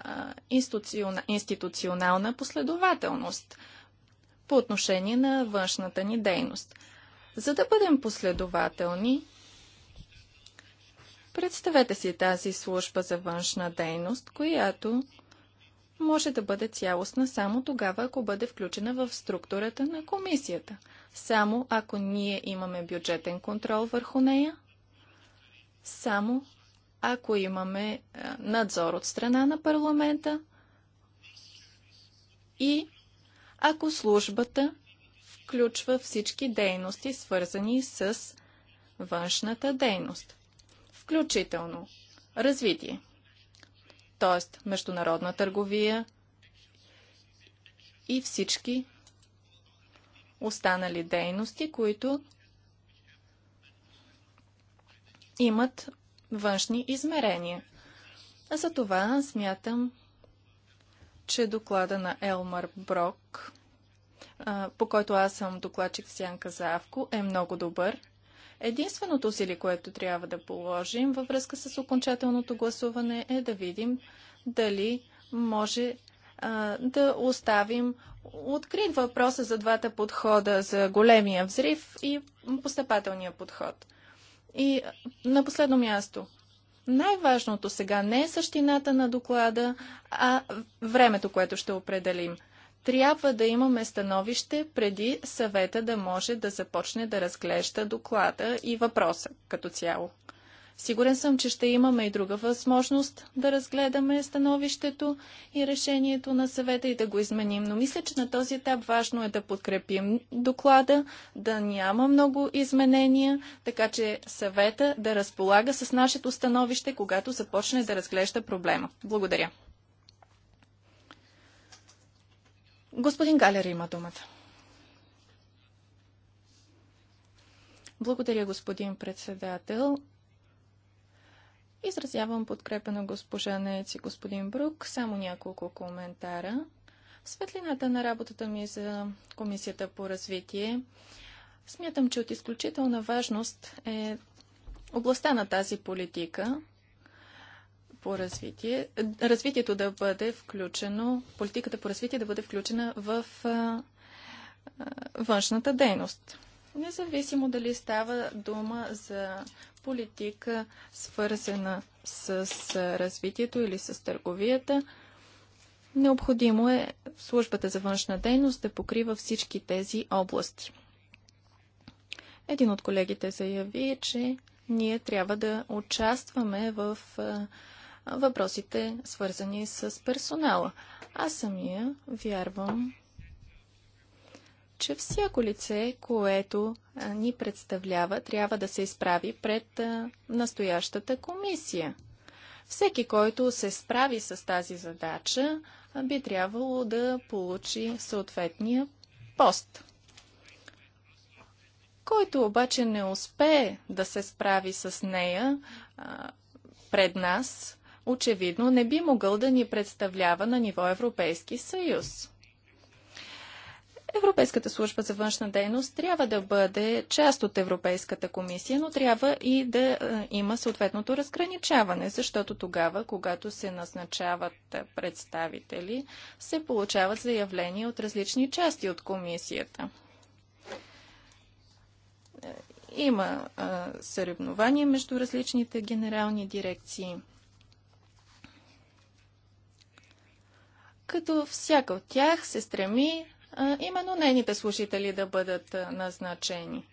институционална, последователност по отношение на външната ни дейност. За да бъдем последователни, представете си тази служба за външна дейност, която може да бъде цялостна само тогава, ако бъде включена в структурата на комисията. Само ако ние имаме бюджетен контрол върху нея, само ако имаме е, надзор от страна на парламента и ако службата включва всички дейности, свързани с външната дейност, включително развитие, т.е. международна търговия и всички останали дейности, които имат външни измерения. Затова за това смятам, че доклада на Елмар Брок, по който аз съм докладчик Сянка Завко, е много добър. Единственото усилие, което трябва да положим във връзка с окончателното гласуване е да видим дали може а, да оставим открит въпроса за двата подхода, за големия взрив и постъпателния подход. И на последно място, най-важното сега не е същината на доклада, а времето, което ще определим. Трябва да имаме становище преди съвета да може да започне да разглежда доклада и въпроса като цяло. Сигурен съм, че ще имаме и друга възможност да разгледаме становището и решението на съвета и да го изменим. Но мисля, че на този етап важно е да подкрепим доклада, да няма много изменения, така че съвета да разполага с нашето становище, когато започне да разглежда проблема. Благодаря. Господин Галер има думата. Благодаря, господин председател. Изразявам подкрепа на госпожа Нец и господин Брук. Само няколко коментара. В светлината на работата ми за Комисията по развитие, смятам, че от изключителна важност е областта на тази политика по развитие, развитието да бъде включено, политиката по развитие да бъде включена в а, а, външната дейност. Независимо дали става дума за политика, свързана с развитието или с търговията. Необходимо е службата за външна дейност да покрива всички тези области. Един от колегите заяви, че ние трябва да участваме в въпросите, свързани с персонала. Аз самия вярвам, че всяко лице, което ни представлява, трябва да се изправи пред настоящата комисия. Всеки, който се справи с тази задача, би трябвало да получи съответния пост. Който обаче не успее да се справи с нея пред нас, очевидно не би могъл да ни представлява на ниво Европейски съюз. Европейската служба за външна дейност трябва да бъде част от Европейската комисия, но трябва и да е, има съответното разграничаване, защото тогава, когато се назначават е, представители, се получават заявления от различни части от комисията. Е, има съревнования между различните генерални дирекции. Като всяка от тях се стреми именно нейните служители да бъдат назначени.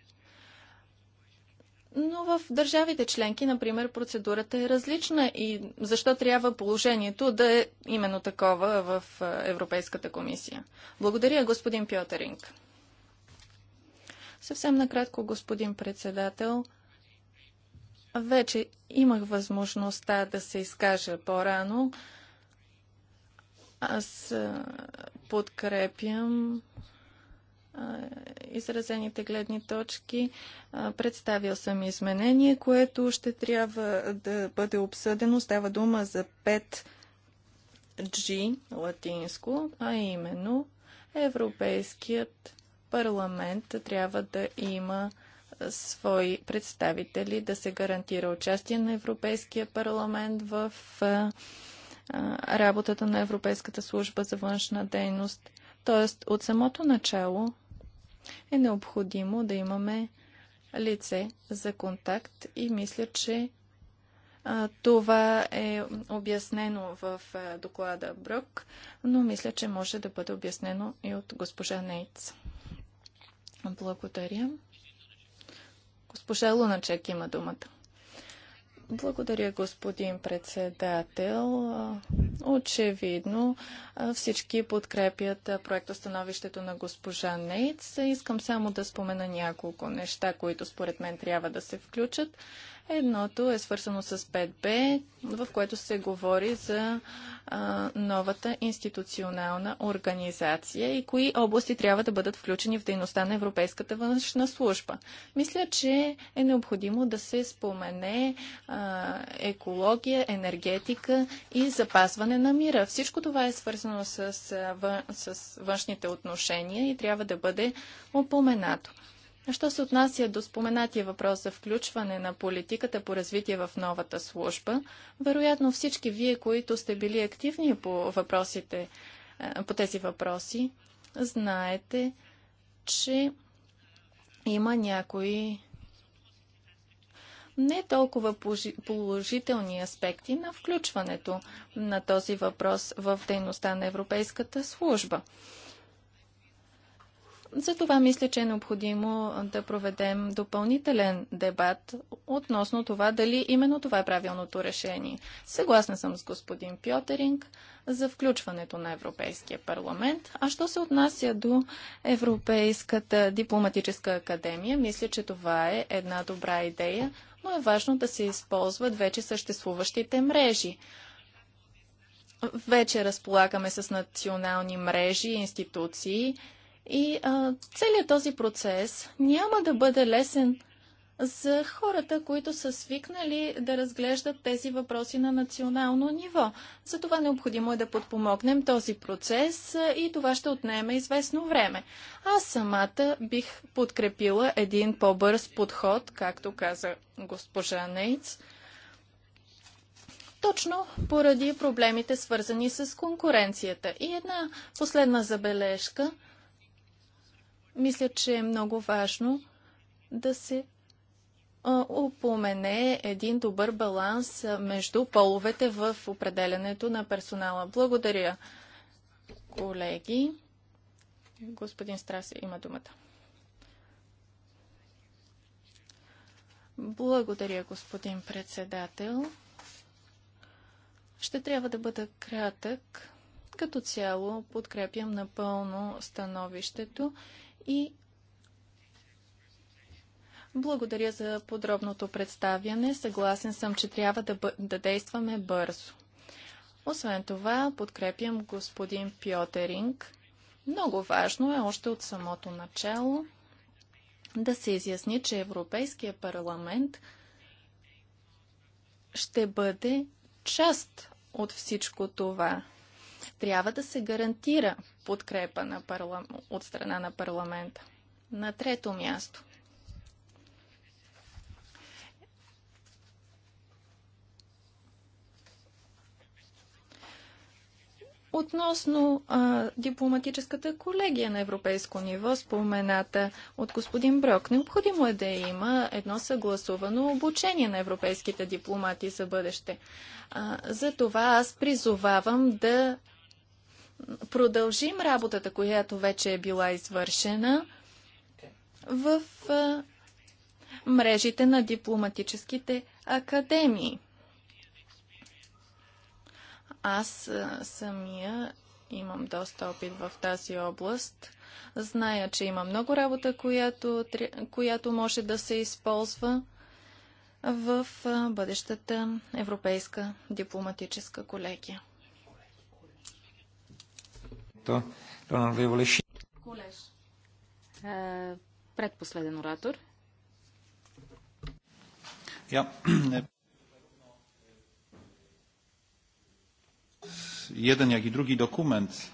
Но в държавите членки, например, процедурата е различна и защо трябва положението да е именно такова в Европейската комисия. Благодаря, господин Пьотеринг. Съвсем накратко, господин председател, вече имах възможността да се изкажа по-рано. Аз подкрепям изразените гледни точки. Представил съм изменение, което ще трябва да бъде обсъдено. Става дума за 5G латинско, а именно Европейският парламент трябва да има свои представители, да се гарантира участие на Европейския парламент в работата на Европейската служба за външна дейност. Тоест, от самото начало е необходимо да имаме лице за контакт и мисля, че а, това е обяснено в а, доклада Брок, но мисля, че може да бъде обяснено и от госпожа Нейц. Благодаря. Госпожа Луначек има думата. Благодаря, господин председател. Очевидно всички подкрепят проектостановището на госпожа Нейтс. Искам само да спомена няколко неща, които според мен трябва да се включат. Едното е свързано с 5Б, в което се говори за а, новата институционална организация и кои области трябва да бъдат включени в дейността на Европейската външна служба. Мисля, че е необходимо да се спомене а, екология, енергетика и запазване на мира. Всичко това е свързано с, с външните отношения и трябва да бъде упоменато. А що се отнася до споменатия въпрос за включване на политиката по развитие в новата служба, вероятно всички вие, които сте били активни по, въпросите, е, по тези въпроси, знаете, че има някои не толкова положителни аспекти на включването на този въпрос в дейността на Европейската служба. Затова мисля, че е необходимо да проведем допълнителен дебат относно това дали именно това е правилното решение. Съгласна съм с господин Пьотеринг за включването на Европейския парламент. А що се отнася до Европейската дипломатическа академия, мисля, че това е една добра идея, но е важно да се използват вече съществуващите мрежи. Вече разполагаме с национални мрежи и институции, и а, целият този процес няма да бъде лесен за хората, които са свикнали да разглеждат тези въпроси на национално ниво. Затова необходимо е да подпомогнем този процес и това ще отнеме известно време. Аз самата бих подкрепила един по-бърз подход, както каза госпожа Нейц, точно поради проблемите свързани с конкуренцията. И една последна забележка – мисля, че е много важно да се упомене един добър баланс между половете в определенето на персонала. Благодаря, колеги. Господин Страс има думата. Благодаря, господин председател. Ще трябва да бъда кратък. Като цяло подкрепям напълно становището и благодаря за подробното представяне. Съгласен съм, че трябва да, бъ... да действаме бързо. Освен това, подкрепям господин Пьотеринг. Много важно е още от самото начало да се изясни, че Европейския парламент ще бъде част от всичко това. Трябва да се гарантира подкрепа на парла... от страна на парламента. На трето място. Относно а, дипломатическата колегия на европейско ниво, спомената от господин Брок, необходимо е да има едно съгласувано обучение на европейските дипломати за бъдеще. А, за това аз призовавам да продължим работата, която вече е била извършена в мрежите на дипломатическите академии. Аз самия имам доста опит в тази област. Зная, че има много работа, която, която може да се използва в бъдещата Европейска дипломатическа колегия.
Колеж. Предпоследен оратор.
Jeden, jak i drugi dokument,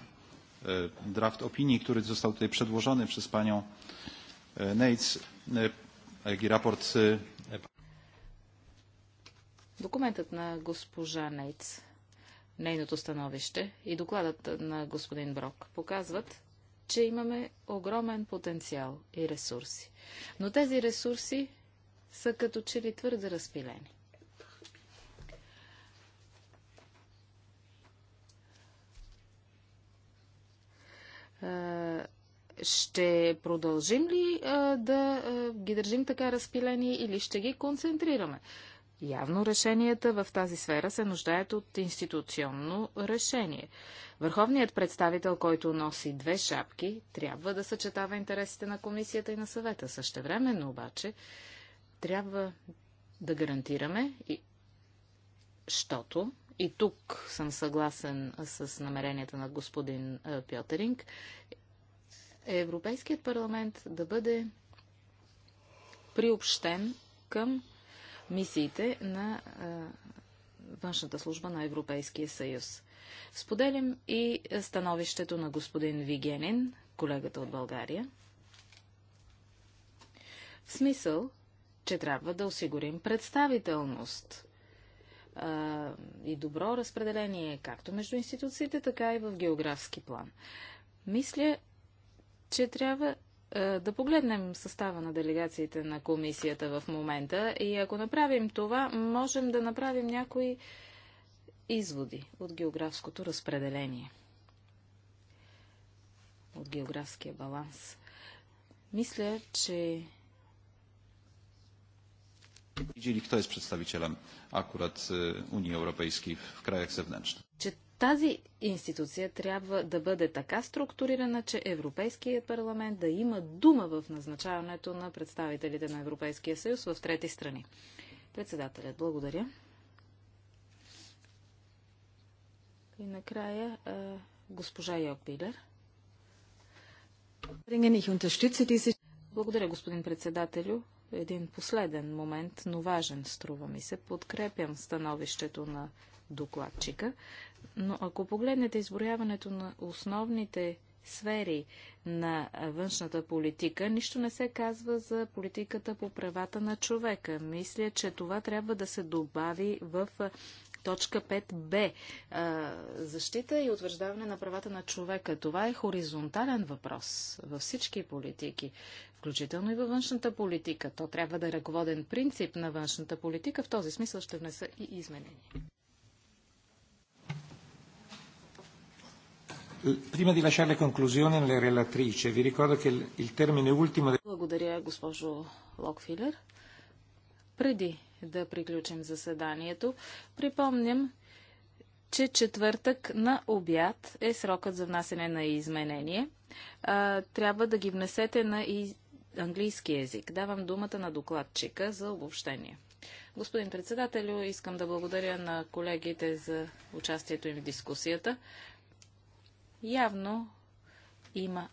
draft opinii, który został tutaj przedłożony przez panią Neitz, jak i raport.
Dokumentat na госпожа Neitz нейното становище и докладът на господин Брок показват, че имаме огромен потенциал и ресурси. Но тези ресурси са като че ли твърде разпилени. Ще продължим ли да ги държим така разпилени или ще ги концентрираме? Явно решенията в тази сфера се нуждаят от институционно решение. Върховният представител, който носи две шапки, трябва да съчетава интересите на комисията и на съвета. Същевременно обаче трябва да гарантираме, и... щото, и тук съм съгласен с намеренията на господин е, Пьотеринг, Европейският парламент да бъде приобщен към мисиите на външната служба на Европейския съюз. Споделям и становището на господин Вигенин, колегата от България, в смисъл, че трябва да осигурим представителност а, и добро разпределение както между институциите, така и в географски план. Мисля, че трябва е, да погледнем състава на делегациите на комисията в момента и ако направим това, можем да направим някои изводи от географското разпределение, от географския баланс. Мисля, че
widzieli, кто е представителем акурат Unii е, Европейски в краях съвнешно?
Че тази институция трябва да бъде така структурирана, че Европейският парламент да има дума в назначаването на представителите на Европейския съюз в трети страни. Председателят, благодаря. И накрая госпожа Йопилер. Благодаря, господин председателю. Един последен момент, но важен, струва ми се. Подкрепям становището на докладчика. Но ако погледнете изброяването на основните сфери на външната политика, нищо не се казва за политиката по правата на човека. Мисля, че това трябва да се добави в точка 5б. Защита и утвърждаване на правата на човека. Това е хоризонтален въпрос във всички политики, включително и във външната политика. То трябва да е ръководен принцип на външната политика. В този смисъл ще внеса и изменения.
Prima э, di lasciare le conclusioni alle relatrice, vi ricordo che il termine ultimo...
Благодаря, госпожо Локфилер. Преди да приключим заседанието, припомням, че четвъртък на обяд е срокът за внасене на изменение. трябва да ги внесете на английски язик. Давам думата на докладчика за обобщение. Господин председателю, искам да благодаря на колегите за участието им в дискусията. Явно има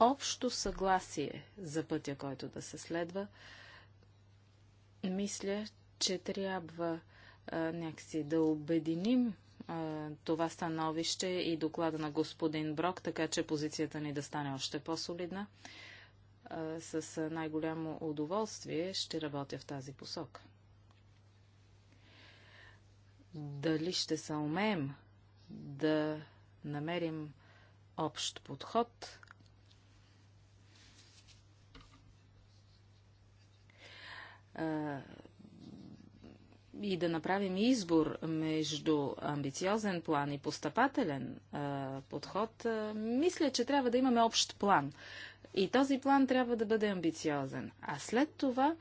общо съгласие за пътя, който да се следва. Мисля, че трябва а, някакси да обединим а, това становище и доклада на господин Брок, така че позицията ни да стане още по-солидна. С най-голямо удоволствие ще работя в тази посока. Дали ще се умеем да намерим общ подход. И да направим избор между амбициозен план и постъпателен подход, мисля, че трябва да имаме общ план. И този план трябва да бъде амбициозен. А след това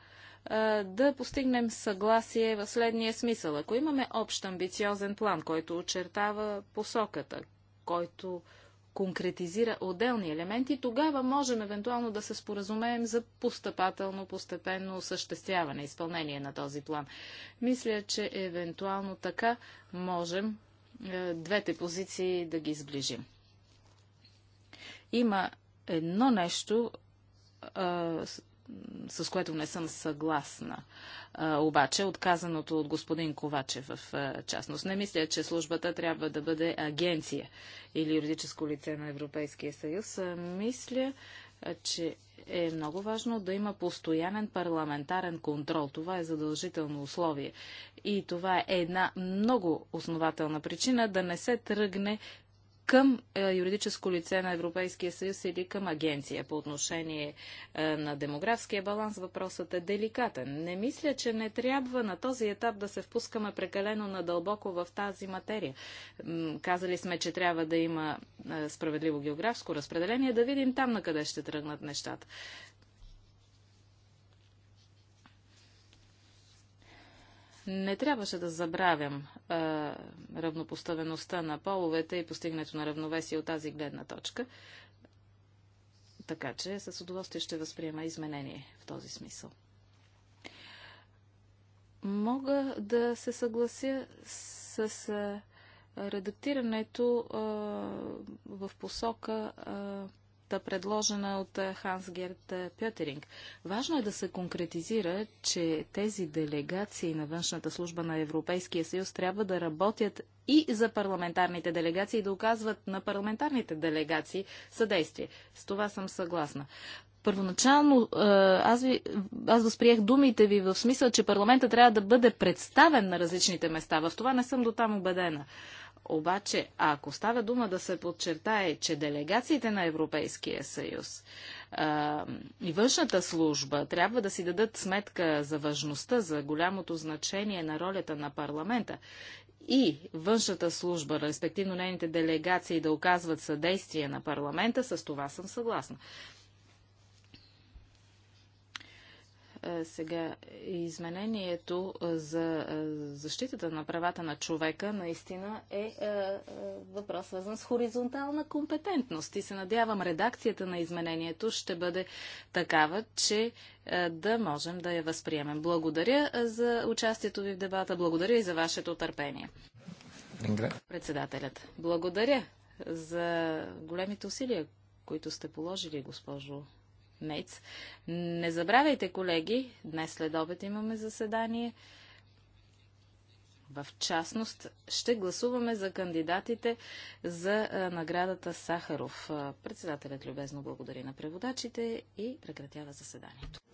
да постигнем съгласие в следния смисъл. Ако имаме общ амбициозен план, който очертава посоката, който конкретизира отделни елементи, тогава можем евентуално да се споразумеем за постъпателно, постепенно осъществяване, изпълнение на този план. Мисля, че евентуално така можем е, двете позиции да ги сближим. Има едно нещо, е, с което не съм съгласна. А, обаче, отказаното от господин Коваче в а, частност. Не мисля, че службата трябва да бъде агенция или юридическо лице на Европейския съюз. А, мисля, че е много важно да има постоянен парламентарен контрол. Това е задължително условие. И това е една много основателна причина да не се тръгне към е, юридическо лице на Европейския съюз или към агенция по отношение е, на демографския баланс, въпросът е деликатен. Не мисля, че не трябва на този етап да се впускаме прекалено надълбоко в тази материя. казали сме, че трябва да има е, справедливо географско разпределение, да видим там на къде ще тръгнат нещата. Не трябваше да забравям а, равнопоставеността на половете и постигането на равновесие от тази гледна точка. Така че с удоволствие ще възприема изменение в този смисъл. Мога да се съглася с, а, редактирането а, в посока а, предложена от е, Ханс Герт е, Пьотеринг. Важно е да се конкретизира, че тези делегации на външната служба на Европейския съюз трябва да работят и за парламентарните делегации и да оказват на парламентарните делегации съдействие. С това съм съгласна. Първоначално е, аз, ви, аз възприех думите ви в смисъл, че парламента трябва да бъде представен на различните места. В това не съм до там убедена. Обаче, ако става дума да се подчертае, че делегациите на Европейския съюз а, и външната служба трябва да си дадат сметка за важността, за голямото значение на ролята на парламента и външната служба, респективно нейните делегации да оказват съдействие на парламента, с това съм съгласна. Сега, изменението за защитата на правата на човека наистина е въпрос свързан с хоризонтална компетентност и се надявам редакцията на изменението ще бъде такава, че да можем да я възприемем. Благодаря за участието ви в дебата, благодаря и за вашето търпение. Председателят, благодаря за големите усилия, които сте положили, госпожо НЕЦ. Не забравяйте, колеги, днес след обед имаме заседание. В частност, ще гласуваме за кандидатите за наградата Сахаров. Председателят любезно благодари на преводачите и прекратява заседанието.